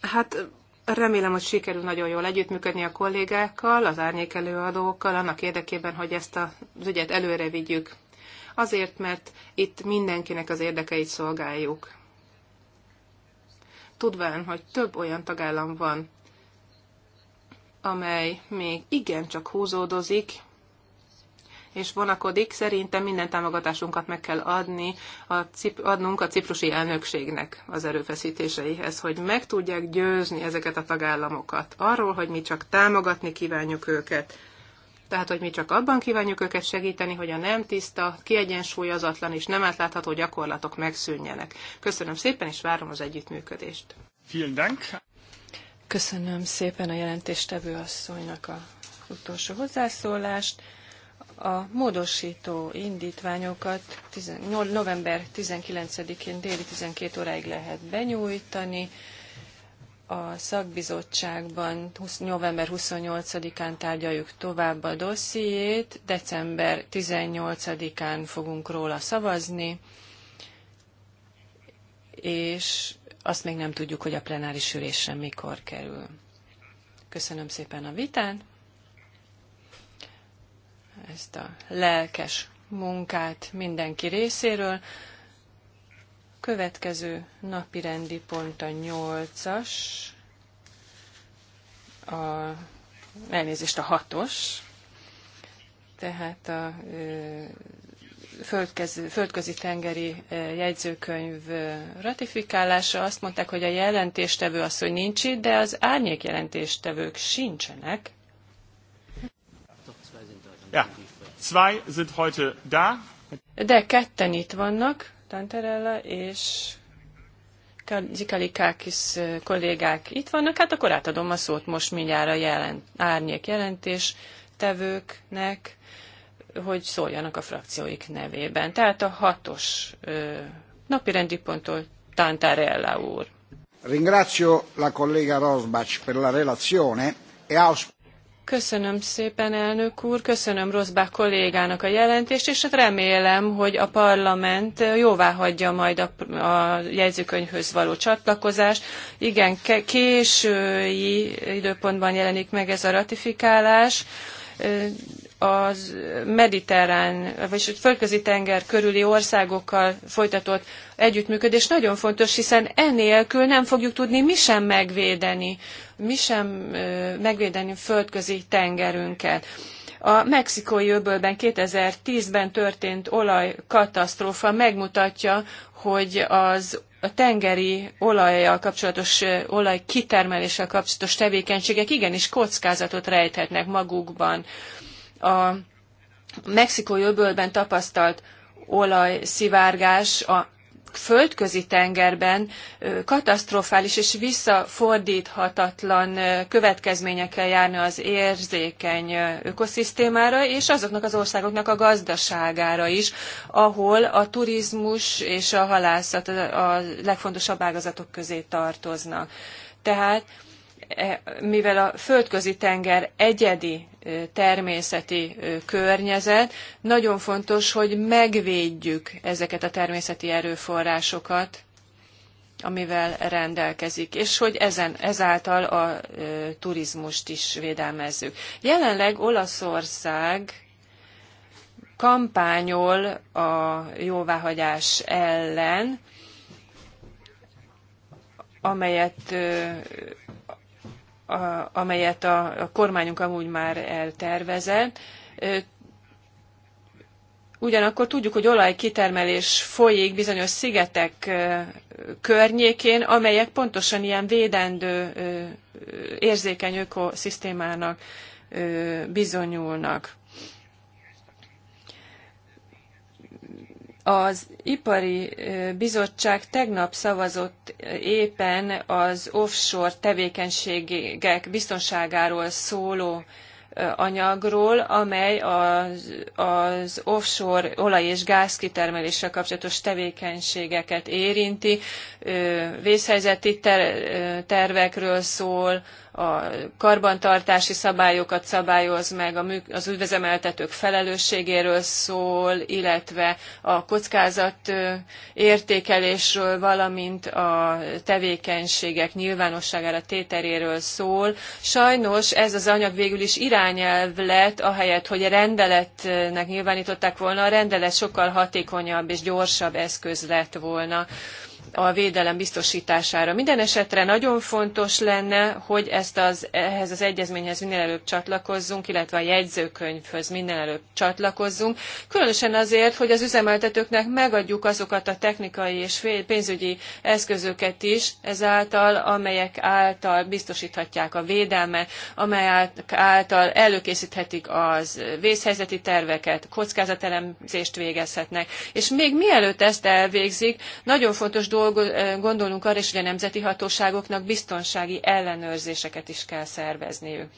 Hát remélem, hogy sikerül nagyon jól együttműködni a kollégákkal, az árnyékelőadókkal, annak érdekében, hogy ezt az ügyet előre vigyük. Azért, mert itt mindenkinek az érdekeit szolgáljuk. Tudván, hogy több olyan tagállam van, amely még igencsak húzódozik, és vonakodik. Szerintem minden támogatásunkat meg kell adni, a cip, adnunk a ciprusi elnökségnek az erőfeszítéseihez, hogy meg tudják győzni ezeket a tagállamokat arról, hogy mi csak támogatni kívánjuk őket. Tehát, hogy mi csak abban kívánjuk őket segíteni, hogy a nem tiszta, kiegyensúlyozatlan és nem átlátható gyakorlatok megszűnjenek. Köszönöm szépen, és várom az együttműködést. Vielen Dank. Köszönöm szépen a jelentéstevő asszonynak a utolsó hozzászólást a módosító indítványokat 18, november 19-én déli 12 óráig lehet benyújtani. A szakbizottságban 20, november 28-án tárgyaljuk tovább a dossziét, december 18-án fogunk róla szavazni, és azt még nem tudjuk, hogy a plenáris ülésre mikor kerül. Köszönöm szépen a vitát! ezt a lelkes munkát mindenki részéről. Következő napi rendi pont a nyolcas, a, elnézést a hatos, tehát a földközi tengeri jegyzőkönyv ratifikálása. Azt mondták, hogy a jelentéstevő az, hogy nincs itt, de az árnyék jelentéstevők sincsenek. Ja, zwei sind heute da. De ketten itt vannak, Tanterella és Zikalikákis kollégák itt vannak, hát akkor átadom a szót most mindjárt a jelent, árnyék jelentés tevőknek, hogy szóljanak a frakcióik nevében. Tehát a hatos napi napirendi ponttól Tantarella úr. Ringrazio la collega Rosbach per la relazione e auspico Köszönöm szépen, elnök úr, köszönöm Rosszbák kollégának a jelentést, és hát remélem, hogy a parlament jóvá hagyja majd a, a jegyzőkönyvhöz való csatlakozást. Igen, késői időpontban jelenik meg ez a ratifikálás az mediterrán, vagyis a földközi tenger körüli országokkal folytatott együttműködés nagyon fontos, hiszen enélkül nem fogjuk tudni mi sem megvédeni, mi sem megvédeni földközi tengerünket. A mexikói öbölben 2010-ben történt olajkatasztrófa megmutatja, hogy az a tengeri olajjal kapcsolatos, olaj kitermeléssel kapcsolatos tevékenységek igenis kockázatot rejthetnek magukban a mexikói öbölben tapasztalt olajszivárgás a földközi tengerben katasztrofális és visszafordíthatatlan következményekkel járna az érzékeny ökoszisztémára, és azoknak az országoknak a gazdaságára is, ahol a turizmus és a halászat a legfontosabb ágazatok közé tartoznak. Tehát e, mivel a földközi tenger egyedi természeti környezet. Nagyon fontos, hogy megvédjük ezeket a természeti erőforrásokat, amivel rendelkezik, és hogy ezen, ezáltal a turizmust is védelmezzük. Jelenleg Olaszország kampányol a jóváhagyás ellen, amelyet amelyet a kormányunk amúgy már eltervezett. Ugyanakkor tudjuk, hogy olajkitermelés folyik bizonyos szigetek környékén, amelyek pontosan ilyen védendő, érzékeny ökoszisztémának bizonyulnak. Az ipari bizottság tegnap szavazott éppen az offshore tevékenységek biztonságáról szóló anyagról, amely az, az offshore olaj- és gázkitermeléssel kapcsolatos tevékenységeket érinti, vészhelyzeti tervekről szól, a karbantartási szabályokat szabályoz meg, az üzemeltetők felelősségéről szól, illetve a kockázat értékelésről, valamint a tevékenységek nyilvánosságára téteréről szól. Sajnos ez az anyag végül is irányelv lett, ahelyett, hogy rendeletnek nyilvánították volna, a rendelet sokkal hatékonyabb és gyorsabb eszköz lett volna a védelem biztosítására. Minden esetre nagyon fontos lenne, hogy ezt az, ehhez az egyezményhez minél előbb csatlakozzunk, illetve a jegyzőkönyvhöz minél előbb csatlakozzunk. Különösen azért, hogy az üzemeltetőknek megadjuk azokat a technikai és pénzügyi eszközöket is ezáltal, amelyek által biztosíthatják a védelmet, amelyek által előkészíthetik az vészhelyzeti terveket, kockázatelemzést végezhetnek. És még mielőtt ezt elvégzik, nagyon fontos dolog gondolnunk arra is, hogy a nemzeti hatóságoknak biztonsági ellenőrzéseket is kell szervezniük.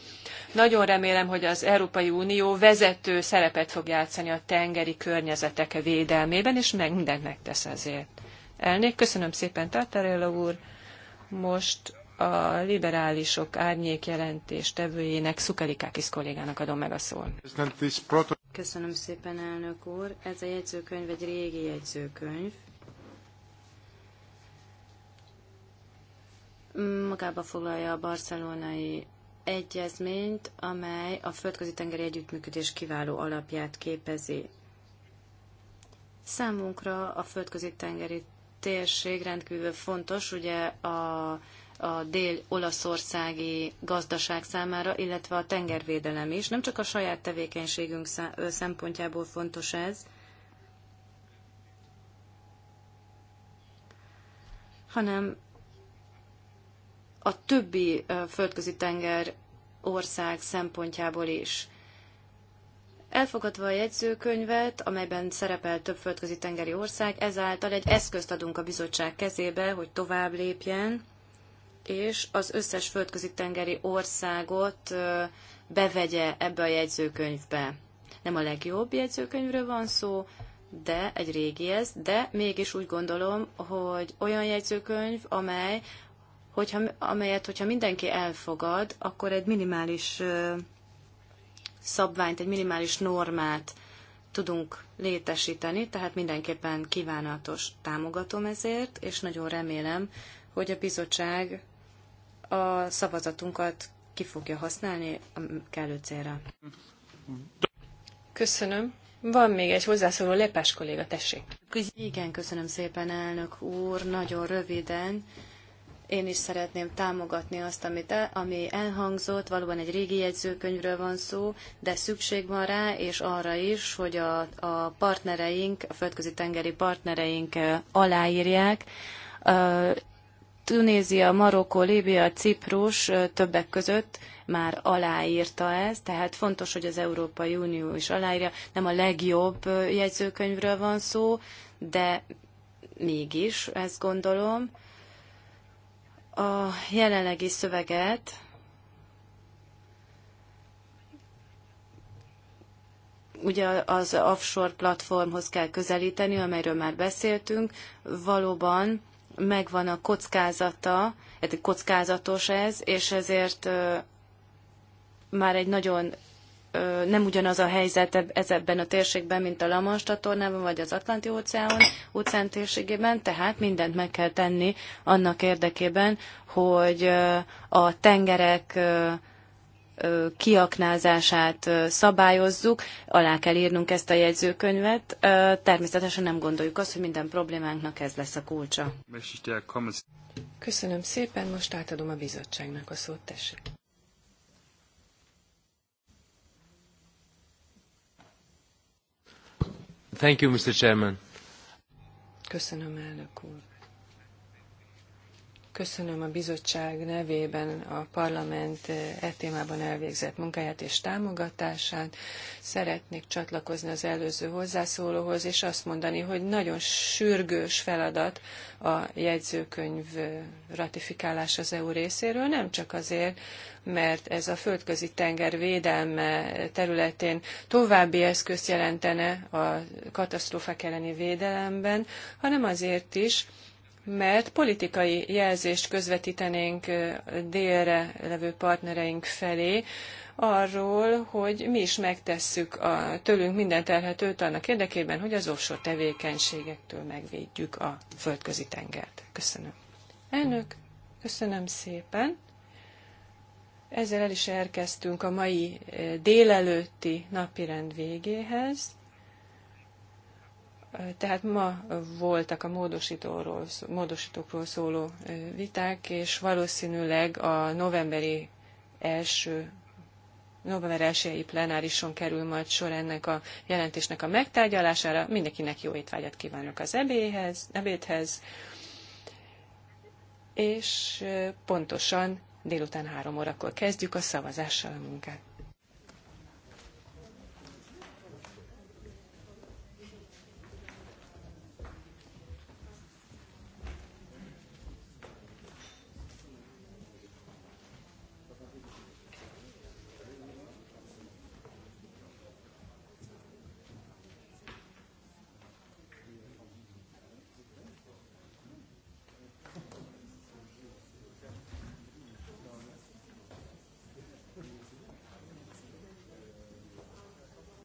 Nagyon remélem, hogy az Európai Unió vezető szerepet fog játszani a tengeri környezetek védelmében, és meg mindent megtesz ezért. Elnék, köszönöm szépen Tartarella úr. Most a liberálisok árnyék jelentés tevőjének, Szukalikákis kollégának adom meg a szót. Köszönöm szépen, elnök úr. Ez a jegyzőkönyv egy régi jegyzőkönyv magába foglalja a barcelonai egyezményt, amely a földközi tengeri együttműködés kiváló alapját képezi. Számunkra a földközi tengeri térség rendkívül fontos, ugye a, a dél-olaszországi gazdaság számára, illetve a tengervédelem is. Nem csak a saját tevékenységünk szempontjából fontos ez, hanem a többi földközi tenger ország szempontjából is. Elfogadva a jegyzőkönyvet, amelyben szerepel több földközi tengeri ország, ezáltal egy eszközt adunk a bizottság kezébe, hogy tovább lépjen, és az összes földközi tengeri országot bevegye ebbe a jegyzőkönyvbe. Nem a legjobb jegyzőkönyvről van szó, de egy régi ez, de mégis úgy gondolom, hogy olyan jegyzőkönyv, amely hogyha, amelyet, hogyha mindenki elfogad, akkor egy minimális szabványt, egy minimális normát tudunk létesíteni, tehát mindenképpen kívánatos támogatom ezért, és nagyon remélem, hogy a bizottság a szavazatunkat ki fogja használni a kellő célra. Köszönöm. Van még egy hozzászóló lepás kolléga, tessék. Igen, köszönöm szépen, elnök úr. Nagyon röviden én is szeretném támogatni azt, amit el, ami elhangzott, valóban egy régi jegyzőkönyvről van szó, de szükség van rá, és arra is, hogy a, a partnereink, a földközi tengeri partnereink aláírják. Tunézia, Marokkó, Líbia, Ciprus többek között már aláírta ezt, tehát fontos, hogy az Európai Unió is aláírja. Nem a legjobb jegyzőkönyvről van szó, de mégis ezt gondolom a jelenlegi szöveget ugye az offshore platformhoz kell közelíteni, amelyről már beszéltünk, valóban megvan a kockázata, kockázatos ez, és ezért már egy nagyon nem ugyanaz a helyzet ebben a térségben, mint a Lamas csatornában, vagy az Atlanti óceánon, óceán térségében, tehát mindent meg kell tenni annak érdekében, hogy a tengerek kiaknázását szabályozzuk, alá kell írnunk ezt a jegyzőkönyvet. Természetesen nem gondoljuk azt, hogy minden problémánknak ez lesz a kulcsa. Köszönöm szépen, most átadom a bizottságnak a szót, tessék. Thank you, Mr. Chairman. Köszönöm, elnök úr. Köszönöm a bizottság nevében a parlament eh, e témában elvégzett munkáját és támogatását. Szeretnék csatlakozni az előző hozzászólóhoz, és azt mondani, hogy nagyon sürgős feladat a jegyzőkönyv eh, ratifikálás az EU részéről, nem csak azért, mert ez a földközi tenger védelme területén további eszközt jelentene a katasztrófák elleni védelemben, hanem azért is, mert politikai jelzést közvetítenénk délre levő partnereink felé arról, hogy mi is megtesszük a tőlünk minden terhetőt annak érdekében, hogy az offshore tevékenységektől megvédjük a földközi tengert. Köszönöm. Elnök, köszönöm szépen. Ezzel el is érkeztünk a mai délelőtti napirend végéhez. Tehát ma voltak a módosítóról, módosítókról szóló viták, és valószínűleg a novemberi első november 1 plenárison kerül majd sor ennek a jelentésnek a megtárgyalására. Mindenkinek jó étvágyat kívánok az ebéhez, ebédhez, és pontosan délután három órakor kezdjük a szavazással a munkát.